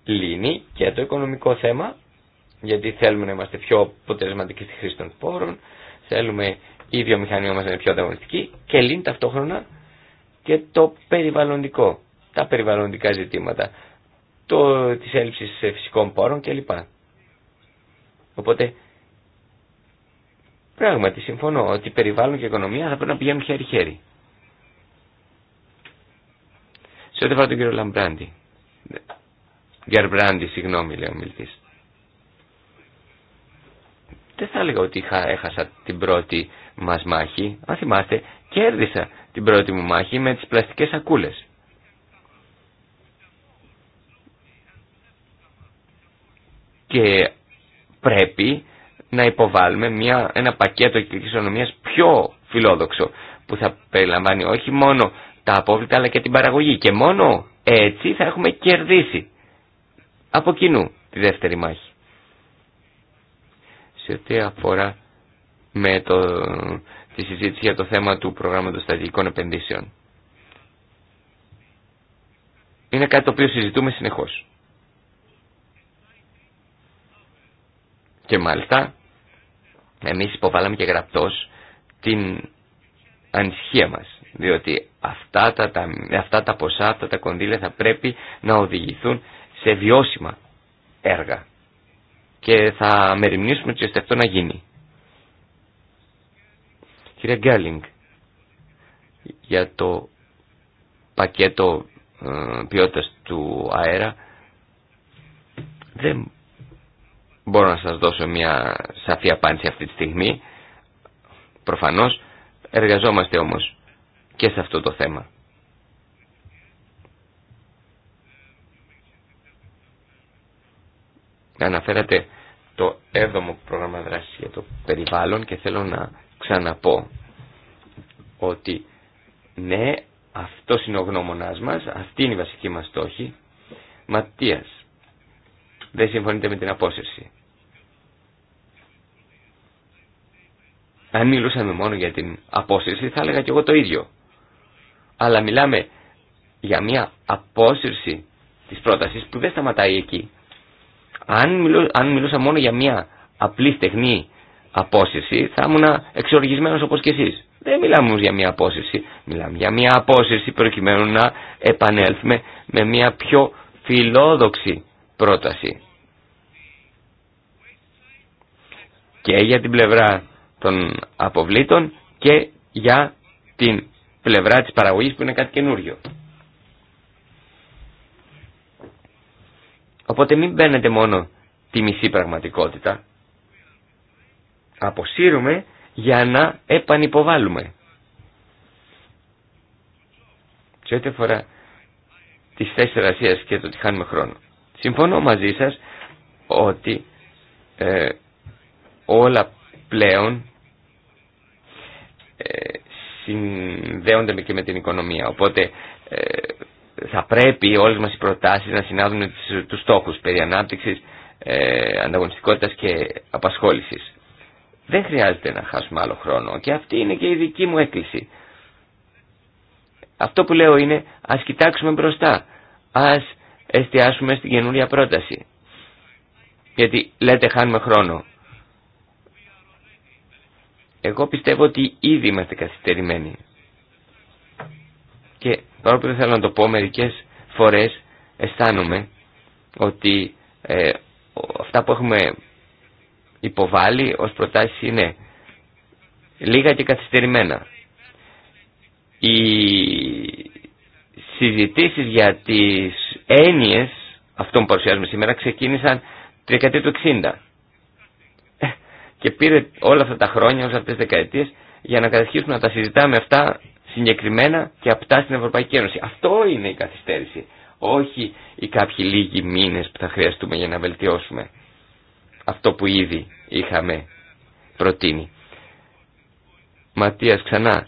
λύνει και το οικονομικό θέμα, γιατί θέλουμε να είμαστε πιο αποτελεσματικοί στη χρήση των πόρων, θέλουμε η βιομηχανία μας να είναι πιο ανταγωνιστική και λύνει ταυτόχρονα και το περιβαλλοντικό, τα περιβαλλοντικά ζητήματα, το, της έλλειψης φυσικών πόρων κλπ. Οπότε, πράγματι συμφωνώ ότι περιβάλλον και οικονομία θα πρέπει να πηγαίνουν χέρι-χέρι. Και ό,τι τον κύριο Λαμπράντη. Γκερμπράντη, συγγνώμη, λέει ο Δεν θα έλεγα ότι είχα, έχασα την πρώτη μα μάχη. Αν θυμάστε, κέρδισα την πρώτη μου μάχη με τι πλαστικέ σακούλε. Και πρέπει να υποβάλουμε μια, ένα πακέτο κοινωνικής πιο φιλόδοξο που θα περιλαμβάνει όχι μόνο τα απόβλητα αλλά και την παραγωγή. Και μόνο έτσι θα έχουμε κερδίσει από κοινού τη δεύτερη μάχη. Σε ό,τι αφορά με το, τη συζήτηση για το θέμα του προγράμματος στρατηγικών επενδύσεων. Είναι κάτι το οποίο συζητούμε συνεχώς. Και μάλιστα εμείς υποβάλαμε και γραπτός την ανησυχία μας. Διότι αυτά τα, τα, αυτά τα ποσά, αυτά τα κονδύλια θα πρέπει να οδηγηθούν σε βιώσιμα έργα. Και θα μεριμνήσουμε ώστε αυτό να γίνει. Κύριε Γκέρλινγκ, για το πακέτο ε, ποιότητας του αέρα δεν μπορώ να σας δώσω μια σαφή απάντηση αυτή τη στιγμή. Προφανώς Εργαζόμαστε όμως και σε αυτό το θέμα. Αναφέρατε το έβδομο πρόγραμμα δράσης για το περιβάλλον και θέλω να ξαναπώ ότι ναι, αυτό είναι ο γνώμονάς μας, αυτή είναι η βασική μας στόχη. Ματίας, δεν συμφωνείτε με την απόσυρση. Αν μιλούσαμε μόνο για την απόσυρση θα έλεγα και εγώ το ίδιο. Αλλά μιλάμε για μια απόσυρση της πρότασης που δεν σταματάει εκεί. Αν, μιλού, αν μιλούσα μόνο για μια απλή στεχνή απόσυρση θα ήμουν εξοργισμένος όπως και εσείς. Δεν μιλάμε για μια απόσυρση. Μιλάμε για μια απόσυρση προκειμένου να επανέλθουμε με μια πιο φιλόδοξη πρόταση. Και για την πλευρά των αποβλήτων και για την πλευρά της παραγωγής που είναι κάτι καινούριο. Οπότε μην μπαίνετε μόνο τη μισή πραγματικότητα. Αποσύρουμε για να επανυποβάλλουμε. Σε ό,τι αφορά τις θέσεις εργασίας και το ότι χάνουμε χρόνο. Συμφωνώ μαζί σας ότι ε, όλα πλέον συνδέονται και με την οικονομία. Οπότε ε, θα πρέπει όλες μας οι προτάσεις να συνάδουν με τους στόχους περί ανάπτυξης, ε, ανταγωνιστικότητας και απασχόλησης. Δεν χρειάζεται να χάσουμε άλλο χρόνο και αυτή είναι και η δική μου έκκληση. Αυτό που λέω είναι ας κοιτάξουμε μπροστά, ας εστιάσουμε στην καινούρια πρόταση. Γιατί λέτε χάνουμε χρόνο. Εγώ πιστεύω ότι ήδη είμαστε καθυστερημένοι. Και παρόλο που δεν θέλω να το πω, μερικές φορές αισθάνομαι ότι ε, αυτά που έχουμε υποβάλει ως προτάσεις είναι λίγα και καθυστερημένα. Οι συζητήσεις για τις έννοιες αυτών που παρουσιάζουμε σήμερα ξεκίνησαν τη του και πήρε όλα αυτά τα χρόνια, όλε αυτέ τι δεκαετίες για να κατασχίσουμε να τα συζητάμε αυτά συγκεκριμένα και απτά στην Ευρωπαϊκή Ένωση. Αυτό είναι η καθυστέρηση. Όχι οι κάποιοι λίγοι μήνε που θα χρειαστούμε για να βελτιώσουμε αυτό που ήδη είχαμε προτείνει. Ματίας ξανά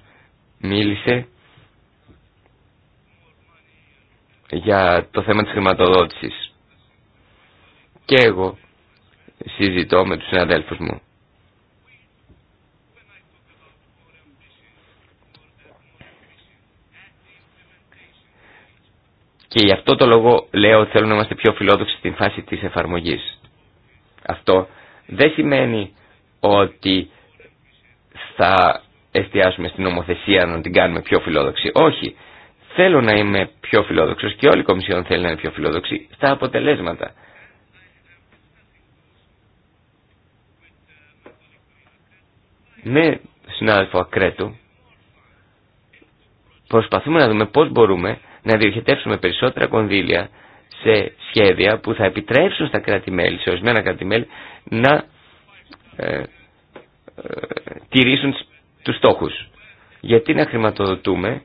μίλησε για το θέμα της χρηματοδότησης. Και εγώ συζητώ με τους συναδέλφους μου Και γι' αυτό το λόγο λέω ότι θέλουμε να είμαστε πιο φιλόδοξοι στην φάση της εφαρμογής. Αυτό δεν σημαίνει ότι θα εστιάσουμε στην νομοθεσία να την κάνουμε πιο φιλόδοξη. Όχι. Θέλω να είμαι πιο φιλόδοξος και όλη η Κομισιόν θέλει να είναι πιο φιλόδοξη στα αποτελέσματα. Με συνάδελφο Ακρέτου προσπαθούμε να δούμε πώς μπορούμε να διοχετεύσουμε περισσότερα κονδύλια σε σχέδια που θα επιτρέψουν στα κράτη-μέλη, σε ορισμένα κράτη-μέλη, να ε, ε, τηρήσουν τους στόχους. Γιατί να χρηματοδοτούμε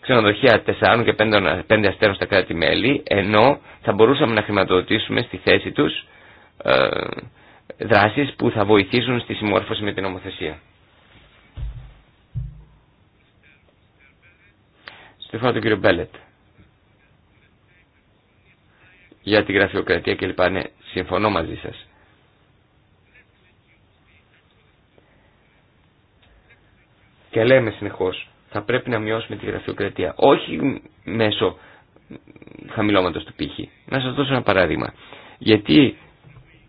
ξενοδοχεία 4 και 5 αστέρων στα κράτη-μέλη, ενώ θα μπορούσαμε να χρηματοδοτήσουμε στη θέση τους ε, δράσεις που θα βοηθήσουν στη συμμόρφωση με την νομοθεσία. αφορά τον κύριο Μπέλετ. Για την γραφειοκρατία κλπ. Ναι, συμφωνώ μαζί σας. Και λέμε συνεχώς, θα πρέπει να μειώσουμε τη γραφειοκρατία. Όχι μέσω χαμηλώματος του πύχη. Να σας δώσω ένα παράδειγμα. Γιατί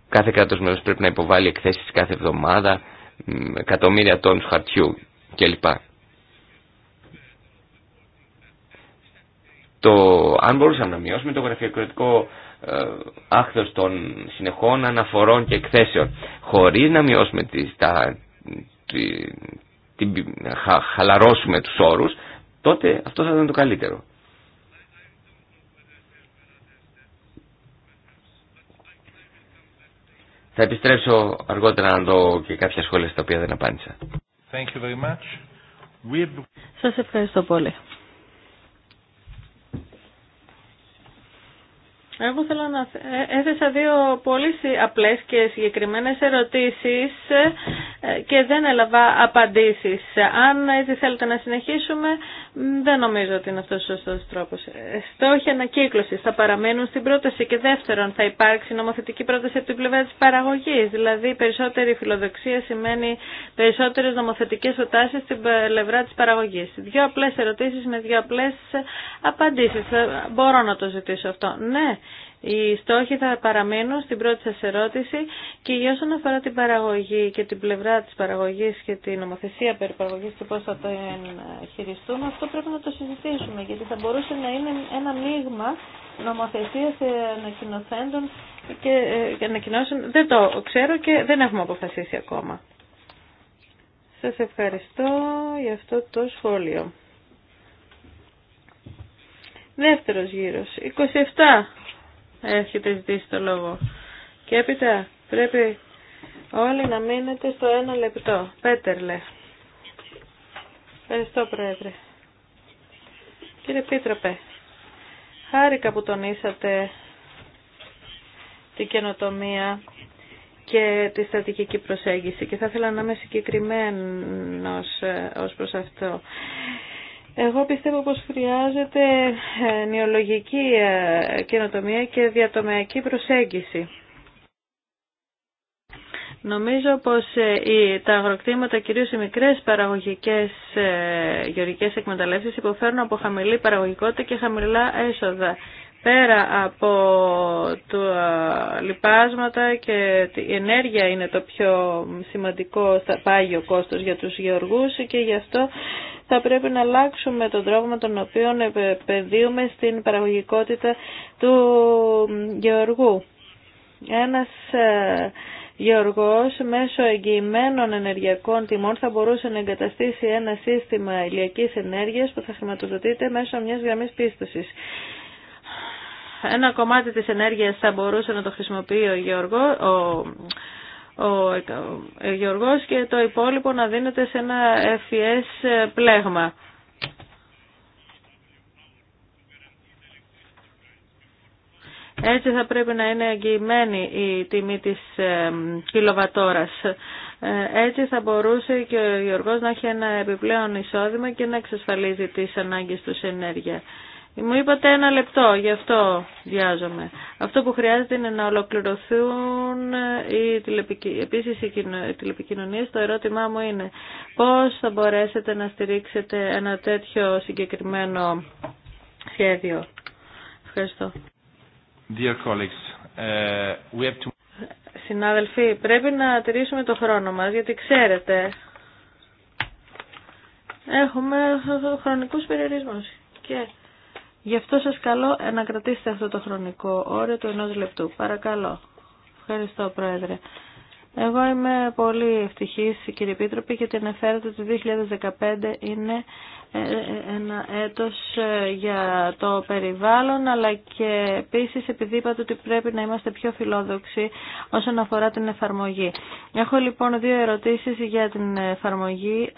κάθε κράτος μέλος πρέπει να υποβάλει εκθέσεις κάθε εβδομάδα, εκατομμύρια τόνους χαρτιού κλπ. το, αν μπορούσαμε να μειώσουμε το γραφειοκρατικό ε, των συνεχών αναφορών και εκθέσεων χωρίς να μειώσουμε τις, τα, τη, χαλαρώσουμε τους όρους τότε αυτό θα ήταν το καλύτερο. Θα επιστρέψω αργότερα να δω και κάποια σχόλια στα οποία δεν απάντησα. Σας ευχαριστώ πολύ. Εγώ θέλω να ε, έθεσα δύο πολύ απλές και συγκεκριμένες ερωτήσεις ε, και δεν έλαβα απαντήσεις. Αν έτσι θέλετε να συνεχίσουμε, δεν νομίζω ότι είναι αυτός ο σωστός τρόπος. Ε, Στόχοι ανακύκλωσης θα παραμένουν στην πρόταση και δεύτερον θα υπάρξει νομοθετική πρόταση από την πλευρά της παραγωγής. Δηλαδή περισσότερη φιλοδοξία σημαίνει περισσότερες νομοθετικές προτάσεις στην πλευρά της παραγωγής. Δύο απλές ερωτήσεις με δύο απλές απαντήσεις. Μπορώ να το ζητήσω αυτό. Ναι οι στόχοι θα παραμείνουν στην πρώτη σας ερώτηση και για όσον αφορά την παραγωγή και την πλευρά της παραγωγής και την νομοθεσία περί παραγωγής και πώς θα το χειριστούμε, αυτό πρέπει να το συζητήσουμε γιατί θα μπορούσε να είναι ένα μείγμα νομοθεσίας ανακοινωθέντων και ε, ανακοινώσεων. Δεν το ξέρω και δεν έχουμε αποφασίσει ακόμα. Σας ευχαριστώ για αυτό το σχόλιο. Δεύτερος γύρος, 27 έχετε ζητήσει το λόγο. Και έπειτα πρέπει όλοι να μείνετε στο ένα λεπτό. Πέτερλε. Ευχαριστώ Πρόεδρε. Κύριε Πίτροπε, χάρηκα που τονίσατε την καινοτομία και τη στρατηγική προσέγγιση και θα ήθελα να είμαι συγκεκριμένος ε, ως προς αυτό. Εγώ πιστεύω πως χρειάζεται νεολογική ε, καινοτομία και διατομιακή προσέγγιση. Νομίζω πως ε, τα αγροκτήματα, κυρίως οι μικρές παραγωγικές ε, γεωργικές εκμεταλλεύσεις, υποφέρουν από χαμηλή παραγωγικότητα και χαμηλά έσοδα. Πέρα από τα λιπάσματα και η ενέργεια είναι το πιο σημαντικό πάγιο κόστος για τους γεωργούς και γι' αυτό θα πρέπει να αλλάξουμε τον τρόπο με τον οποίο επενδύουμε στην παραγωγικότητα του γεωργού. Ένας ε, Γεωργός μέσω εγγυημένων ενεργειακών τιμών θα μπορούσε να εγκαταστήσει ένα σύστημα ηλιακής ενέργειας που θα χρηματοδοτείται μέσω μιας γραμμής πίστοσης. Ένα κομμάτι της ενέργειας θα μπορούσε να το χρησιμοποιεί ο, Γεωργό, ο ο Γιώργος και το υπόλοιπο να δίνεται σε ένα FES ε, πλέγμα. Έτσι θα πρέπει να είναι εγγυημένη η τιμή της ε, κιλοβατόρας. Ε, έτσι θα μπορούσε και ο Γιώργος να έχει ένα επιπλέον εισόδημα και να εξασφαλίζει τις ανάγκες του σε ενέργεια. Μου είπατε ένα λεπτό, γι' αυτό διάζομαι. Αυτό που χρειάζεται είναι να ολοκληρωθούν οι τηλεπικοι... επίσης οι τηλεπικοινωνίες. Το ερώτημά μου είναι πώς θα μπορέσετε να στηρίξετε ένα τέτοιο συγκεκριμένο σχέδιο. Ευχαριστώ. Dear colleagues, uh, we have to... Συνάδελφοι, πρέπει να τηρήσουμε το χρόνο μας, γιατί ξέρετε, έχουμε χρονικούς περιορισμούς. Και Γι' αυτό σας καλώ να κρατήσετε αυτό το χρονικό όριο του ενός λεπτού. Παρακαλώ. Ευχαριστώ Πρόεδρε. Εγώ είμαι πολύ ευτυχής κύριε Επίτροπη γιατί αναφέρετε ότι το 2015 είναι ε, ε, ένα έτος ε, για το περιβάλλον αλλά και επίσης επειδή είπατε ότι πρέπει να είμαστε πιο φιλόδοξοι όσον αφορά την εφαρμογή. Έχω λοιπόν δύο ερωτήσεις για την εφαρμογή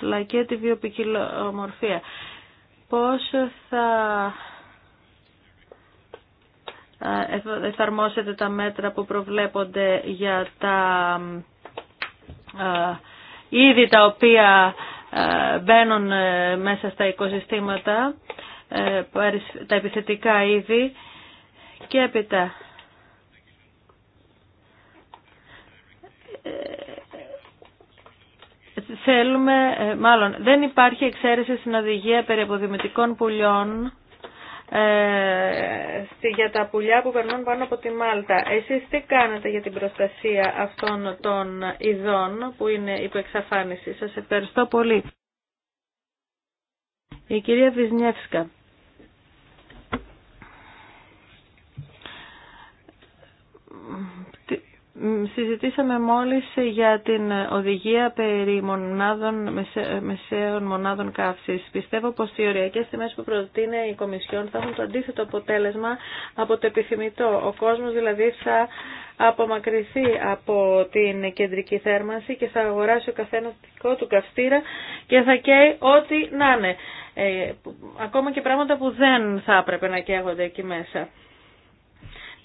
αλλά και τη βιοποικιλομορφία πώς θα ε, εφαρμόσετε τα μέτρα που προβλέπονται για τα ε, είδη τα οποία ε, μπαίνουν μέσα στα οικοσυστήματα, τα επιθετικά είδη και έπειτα θέλουμε, ε, μάλλον δεν υπάρχει εξαίρεση στην οδηγία περί αποδημητικών πουλιών ε, για τα πουλιά που περνούν πάνω από τη Μάλτα. Εσείς τι κάνετε για την προστασία αυτών των ειδών που είναι υπό εξαφάνιση. Σας ευχαριστώ πολύ. Η κυρία Βυσνιεύσκα. συζητήσαμε μόλις για την οδηγία περί μονάδων, μεσαίων μονάδων καύσης. Πιστεύω πως οι οριακές τιμές που προτείνει η Κομισιόν θα έχουν το αντίθετο αποτέλεσμα από το επιθυμητό. Ο κόσμος δηλαδή θα απομακρυνθεί από την κεντρική θέρμανση και θα αγοράσει ο καθένας δικό του καυστήρα και θα καίει ό,τι να είναι. Ε, ακόμα και πράγματα που δεν θα έπρεπε να καίγονται εκεί μέσα.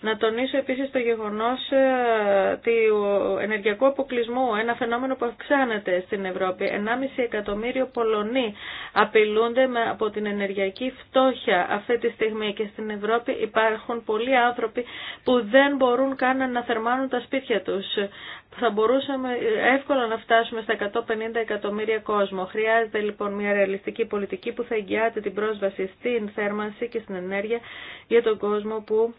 Να τονίσω επίσης το γεγονός ε, του ενεργειακού αποκλεισμού, ένα φαινόμενο που αυξάνεται στην Ευρώπη. 1,5 εκατομμύριο Πολωνοί απειλούνται από την ενεργειακή φτώχεια αυτή τη στιγμή και στην Ευρώπη υπάρχουν πολλοί άνθρωποι που δεν μπορούν καν να θερμάνουν τα σπίτια τους. Θα μπορούσαμε εύκολα να φτάσουμε στα 150 εκατομμύρια κόσμο. Χρειάζεται λοιπόν μια ρεαλιστική πολιτική που θα εγγυάται την πρόσβαση στην θέρμανση και στην ενέργεια για τον κόσμο που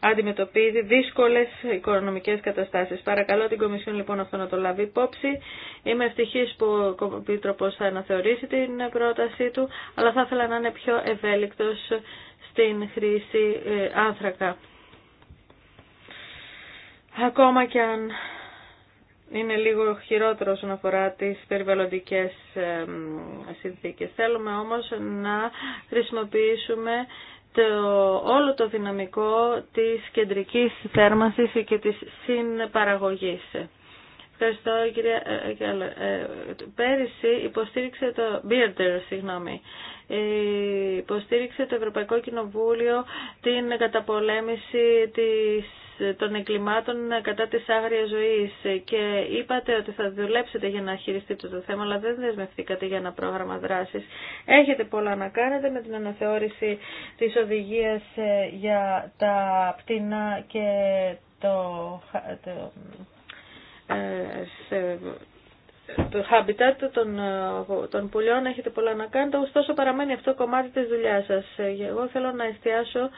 αντιμετωπίζει δύσκολες οικονομικές καταστάσεις. Παρακαλώ την Κομισιόν λοιπόν αυτό να το λάβει υπόψη. Είμαι ευτυχή που ο να θα αναθεωρήσει την πρότασή του, αλλά θα ήθελα να είναι πιο ευέλικτο στην χρήση ε, άνθρακα. Ακόμα και αν είναι λίγο χειρότερο όσον αφορά τις περιβαλλοντικές ε, συνθήκες. Θέλουμε όμως να χρησιμοποιήσουμε το, όλο το δυναμικό της κεντρικής θέρμανσης και της συνπαραγωγής. Ευχαριστώ κυρία ε, ε, ε, Πέρυσι υποστήριξε το Beater, συγγνώμη, υποστήριξε το Ευρωπαϊκό Κοινοβούλιο την καταπολέμηση της των εγκλημάτων κατά της άγριας ζωής και είπατε ότι θα δουλέψετε για να χειριστείτε το θέμα, αλλά δεν δεσμευθήκατε για ένα πρόγραμμα δράσης. Έχετε πολλά να κάνετε με την αναθεώρηση της οδηγίας ε, για τα πτηνά και το, το, ε, το habitat των, ε, των πουλιών έχετε πολλά να κάνετε, ωστόσο παραμένει αυτό κομμάτι της δουλειάς σας. Εγώ θέλω να εστιάσω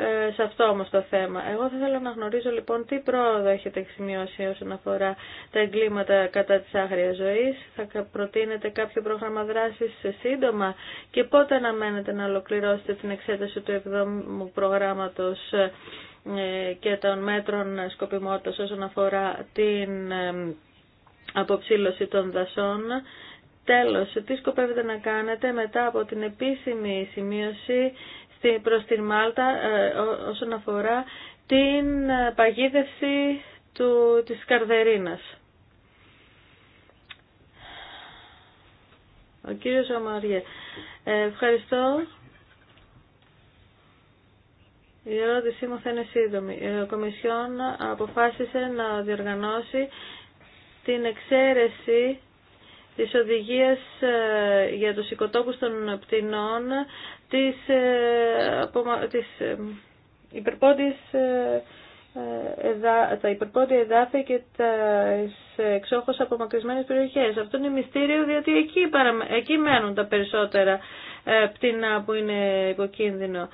ε, σε αυτό όμως το θέμα. Εγώ θα ήθελα να γνωρίζω λοιπόν τι πρόοδο έχετε σημειώσει όσον αφορά τα εγκλήματα κατά της άγριας ζωής. Θα προτείνετε κάποιο πρόγραμμα δράσης σε σύντομα και πότε αναμένετε να ολοκληρώσετε την εξέταση του 7ου προγράμματος ε, και των μέτρων σκοπιμότητας όσον αφορά την ε, αποψήλωση των δασών. Τέλος, τι σκοπεύετε να κάνετε μετά από την επίσημη σημείωση προς τη Μάλτα ε, όσον αφορά την ε, παγίδευση του, της καρδερίνας. Ο κύριος Αμαριέ. Ε, ευχαριστώ. Η ερώτησή μου θα είναι σύντομη. Η Κομισιόν αποφάσισε να διοργανώσει την εξαίρεση της οδηγίας για τους οικοτόπους των πτηνών της, της εδά τα υπερπόντια εδάφη και τα εξόχως απομακρυσμένες περιοχές. Αυτό είναι μυστήριο διότι εκεί, εκεί μένουν τα περισσότερα ε, πτηνά που είναι υποκίνδυνο.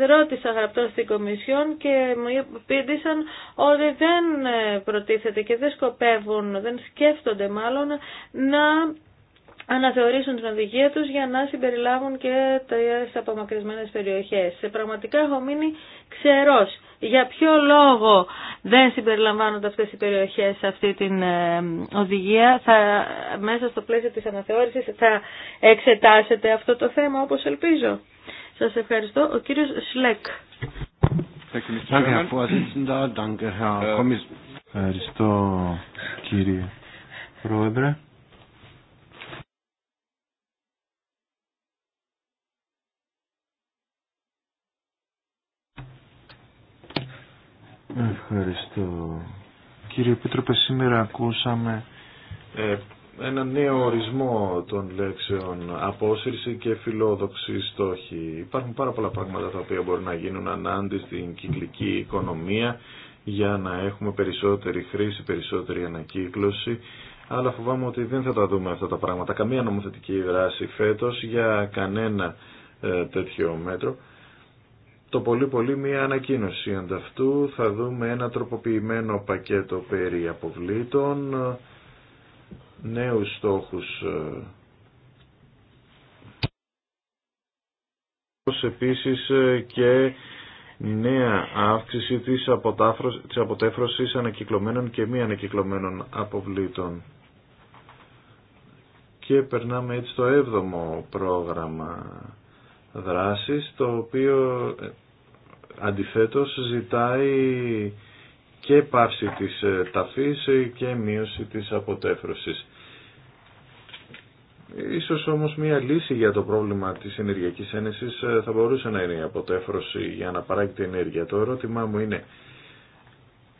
Ε, ρώτησα γραπτό στην Κομισιόν και μου απήντησαν ότι δεν ε, προτίθεται και δεν σκοπεύουν, δεν σκέφτονται μάλλον να αναθεωρήσουν την οδηγία τους για να συμπεριλάβουν και τα απομακρυσμένες περιοχές. Σε πραγματικά έχω μείνει ξερός. Για ποιο λόγο δεν συμπεριλαμβάνονται αυτές οι περιοχές σε αυτή την ε, οδηγία, θα, μέσα στο πλαίσιο της αναθεώρησης θα εξετάσετε αυτό το θέμα όπως ελπίζω. Σας ευχαριστώ. Ο κύριος Σλέκ. Ε, ευχαριστώ κύριε Πρόεδρε. Ευχαριστώ. Κύριε Επίτροπε, σήμερα ακούσαμε ε, ένα νέο ορισμό των λέξεων απόσυρση και φιλόδοξη στόχη. Υπάρχουν πάρα πολλά πράγματα τα οποία μπορούν να γίνουν ανάντι στην κυκλική οικονομία για να έχουμε περισσότερη χρήση, περισσότερη ανακύκλωση, αλλά φοβάμαι ότι δεν θα τα δούμε αυτά τα πράγματα. Καμία νομοθετική δράση φέτος για κανένα ε, τέτοιο μέτρο το πολύ πολύ μία ανακοίνωση ανταυτού. Θα δούμε ένα τροποποιημένο πακέτο περί αποβλήτων, νέους στόχους ε, επίσης ε, και νέα αύξηση της, της αποτέφρωσης ανακυκλωμένων και μη ανακυκλωμένων αποβλήτων. Και περνάμε έτσι στο έβδομο πρόγραμμα δράσης το οποίο ε, αντιθέτως ζητάει και πάυση της ε, ταφής ε, και μείωση της αποτέφρωσης. Ίσως όμως μία λύση για το πρόβλημα της ενεργειακής ένεσης θα μπορούσε να είναι η αποτέφρωση για να παράγει την ενέργεια. Το ερώτημά μου είναι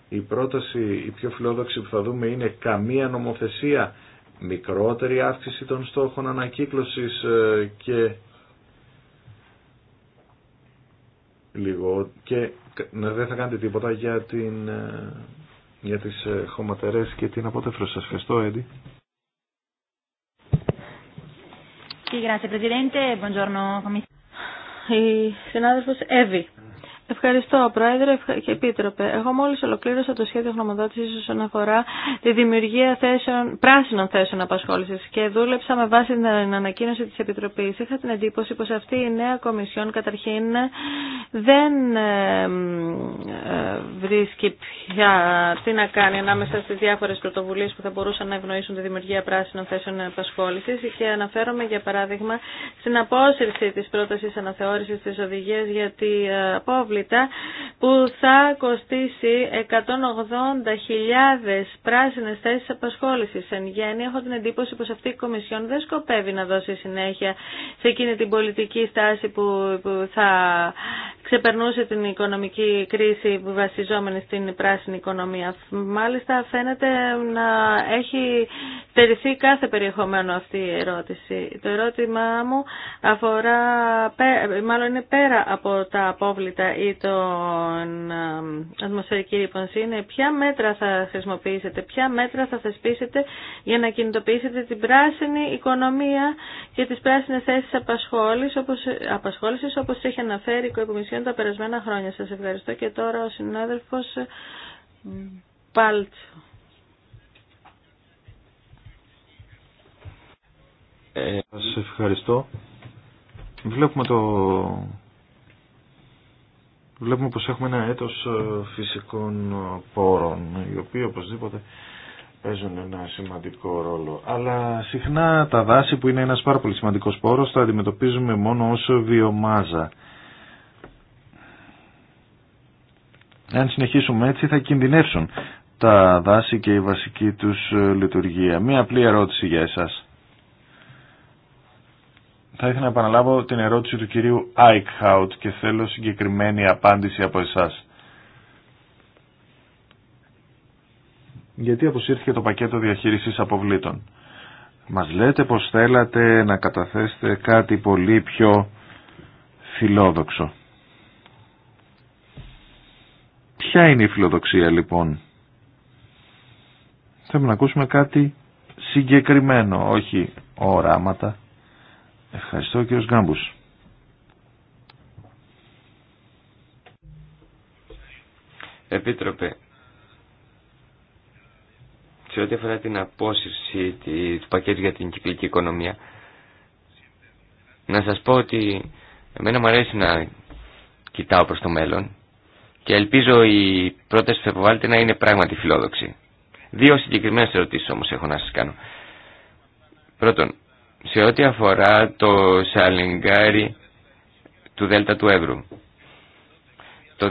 η πρόταση, η πιο φιλόδοξη που θα δούμε είναι καμία νομοθεσία, μικρότερη αύξηση των στόχων ανακύκλωσης και λίγο και ναι, δεν θα κάνετε τίποτα για, την, ε, για τις ε, χωματερές και την αποτέφρωση. Σας ευχαριστώ, Έντι. Sì, grazie Presidente, buongiorno Commissario. Η συνάδελφος Εύη. Ευχαριστώ, Πρόεδρε και Επίτροπε. Εγώ μόλι ολοκλήρωσα το σχέδιο γνωμοδότηση όσον αφορά τη δημιουργία θέσεων, πράσινων θέσεων απασχόληση και δούλεψα με βάση την ανακοίνωση τη Επιτροπή. Είχα την εντύπωση πω αυτή η νέα Κομισιόν καταρχήν δεν ε, βρίσκει πια τι να κάνει ανάμεσα στι διάφορε πρωτοβουλίε που θα μπορούσαν να ευνοήσουν τη δημιουργία πράσινων θέσεων απασχόληση και αναφέρομαι για παράδειγμα στην απόσυρση τη πρόταση αναθεώρηση τη οδηγία για την απόβληση που θα κοστίσει 180.000 πράσινες θέσεις απασχόλησης. Εν γέννη έχω την εντύπωση πως αυτή η Κομισιόν δεν σκοπεύει να δώσει συνέχεια σε εκείνη την πολιτική στάση που θα ξεπερνούσε την οικονομική κρίση βασιζόμενη στην πράσινη οικονομία. Μάλιστα φαίνεται να έχει στερηθεί κάθε περιεχομένο αυτή η ερώτηση. Το ερώτημά μου αφορά, μάλλον είναι πέρα από τα απόβλητα των τον ε, ατμοσφαιρική ρήπανση είναι ποια μέτρα θα χρησιμοποιήσετε, ποια μέτρα θα θεσπίσετε για να κινητοποιήσετε την πράσινη οικονομία και τις πράσινες θέσεις απασχόλησης όπως, απασχόλησης, όπως έχει αναφέρει η Κοικομισιόν τα περασμένα χρόνια. Σας ευχαριστώ και τώρα ο συνάδελφος ε, Πάλτσο. Ε, σας ευχαριστώ. Βλέπουμε το βλέπουμε πως έχουμε ένα έτος ε, φυσικών ε, πόρων, οι οποίοι οπωσδήποτε παίζουν ένα σημαντικό ρόλο. Αλλά συχνά τα δάση που είναι ένας πάρα πολύ σημαντικός πόρος τα αντιμετωπίζουμε μόνο ως βιομάζα. Αν συνεχίσουμε έτσι θα κινδυνεύσουν τα δάση και η βασική τους ε, λειτουργία. Μία απλή ερώτηση για εσάς. Θα ήθελα να επαναλάβω την ερώτηση του κυρίου Άικχαουτ και θέλω συγκεκριμένη απάντηση από εσάς. Γιατί αποσύρθηκε το πακέτο διαχείρισης αποβλήτων. Μας λέτε πως θέλατε να καταθέσετε κάτι πολύ πιο φιλόδοξο. Ποια είναι η φιλοδοξία λοιπόν. Θέλουμε να ακούσουμε κάτι συγκεκριμένο, όχι οράματα. Ευχαριστώ κύριος Γκάμπους. Επίτροπε, σε ό,τι αφορά την απόσυρση του πακέτου για την κυκλική οικονομία, να σας πω ότι εμένα μου αρέσει να κοιτάω προς το μέλλον και ελπίζω η πρόταση που θα υποβάλλετε να είναι πράγματι φιλόδοξη. Δύο συγκεκριμένες ερωτήσεις όμως έχω να σας κάνω. Πρώτον, σε ό,τι αφορά το σαλιγκάρι του Δέλτα του Εύρου. Το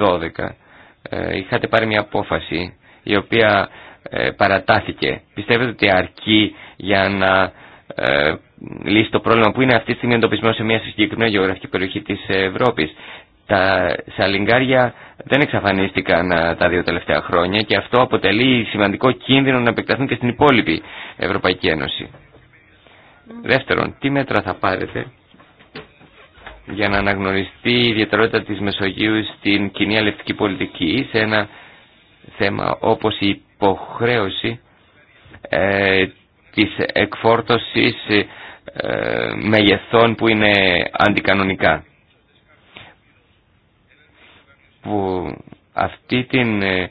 2012 ε, είχατε πάρει μια απόφαση η οποία ε, παρατάθηκε. Πιστεύετε ότι αρκεί για να ε, λύσει το πρόβλημα που είναι αυτή τη στιγμή εντοπισμένο σε μια συγκεκριμένη γεωγραφική περιοχή της Ευρώπης. Τα σαλιγκάρια δεν εξαφανίστηκαν τα δύο τελευταία χρόνια και αυτό αποτελεί σημαντικό κίνδυνο να επεκταθούν και στην υπόλοιπη Ευρωπαϊκή Ένωση. Δεύτερον, τι μέτρα θα πάρετε για να αναγνωριστεί η ιδιαιτερότητα της Μεσογείου στην κοινή αλευτική πολιτική σε ένα θέμα όπως η υποχρέωση ε, της εκφόρτωσης ε, μεγεθών που είναι αντικανονικά. Που αυτή την ε,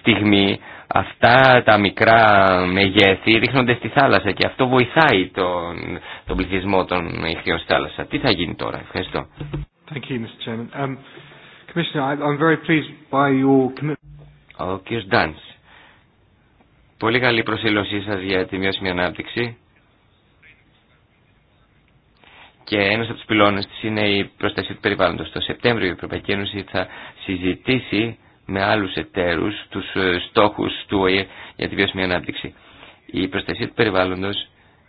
στιγμή αυτά τα μικρά μεγέθη ρίχνονται στη θάλασσα και αυτό βοηθάει τον, τον πληθυσμό των ηχθείων στη θάλασσα. Τι θα γίνει τώρα. Ευχαριστώ. Ο κ. Ντάνς. Πολύ καλή προσήλωσή σας για τη μειώσιμη ανάπτυξη. Και ένας από τους πυλώνες της είναι η προστασία του περιβάλλοντος. Το Σεπτέμβριο η Ευρωπαϊκή Ένωση θα συζητήσει με άλλους εταίρους τους ε, στόχους του ΟΗΕ για τη βιώσιμη ανάπτυξη. Η προστασία του περιβάλλοντος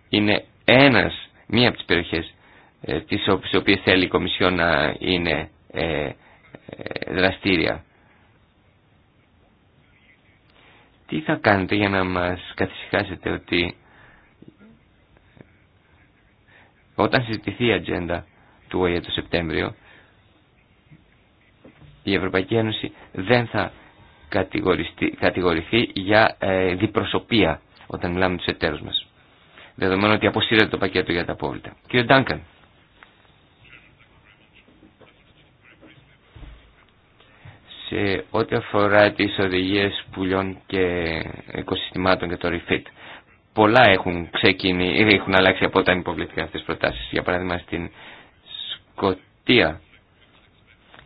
είναι ένας, μία από τις περιοχές ε, τις οποίες θέλει η Κομισιό να είναι ε, δραστήρια. Τι θα κάνετε για να μας καθησυχάσετε ότι όταν συζητηθεί η ατζέντα του ΟΗΕ το Σεπτέμβριο η Ευρωπαϊκή Ένωση δεν θα κατηγορηθεί για ε, διπροσωπεία όταν μιλάμε τους εταίρους μας. Δεδομένου ότι αποσύρεται το πακέτο για τα απόβλητα. Κύριε Ντάνκαν. Σε ό,τι αφορά τις οδηγίες πουλιών και οικοσυστημάτων και το refit, πολλά έχουν ξεκινήσει ή έχουν αλλάξει από όταν υποβλήθηκαν αυτές τις προτάσεις. Για παράδειγμα στην Σκοτία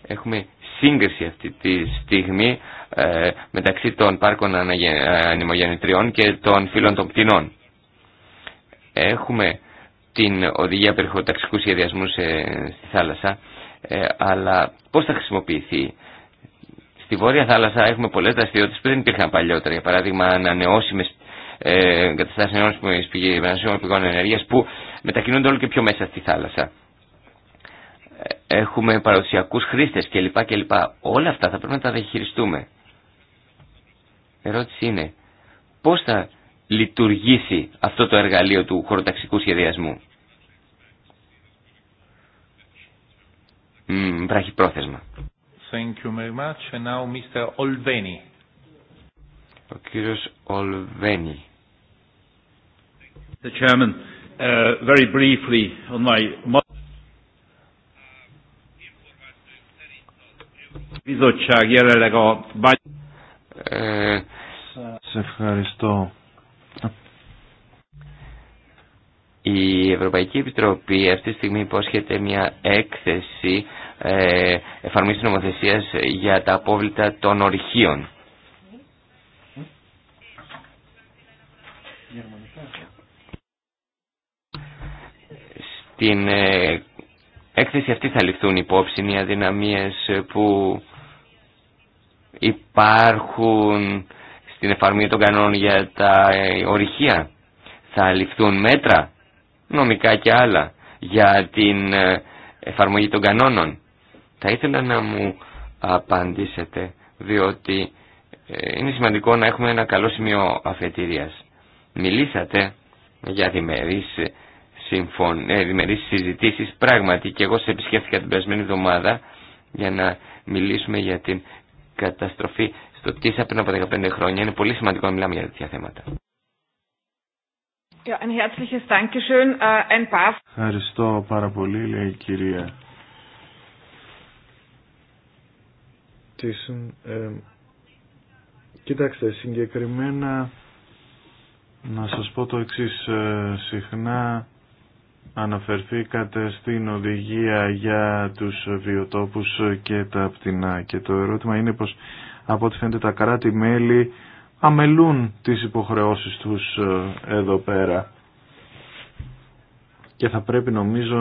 έχουμε σύγκριση αυτή τη στιγμή ε, μεταξύ των πάρκων ανεμογεννητριών και των φύλων των πτηνών. Έχουμε την οδηγία περιχωταξικού σχεδιασμού στη θάλασσα, ε, αλλά πώς θα χρησιμοποιηθεί. Στη Βόρεια Θάλασσα έχουμε πολλές δραστηριότητες που δεν υπήρχαν παλιότερα. Για παράδειγμα, ανανεώσιμες ε, εγκαταστάσεις ανανεώσιμων πηγών ενέργειας που μετακινούνται όλο και πιο μέσα στη θάλασσα έχουμε παραδοσιακού χρήστε κλπ. κλπ. Όλα αυτά θα πρέπει να τα διαχειριστούμε. Ερώτηση είναι πώ θα λειτουργήσει αυτό το εργαλείο του χωροταξικού σχεδιασμού. βράχει πρόθεσμα. Thank you very much. And now Mr. Olveni. Ο κύριος Olveni. The chairman, uh, very briefly on my Σα ευχαριστώ. Η Ευρωπαϊκή Επιτροπή αυτή τη στιγμή υπόσχεται μια έκθεση ε, νομοθεσία για τα απόβλητα των ορχείων. Στην έκθεση αυτή θα ληφθούν υπόψη οι αδυναμίες που υπάρχουν στην εφαρμογή των κανόνων για τα ε, ορυχεία. Θα ληφθούν μέτρα, νομικά και άλλα, για την ε, εφαρμογή των κανόνων. Θα ήθελα να μου απαντήσετε, διότι ε, είναι σημαντικό να έχουμε ένα καλό σημείο αφετηρίας. Μιλήσατε για διμερείς, συμφων... συζητήσεις πράγματι και εγώ σε επισκέφθηκα την περασμένη εβδομάδα για να μιλήσουμε για την καταστροφή στο ΤΙΣΑ πριν από 15 χρόνια. Είναι πολύ σημαντικό να μιλάμε για τέτοια θέματα. Äh, Ευχαριστώ πάρα πολύ, λέει η κυρία. Ε, κοιτάξτε, συγκεκριμένα να σας πω το εξής. Ε, συχνά Αναφερθήκατε στην οδηγία για τους βιοτόπους και τα πτηνά και το ερώτημα είναι πως από ό,τι φαίνεται τα κράτη-μέλη αμελούν τις υποχρεώσεις τους ε, εδώ πέρα και θα πρέπει νομίζω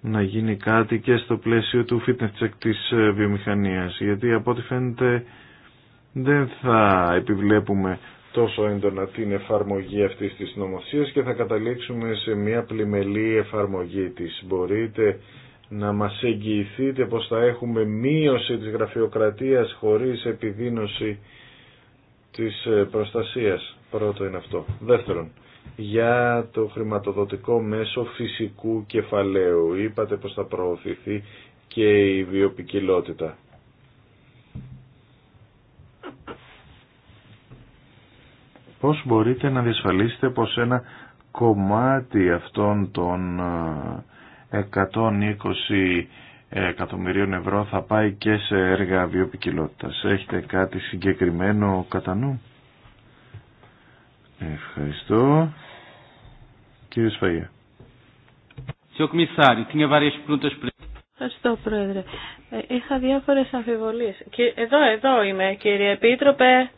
να γίνει κάτι και στο πλαίσιο του fitness check της ε, βιομηχανίας γιατί από ό,τι φαίνεται δεν θα επιβλέπουμε τόσο έντονα την εφαρμογή αυτής της νομοσίας και θα καταλήξουμε σε μια πλημελή εφαρμογή της. Μπορείτε να μας εγγυηθείτε πως θα έχουμε μείωση της γραφειοκρατίας χωρίς επιδείνωση της ε, προστασίας. Πρώτο είναι αυτό. Δεύτερον, για το χρηματοδοτικό μέσο φυσικού κεφαλαίου. Είπατε πως θα προωθηθεί και η βιοπικιλότητα. Πώς μπορείτε να διασφαλίσετε πως ένα κομμάτι αυτών των 120 εκατομμυρίων ευρώ θα πάει και σε έργα βιοπικιλότητας. Έχετε κάτι συγκεκριμένο κατά νου. Ευχαριστώ. Κύριε Σφαγία. Ευχαριστώ, Πρόεδρε. Ε, είχα διάφορες αμφιβολίες. Εδώ, εδώ είμαι, κύριε Επίτροπε.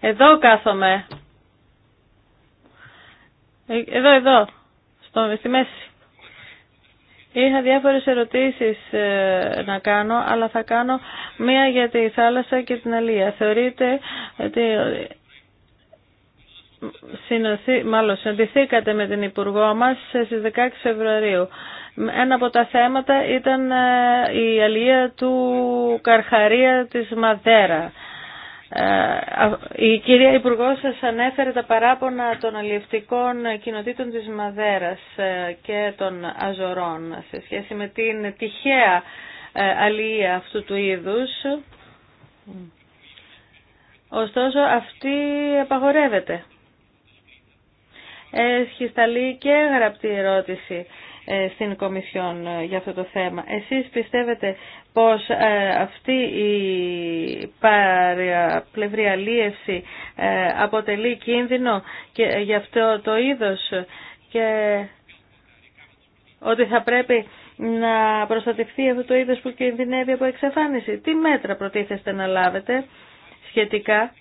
Εδώ κάθομαι. Εδώ, εδώ, στο, στη μέση. Είχα διάφορες ερωτήσεις ε, να κάνω, αλλά θα κάνω μία για τη θάλασσα και την αλία. Θεωρείτε ότι ε, συνοθή, μάλλον συναντηθήκατε με την Υπουργό μας ε, στις 16 Φεβρουαρίου. Ένα από τα θέματα ήταν η αλία του Καρχαρία της Μαδέρα. Ε, η κυρία Υπουργό σα ανέφερε τα παράπονα των αλληλευτικών κοινοτήτων της Μαδέρας ε, και των Αζωρών σε σχέση με την τυχαία ε, αλληλεία αυτού του είδους. Ωστόσο αυτή απαγορεύεται. Έχει σταλεί και γραπτή ερώτηση ε, στην Κομισιόν ε, για αυτό το θέμα. Εσείς πιστεύετε πως ε, αυτή η ε, αποτελεί κίνδυνο και γι' αυτό το είδος και ότι θα πρέπει να προστατευτεί αυτό το είδος που κινδυνεύει από εξαφάνιση. Τι μέτρα προτίθεστε να λάβετε σχετικά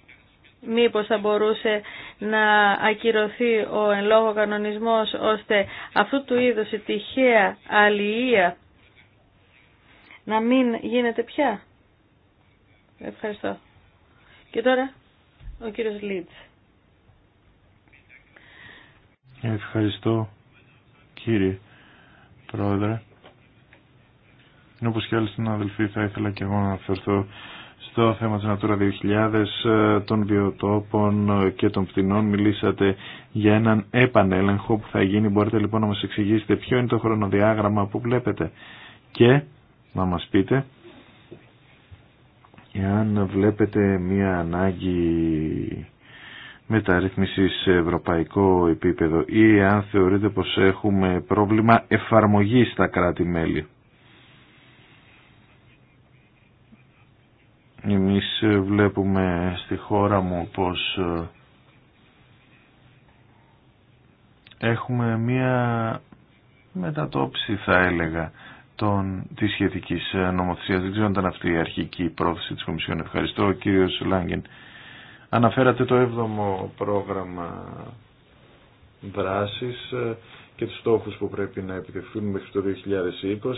μήπως θα μπορούσε να ακυρωθεί ο εν λόγω κανονισμός ώστε αυτού του είδους η τυχαία αλληλεία να μην γίνεται πια. Ευχαριστώ. Και τώρα ο κύριος Λίτς. Ευχαριστώ κύριε Πρόεδρε. Όπως και άλλοι συναδελφοί θα ήθελα και εγώ να αφαιρθώ στο θέμα της Natura 2000 ε, των βιοτόπων και των πτηνών μιλήσατε για έναν επανέλεγχο που θα γίνει. Μπορείτε λοιπόν να μας εξηγήσετε ποιο είναι το χρονοδιάγραμμα που βλέπετε και να μας πείτε εάν βλέπετε μία ανάγκη μεταρρύθμισης σε ευρωπαϊκό επίπεδο ή αν θεωρείτε πως έχουμε πρόβλημα εφαρμογής στα κράτη-μέλη. Εμείς ε, βλέπουμε στη χώρα μου πως ε, έχουμε μία μετατόπιση θα έλεγα των, της σχετικής ε, νομοθεσίας. Δεν ξέρω αν ήταν αυτή η αρχική πρόθεση της Κομισιόν. Ευχαριστώ κύριος Λάγκεν. Αναφέρατε το 7ο πρόγραμμα δράσης και τους στόχους που πρέπει να επιτευχθούν μέχρι το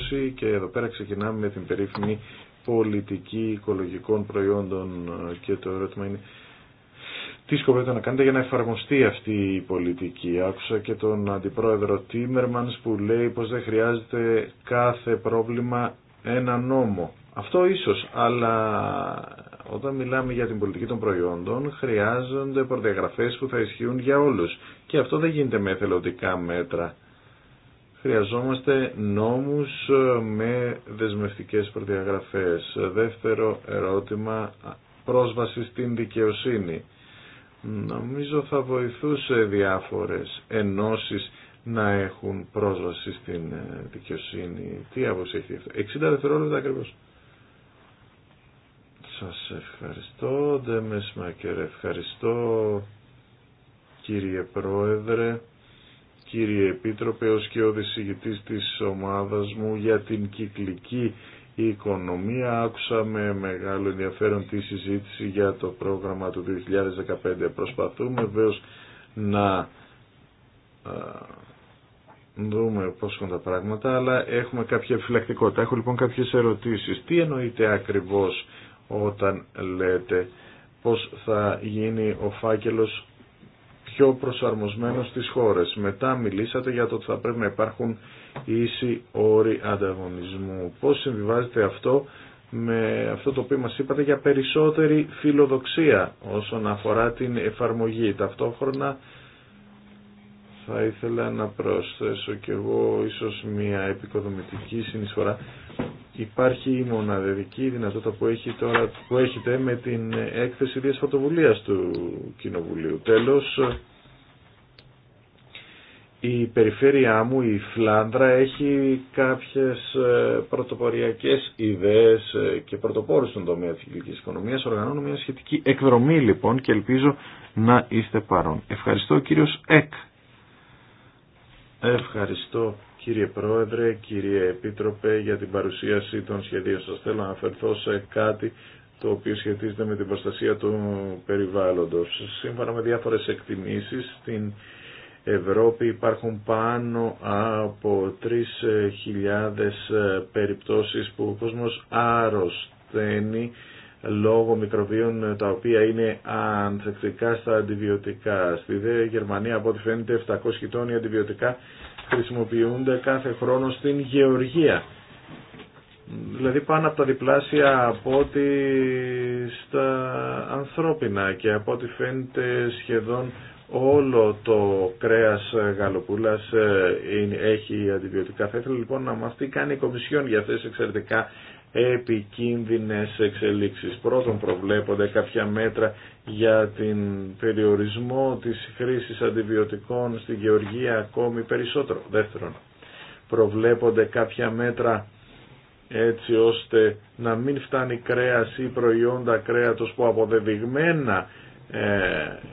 2020 και εδώ πέρα ξεκινάμε με την περίφημη πολιτική οικολογικών προϊόντων ε, και το ερώτημα είναι τι σκοπεύετε να κάνετε για να εφαρμοστεί αυτή η πολιτική. Άκουσα και τον αντιπρόεδρο Τίμερμανς που λέει πως δεν χρειάζεται κάθε πρόβλημα ένα νόμο. Αυτό ίσως, αλλά όταν μιλάμε για την πολιτική των προϊόντων χρειάζονται προδιαγραφές που θα ισχύουν για όλους. Και αυτό δεν γίνεται με εθελοντικά μέτρα χρειαζόμαστε νόμους ε, με δεσμευτικές προδιαγραφές. Δεύτερο ερώτημα, πρόσβαση στην δικαιοσύνη. Νομίζω θα βοηθούσε διάφορες ενώσεις να έχουν πρόσβαση στην ε, δικαιοσύνη. Τι άποψη έχει αυτό. 60 δευτερόλεπτα ακριβώς. Σας ευχαριστώ, Ντέμες Μακερ, ευχαριστώ κύριε Πρόεδρε κύριε Επίτροπε, ως και ο δισηγητής της ομάδας μου για την κυκλική οικονομία. Άκουσα με μεγάλο ενδιαφέρον τη συζήτηση για το πρόγραμμα του 2015. Προσπαθούμε βεβαίω να δούμε πώς έχουν τα πράγματα, αλλά έχουμε κάποια επιφυλακτικότητα. Έχω λοιπόν κάποιες ερωτήσεις. Τι εννοείται ακριβώς όταν λέτε πώς θα γίνει ο φάκελος πιο προσαρμοσμένος στις χώρες. Μετά μιλήσατε για το ότι θα πρέπει να υπάρχουν ίσοι όροι ανταγωνισμού. Πώς συμβιβάζεται αυτό με αυτό το οποίο μας είπατε για περισσότερη φιλοδοξία όσον αφορά την εφαρμογή. Ταυτόχρονα θα ήθελα να προσθέσω κι εγώ ίσως μια επικοδομητική συνεισφορά υπάρχει η μοναδική δυνατότητα που, έχει τώρα, που έχετε με την έκθεση της φωτοβουλίας του Κοινοβουλίου. Τέλος, η περιφέρειά μου, η Φλάνδρα, έχει κάποιες ε, πρωτοποριακές ιδέες ε, και πρωτοπόρους στον τομέα της κοινωνικής οικονομίας. Οργανώνω μια σχετική εκδρομή λοιπόν και ελπίζω να είστε παρόν. Ευχαριστώ κύριος Εκ. Ευχαριστώ Κύριε Πρόεδρε, κύριε Επίτροπε, για την παρουσίαση των σχεδίων σας θέλω να αναφερθώ σε κάτι το οποίο σχετίζεται με την προστασία του περιβάλλοντος. Σύμφωνα με διάφορες εκτιμήσεις, στην Ευρώπη υπάρχουν πάνω από 3.000 περιπτώσεις που ο κόσμος άρρωσταίνει λόγω μικροβίων τα οποία είναι ανθεκτικά στα αντιβιωτικά. Στη δε Γερμανία από ό,τι φαίνεται 700 χιτώνει αντιβιωτικά χρησιμοποιούνται κάθε χρόνο στην γεωργία. Δηλαδή πάνω από τα διπλάσια από ό,τι στα ανθρώπινα και από ό,τι φαίνεται σχεδόν όλο το κρέας γαλοπούλας ε, έχει αντιβιωτικά. Θα ήθελα λοιπόν να μας τι κάνει η Κομισιόν για αυτές εξαιρετικά επικίνδυνες εξελίξεις. Πρώτον προβλέπονται κάποια μέτρα για την περιορισμό της χρήσης αντιβιωτικών στη γεωργία ακόμη περισσότερο. Δεύτερον, προβλέπονται κάποια μέτρα έτσι ώστε να μην φτάνει κρέας ή προϊόντα κρέατος που αποδεδειγμένα ε,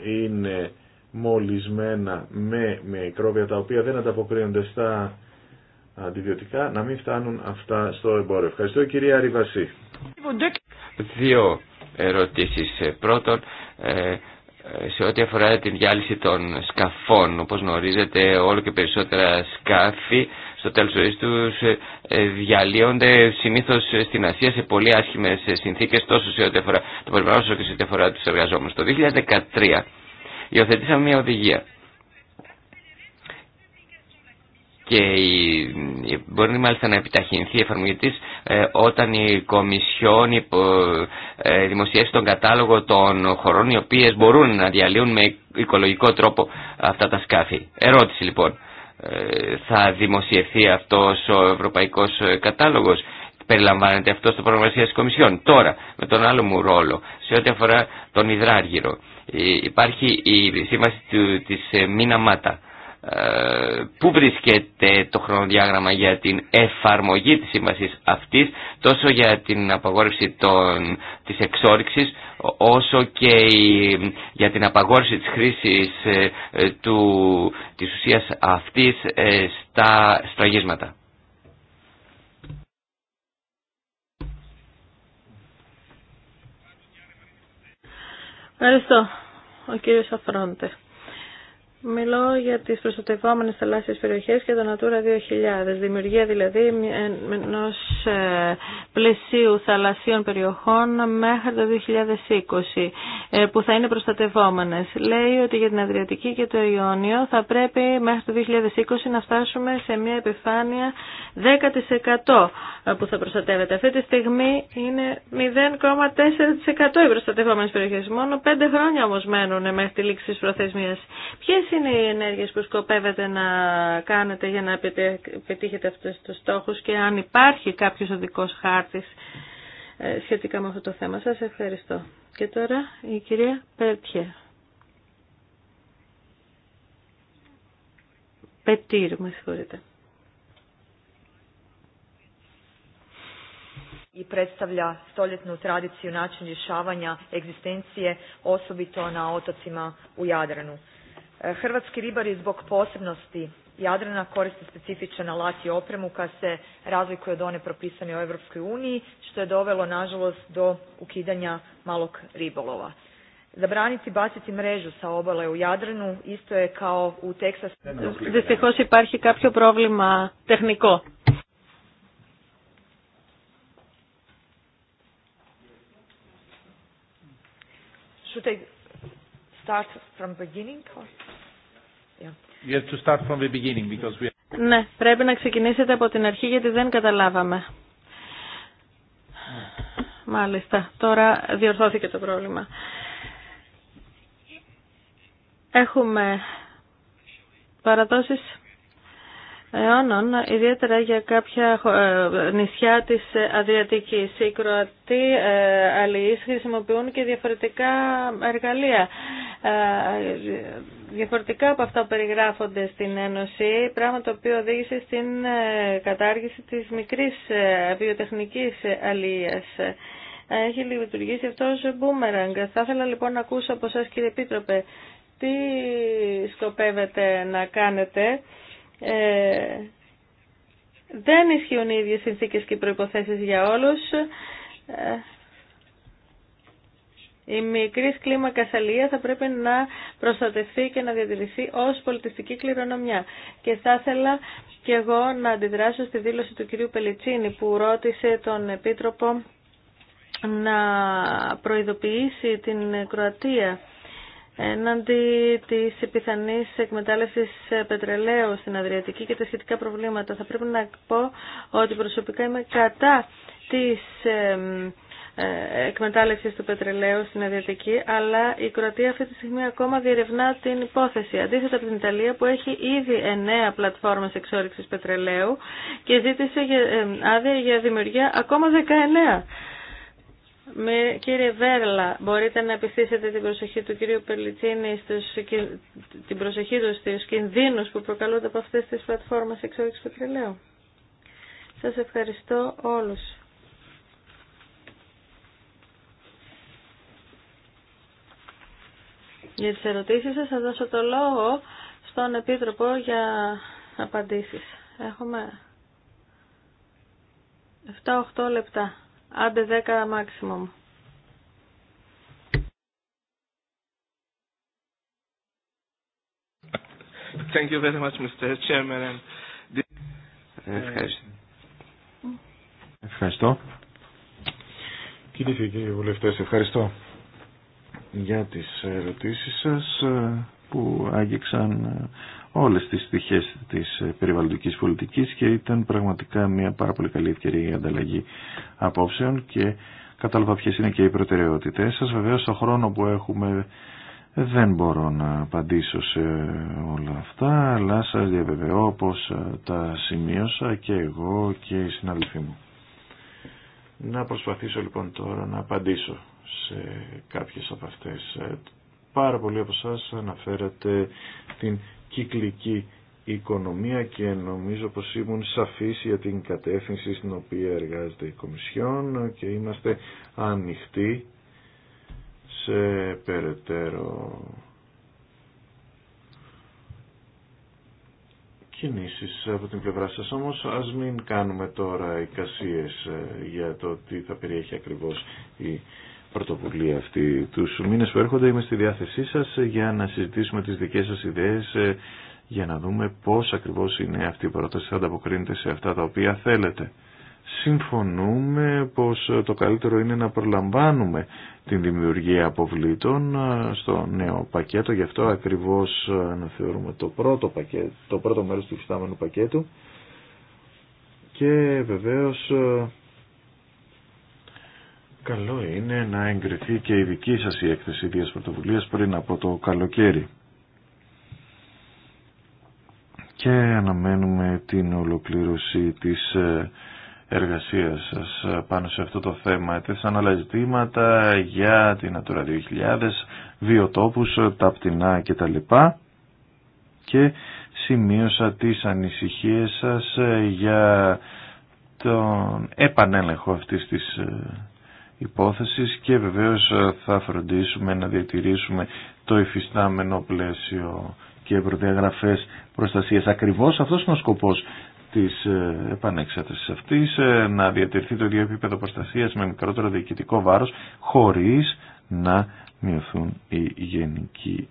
είναι μολυσμένα με μικρόβια τα οποία δεν ανταποκρίνονται στα αντιβιωτικά να μην φτάνουν αυτά στο εμπόριο. Ευχαριστώ κυρία Ριβασί. Δύο ερωτήσεις. Ε, πρώτον, ε, σε ό,τι αφορά την διάλυση των σκαφών. Όπως γνωρίζετε όλο και περισσότερα σκάφη στο τέλος ζωής τους ε, διαλύονται συνήθως στην Ασία σε πολύ άσχημες συνθήκες τόσο σε ό,τι αφορά το περιβάλλον όσο και σε ό,τι αφορά τους εργαζόμενους. Το 2013 υιοθετήσαμε μια οδηγία και μπορεί μάλιστα να επιταχυνθεί η εφαρμογή της ε, όταν η Κομισιόν ε, δημοσιεύσει τον κατάλογο των χωρών οι οποίες μπορούν να διαλύουν με οικολογικό τρόπο αυτά τα σκάφη. Ερώτηση λοιπόν, ε, θα δημοσιευθεί αυτός ο ευρωπαϊκός κατάλογος περιλαμβάνεται αυτό στο πρόγραμμα της τη Κομισιόν. Τώρα, με τον άλλο μου ρόλο, σε ό,τι αφορά τον υδράργυρο, υπάρχει η σύμβαση τη Μίνα Μάτα, ε, πού βρίσκεται το χρονοδιάγραμμα για την εφαρμογή της σύμβασης αυτής τόσο για την απαγόρευση των, της εξόριξης όσο και για την απαγόρευση της χρήσης ε, ε, του, της ουσίας αυτής στα στραγίσματα. Ευχαριστώ. Ο κύριος Μιλώ για τις προστατευόμενες θαλάσσιες περιοχές και το Natura 2000, δημιουργία δηλαδή ενό ε, πλαισίου θαλασσίων περιοχών μέχρι το 2020 ε, που θα είναι προστατευόμενες. Λέει ότι για την Αδριατική και το Ιόνιο θα πρέπει μέχρι το 2020 να φτάσουμε σε μια επιφάνεια 10% ε, που θα προστατεύεται. Αυτή τη στιγμή είναι 0,4% οι προστατευόμενες περιοχές. Μόνο 5 χρόνια όμως μένουν μέχρι τη λήξη της προθεσμίας. Ποιες είναι οι ενέργειες που σκοπεύετε να κάνετε για να πετύχετε αυτούς τους στόχους και αν υπάρχει κάποιος οδικός χάρτης ε, σχετικά με αυτό το θέμα. Σας ευχαριστώ. Και τώρα η κυρία Πέτιε. Πετήρ, με συγχωρείτε. i predstavlja stoljetnu tradiciju način rješavanja egzistencije osobito na otocima u Jadranu. Hrvatski ribari zbog posebnosti Jadrana koriste specifičan alat i opremu koja se razlikuje od one propisane u Europskoj uniji, što je dovelo nažalost do ukidanja malog ribolova. Zabraniti baciti mrežu sa obale u Jadranu isto je kao u Teksasu. hoće parhi kapio problema tehniko. Should I start from beginning? Or? Ναι, πρέπει να ξεκινήσετε από την αρχή γιατί δεν καταλάβαμε. Μάλιστα, τώρα διορθώθηκε το πρόβλημα. Έχουμε παραδόσεις αιώνων, ιδιαίτερα για κάποια ε, νησιά της Αδριατικής. Οι Κροατοί ε, αλληλείς χρησιμοποιούν και διαφορετικά εργαλεία. Ε, διαφορετικά από αυτά που περιγράφονται στην Ένωση, πράγμα το οποίο οδήγησε στην κατάργηση της μικρής βιοτεχνικής αλληλείας. Έχει λειτουργήσει αυτό ως μπούμεραγκ. Θα ήθελα λοιπόν να ακούσω από εσάς κύριε Επίτροπε τι σκοπεύετε να κάνετε ε, δεν ισχύουν οι ίδιες συνθήκες και προϋποθέσεις για όλους. Ε, η μικρή κλίμακα κασαλία θα πρέπει να προστατευτεί και να διατηρηθεί ως πολιτιστική κληρονομιά. Και θα ήθελα και εγώ να αντιδράσω στη δήλωση του κυρίου Πελιτσίνη που ρώτησε τον Επίτροπο να προειδοποιήσει την Κροατία έναντι της επιθανής εκμετάλλευσης πετρελαίου στην Αδριατική και τα σχετικά προβλήματα. Θα πρέπει να πω ότι προσωπικά είμαι κατά της ε, εκμετάλλευσης του πετρελαίου στην Αδριατική, αλλά η Κροατία αυτή τη στιγμή ακόμα διερευνά την υπόθεση. Αντίθετα από την Ιταλία που έχει ήδη εννέα πλατφόρμες εξόριξης πετρελαίου και ζήτησε άδεια για δημιουργία ακόμα 19 κύριε Βέρλα, μπορείτε να επιστήσετε την προσοχή του κύριου Περλιτσίνη στους, την προσοχή του στους κινδύνους που προκαλούνται από αυτές τις πλατφόρμες εξόδου πετρελαίου. Σας ευχαριστώ όλους. Για τις ερωτήσεις σας θα δώσω το λόγο στον Επίτροπο για απαντήσεις. Έχουμε 7-8 λεπτά άντε 10 maximum. Thank you very much, Mr. Chairman. Ε, ευχαριστώ. Ε, ευχαριστώ. Κυρίε και κύριοι βουλευτές, ευχαριστώ για τις ερωτήσεις σας ε, που άγγιξαν όλες τις στοιχές της ε, περιβαλλοντικής πολιτικής και ήταν πραγματικά μια πάρα πολύ καλή ευκαιρία για ανταλλαγή απόψεων και κατάλαβα ποιε είναι και οι προτεραιότητε. σας. βεβαίω στον χρόνο που έχουμε ε, δεν μπορώ να απαντήσω σε ε, όλα αυτά, αλλά σας διαβεβαιώ πως τα σημείωσα και εγώ και οι συναδελφοί μου. Να προσπαθήσω λοιπόν τώρα να απαντήσω σε κάποιες από αυτές. Πάρα πολλοί από εσά αναφέρατε την κυκλική οικονομία και νομίζω πως ήμουν σαφής για την κατεύθυνση στην οποία εργάζεται η Κομισιόν και είμαστε ανοιχτοί σε περαιτέρω κινήσεις από την πλευρά σας όμως ας μην κάνουμε τώρα εικασίες ε, για το τι θα περιέχει ακριβώς η πρωτοβουλία αυτή. του μήνε που έρχονται είμαι στη διάθεσή σας για να συζητήσουμε τις δικές σας ιδέες ε, για να δούμε πώς ακριβώς είναι αυτή η πρόταση θα ανταποκρίνεται σε αυτά τα οποία θέλετε. Συμφωνούμε πως το καλύτερο είναι να προλαμβάνουμε την δημιουργία αποβλήτων ε, στο νέο πακέτο, γι' αυτό ακριβώς αναθεωρούμε το πρώτο, πακέτο, το πρώτο μέρος του φυστάμενου πακέτου και βεβαίως ε, Καλό είναι να εγκριθεί και η δική σας η έκθεση ίδιας πρωτοβουλίας πριν από το καλοκαίρι. Και αναμένουμε την ολοκλήρωση της ε, εργασίας σας ε, πάνω σε αυτό το θέμα. Ε, τις άλλα ζητήματα για την Natura 2000, βιοτόπους, τα πτηνά κτλ. Και σημείωσα τις ανησυχίες σας για τον επανέλεγχο αυτής της υπόθεσης και βεβαίως ε, θα φροντίσουμε να διατηρήσουμε το υφιστάμενο πλαίσιο και προδιαγραφές προστασίας. Ακριβώς αυτός είναι ο σκοπός της ε, επανέξατησης αυτής, ε, να διατηρηθεί το ίδιο επίπεδο προστασίας με μικρότερο διοικητικό βάρος χωρίς να μειωθούν οι γενικοί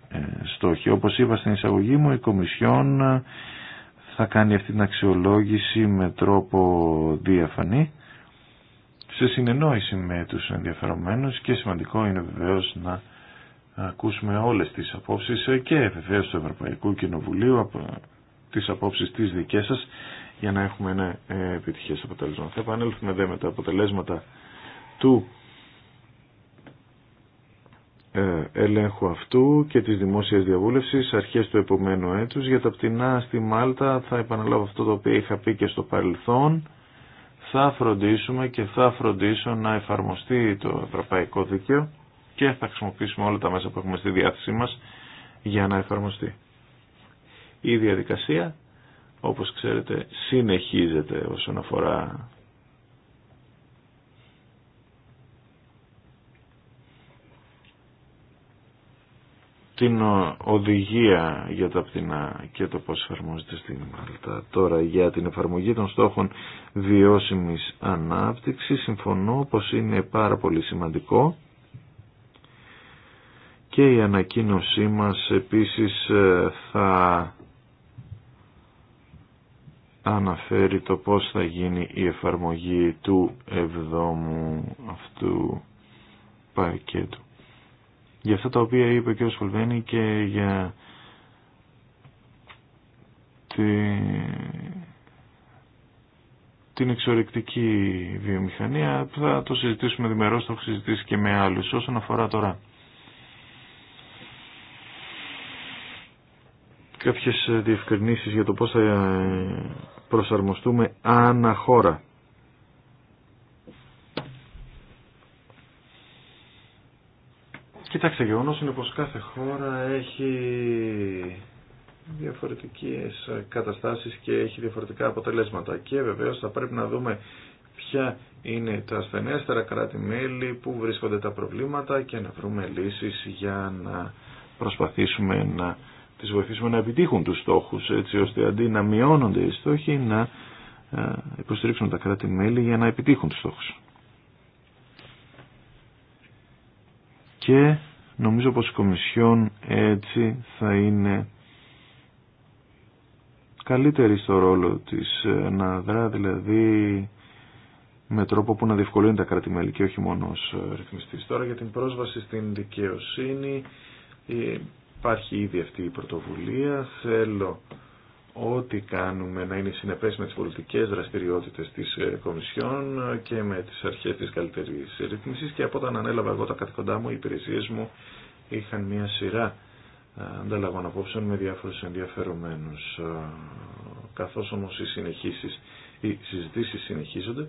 στόχοι. Όπως είπα στην εισαγωγή μου, η Κομισιόν θα κάνει αυτή την αξιολόγηση με τρόπο διαφανή σε συνεννόηση με τους ενδιαφερομένους και σημαντικό είναι βεβαίως να ακούσουμε όλες τις απόψεις και βεβαίως του Ευρωπαϊκού Κοινοβουλίου από τις απόψεις τις δικές σας για να έχουμε ένα ε, επιτυχές αποτέλεσμα. Θα επανέλθουμε δε με τα αποτελέσματα του ε, ελέγχου αυτού και της δημόσιας διαβούλευσης αρχές του επομένου έτους. Για τα πτηνά στη Μάλτα θα επαναλάβω αυτό το οποίο είχα πει και στο παρελθόν θα φροντίσουμε και θα φροντίσω να εφαρμοστεί το ευρωπαϊκό δίκαιο και θα χρησιμοποιήσουμε όλα τα μέσα που έχουμε στη διάθεσή μας για να εφαρμοστεί. Η διαδικασία, όπως ξέρετε, συνεχίζεται όσον αφορά Την οδηγία για τα πτηνά και το πώς εφαρμόζεται στην Μάλτα. Τώρα για την εφαρμογή των στόχων βιώσιμης ανάπτυξης συμφωνώ πως είναι πάρα πολύ σημαντικό και η ανακοίνωσή μας επίσης ε, θα αναφέρει το πώς θα γίνει η εφαρμογή του εβδόμου αυτού πακέτου για αυτά τα οποία είπε ο κ. Φολβένη και για την εξορρεκτική βιομηχανία θα το συζητήσουμε διμερώς, θα το συζητήσει και με άλλους όσον αφορά τώρα κάποιες διευκρινήσεις για το πώς θα προσαρμοστούμε ανά χώρα Κοιτάξτε, γεγονός είναι πως κάθε χώρα έχει διαφορετικές καταστάσεις και έχει διαφορετικά αποτελέσματα. Και βεβαίως θα πρέπει να δούμε ποια είναι τα ασθενέστερα κράτη-μέλη, πού βρίσκονται τα προβλήματα και να βρούμε λύσεις για να προσπαθήσουμε να τις βοηθήσουμε να επιτύχουν τους στόχους, έτσι ώστε αντί να μειώνονται οι στόχοι, να ε, υποστηρίξουν τα κράτη-μέλη για να επιτύχουν τους στόχους. και νομίζω πως η Κομισιόν έτσι θα είναι καλύτερη στο ρόλο της ε, να δρά δηλαδή με τρόπο που να διευκολύνει τα κράτη-μέλη και όχι μόνο ως ε, ρυθμιστής. Τώρα για την πρόσβαση στην δικαιοσύνη ε, υπάρχει ήδη αυτή η πρωτοβουλία. Θέλω ό,τι κάνουμε να είναι συνεπές με τις πολιτικές δραστηριότητες της ε, Κομισιόν και με τις αρχές της καλύτερης ρύθμισης και από όταν ανέλαβα εγώ τα καθηκοντά μου οι υπηρεσίες μου είχαν μια σειρά ε, ανταλλαγών απόψεων με διάφορους ενδιαφερομένους. Ε, καθώς όμως οι, συνεχίσεις, οι συζητήσεις συνεχίζονται,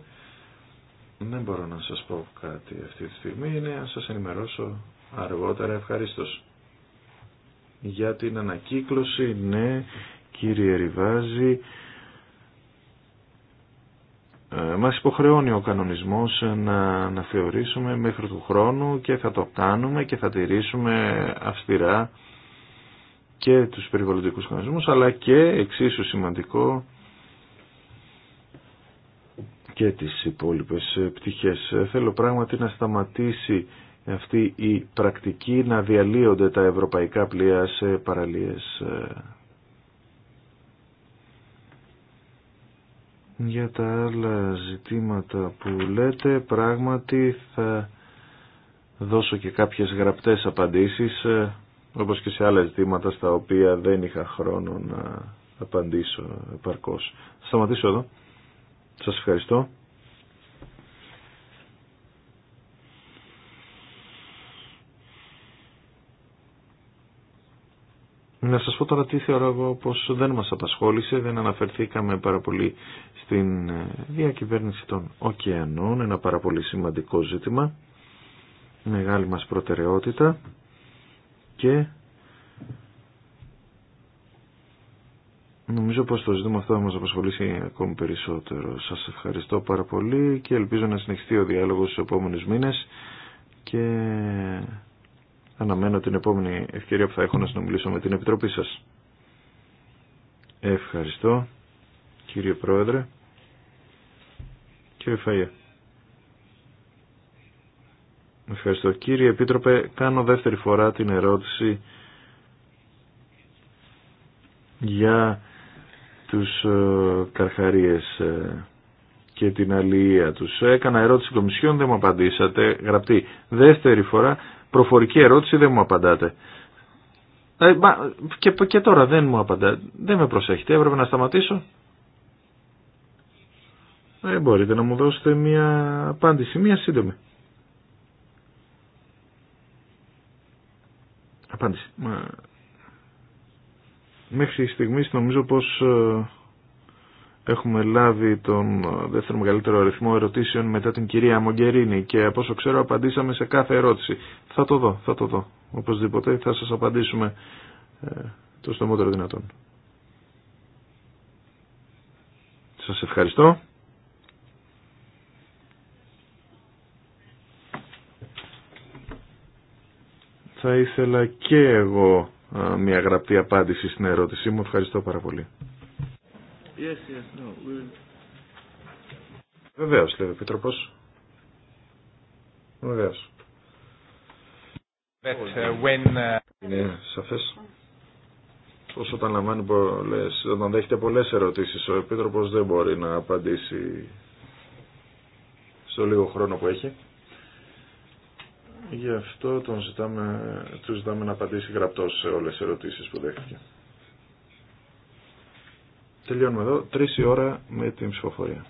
δεν μπορώ να σας πω κάτι αυτή τη στιγμή, είναι να σας ενημερώσω αργότερα ευχαριστώ Για την ανακύκλωση, ναι, κύριε Ριβάζη, ε, μας υποχρεώνει ο κανονισμός να, να θεωρήσουμε μέχρι του χρόνου και θα το κάνουμε και θα τηρήσουμε αυστηρά και τους περιβαλλοντικούς κανονισμούς αλλά και εξίσου σημαντικό και τις υπόλοιπες πτυχές. Θέλω πράγματι να σταματήσει αυτή η πρακτική να διαλύονται τα ευρωπαϊκά πλοία σε παραλίες Για τα άλλα ζητήματα που λέτε, πράγματι θα δώσω και κάποιες γραπτές απαντήσεις, ε, όπως και σε άλλα ζητήματα στα οποία δεν είχα χρόνο να απαντήσω επαρκώς. Σταματήσω εδώ. Σας ευχαριστώ. Να σας πω τώρα τι θεωρώ εγώ πως δεν μας απασχόλησε, δεν αναφερθήκαμε πάρα πολύ στην ε, διακυβέρνηση των ωκεανών, ένα πάρα πολύ σημαντικό ζήτημα, μεγάλη μας προτεραιότητα και νομίζω πως το ζήτημα αυτό θα μας απασχολήσει ακόμη περισσότερο. Σας ευχαριστώ πάρα πολύ και ελπίζω να συνεχιστεί ο διάλογος στους επόμενους μήνες και Αναμένω την επόμενη ευκαιρία που θα έχω να συνομιλήσω με την Επιτροπή σας. Ευχαριστώ, κύριε Πρόεδρε. Κύριε Φαΐε. Ευχαριστώ. Κύριε Επίτροπε, κάνω δεύτερη φορά την ερώτηση για τους ε, καρχαρίες ε, και την αλληλεία τους. Έκανα ερώτηση κομισιών, δεν μου απαντήσατε. Γραπτή δεύτερη φορά προφορική ερώτηση δεν μου απαντάτε. Ε, και, τώρα δεν μου απαντάτε. Δεν με προσέχετε. Έπρεπε να σταματήσω. Ε, μπορείτε να μου δώσετε μια απάντηση, μια σύντομη. Απάντηση. Μα... Μέχρι στιγμής νομίζω πως ε, Έχουμε λάβει τον ε, δεύτερο μεγαλύτερο αριθμό ερωτήσεων μετά την κυρία Μογκερίνη και από όσο ξέρω απαντήσαμε σε κάθε ερώτηση. Θα το δω, θα το δω. Οπωσδήποτε θα σας απαντήσουμε ε, το στομότερο δυνατόν. Σας ευχαριστώ. Θα ήθελα και εγώ ε, μια γραπτή απάντηση στην ερώτησή μου. Ευχαριστώ πάρα πολύ. Yes, λέει ο Επίτροπος. Βεβαίως. Uh, when, uh, Είναι σαφές. Πως όταν, λαμβάνει πολλές, όταν δέχεται πολλές ερωτήσεις, ο Επίτροπος δεν μπορεί να απαντήσει στο λίγο χρόνο που έχει. Γι' αυτό τον ζητάμε, του ζητάμε να απαντήσει γραπτώς σε όλες τις ερωτήσεις που δέχτηκε. Τελειώνουμε εδώ. Τρεις η ώρα με την ψηφοφορία.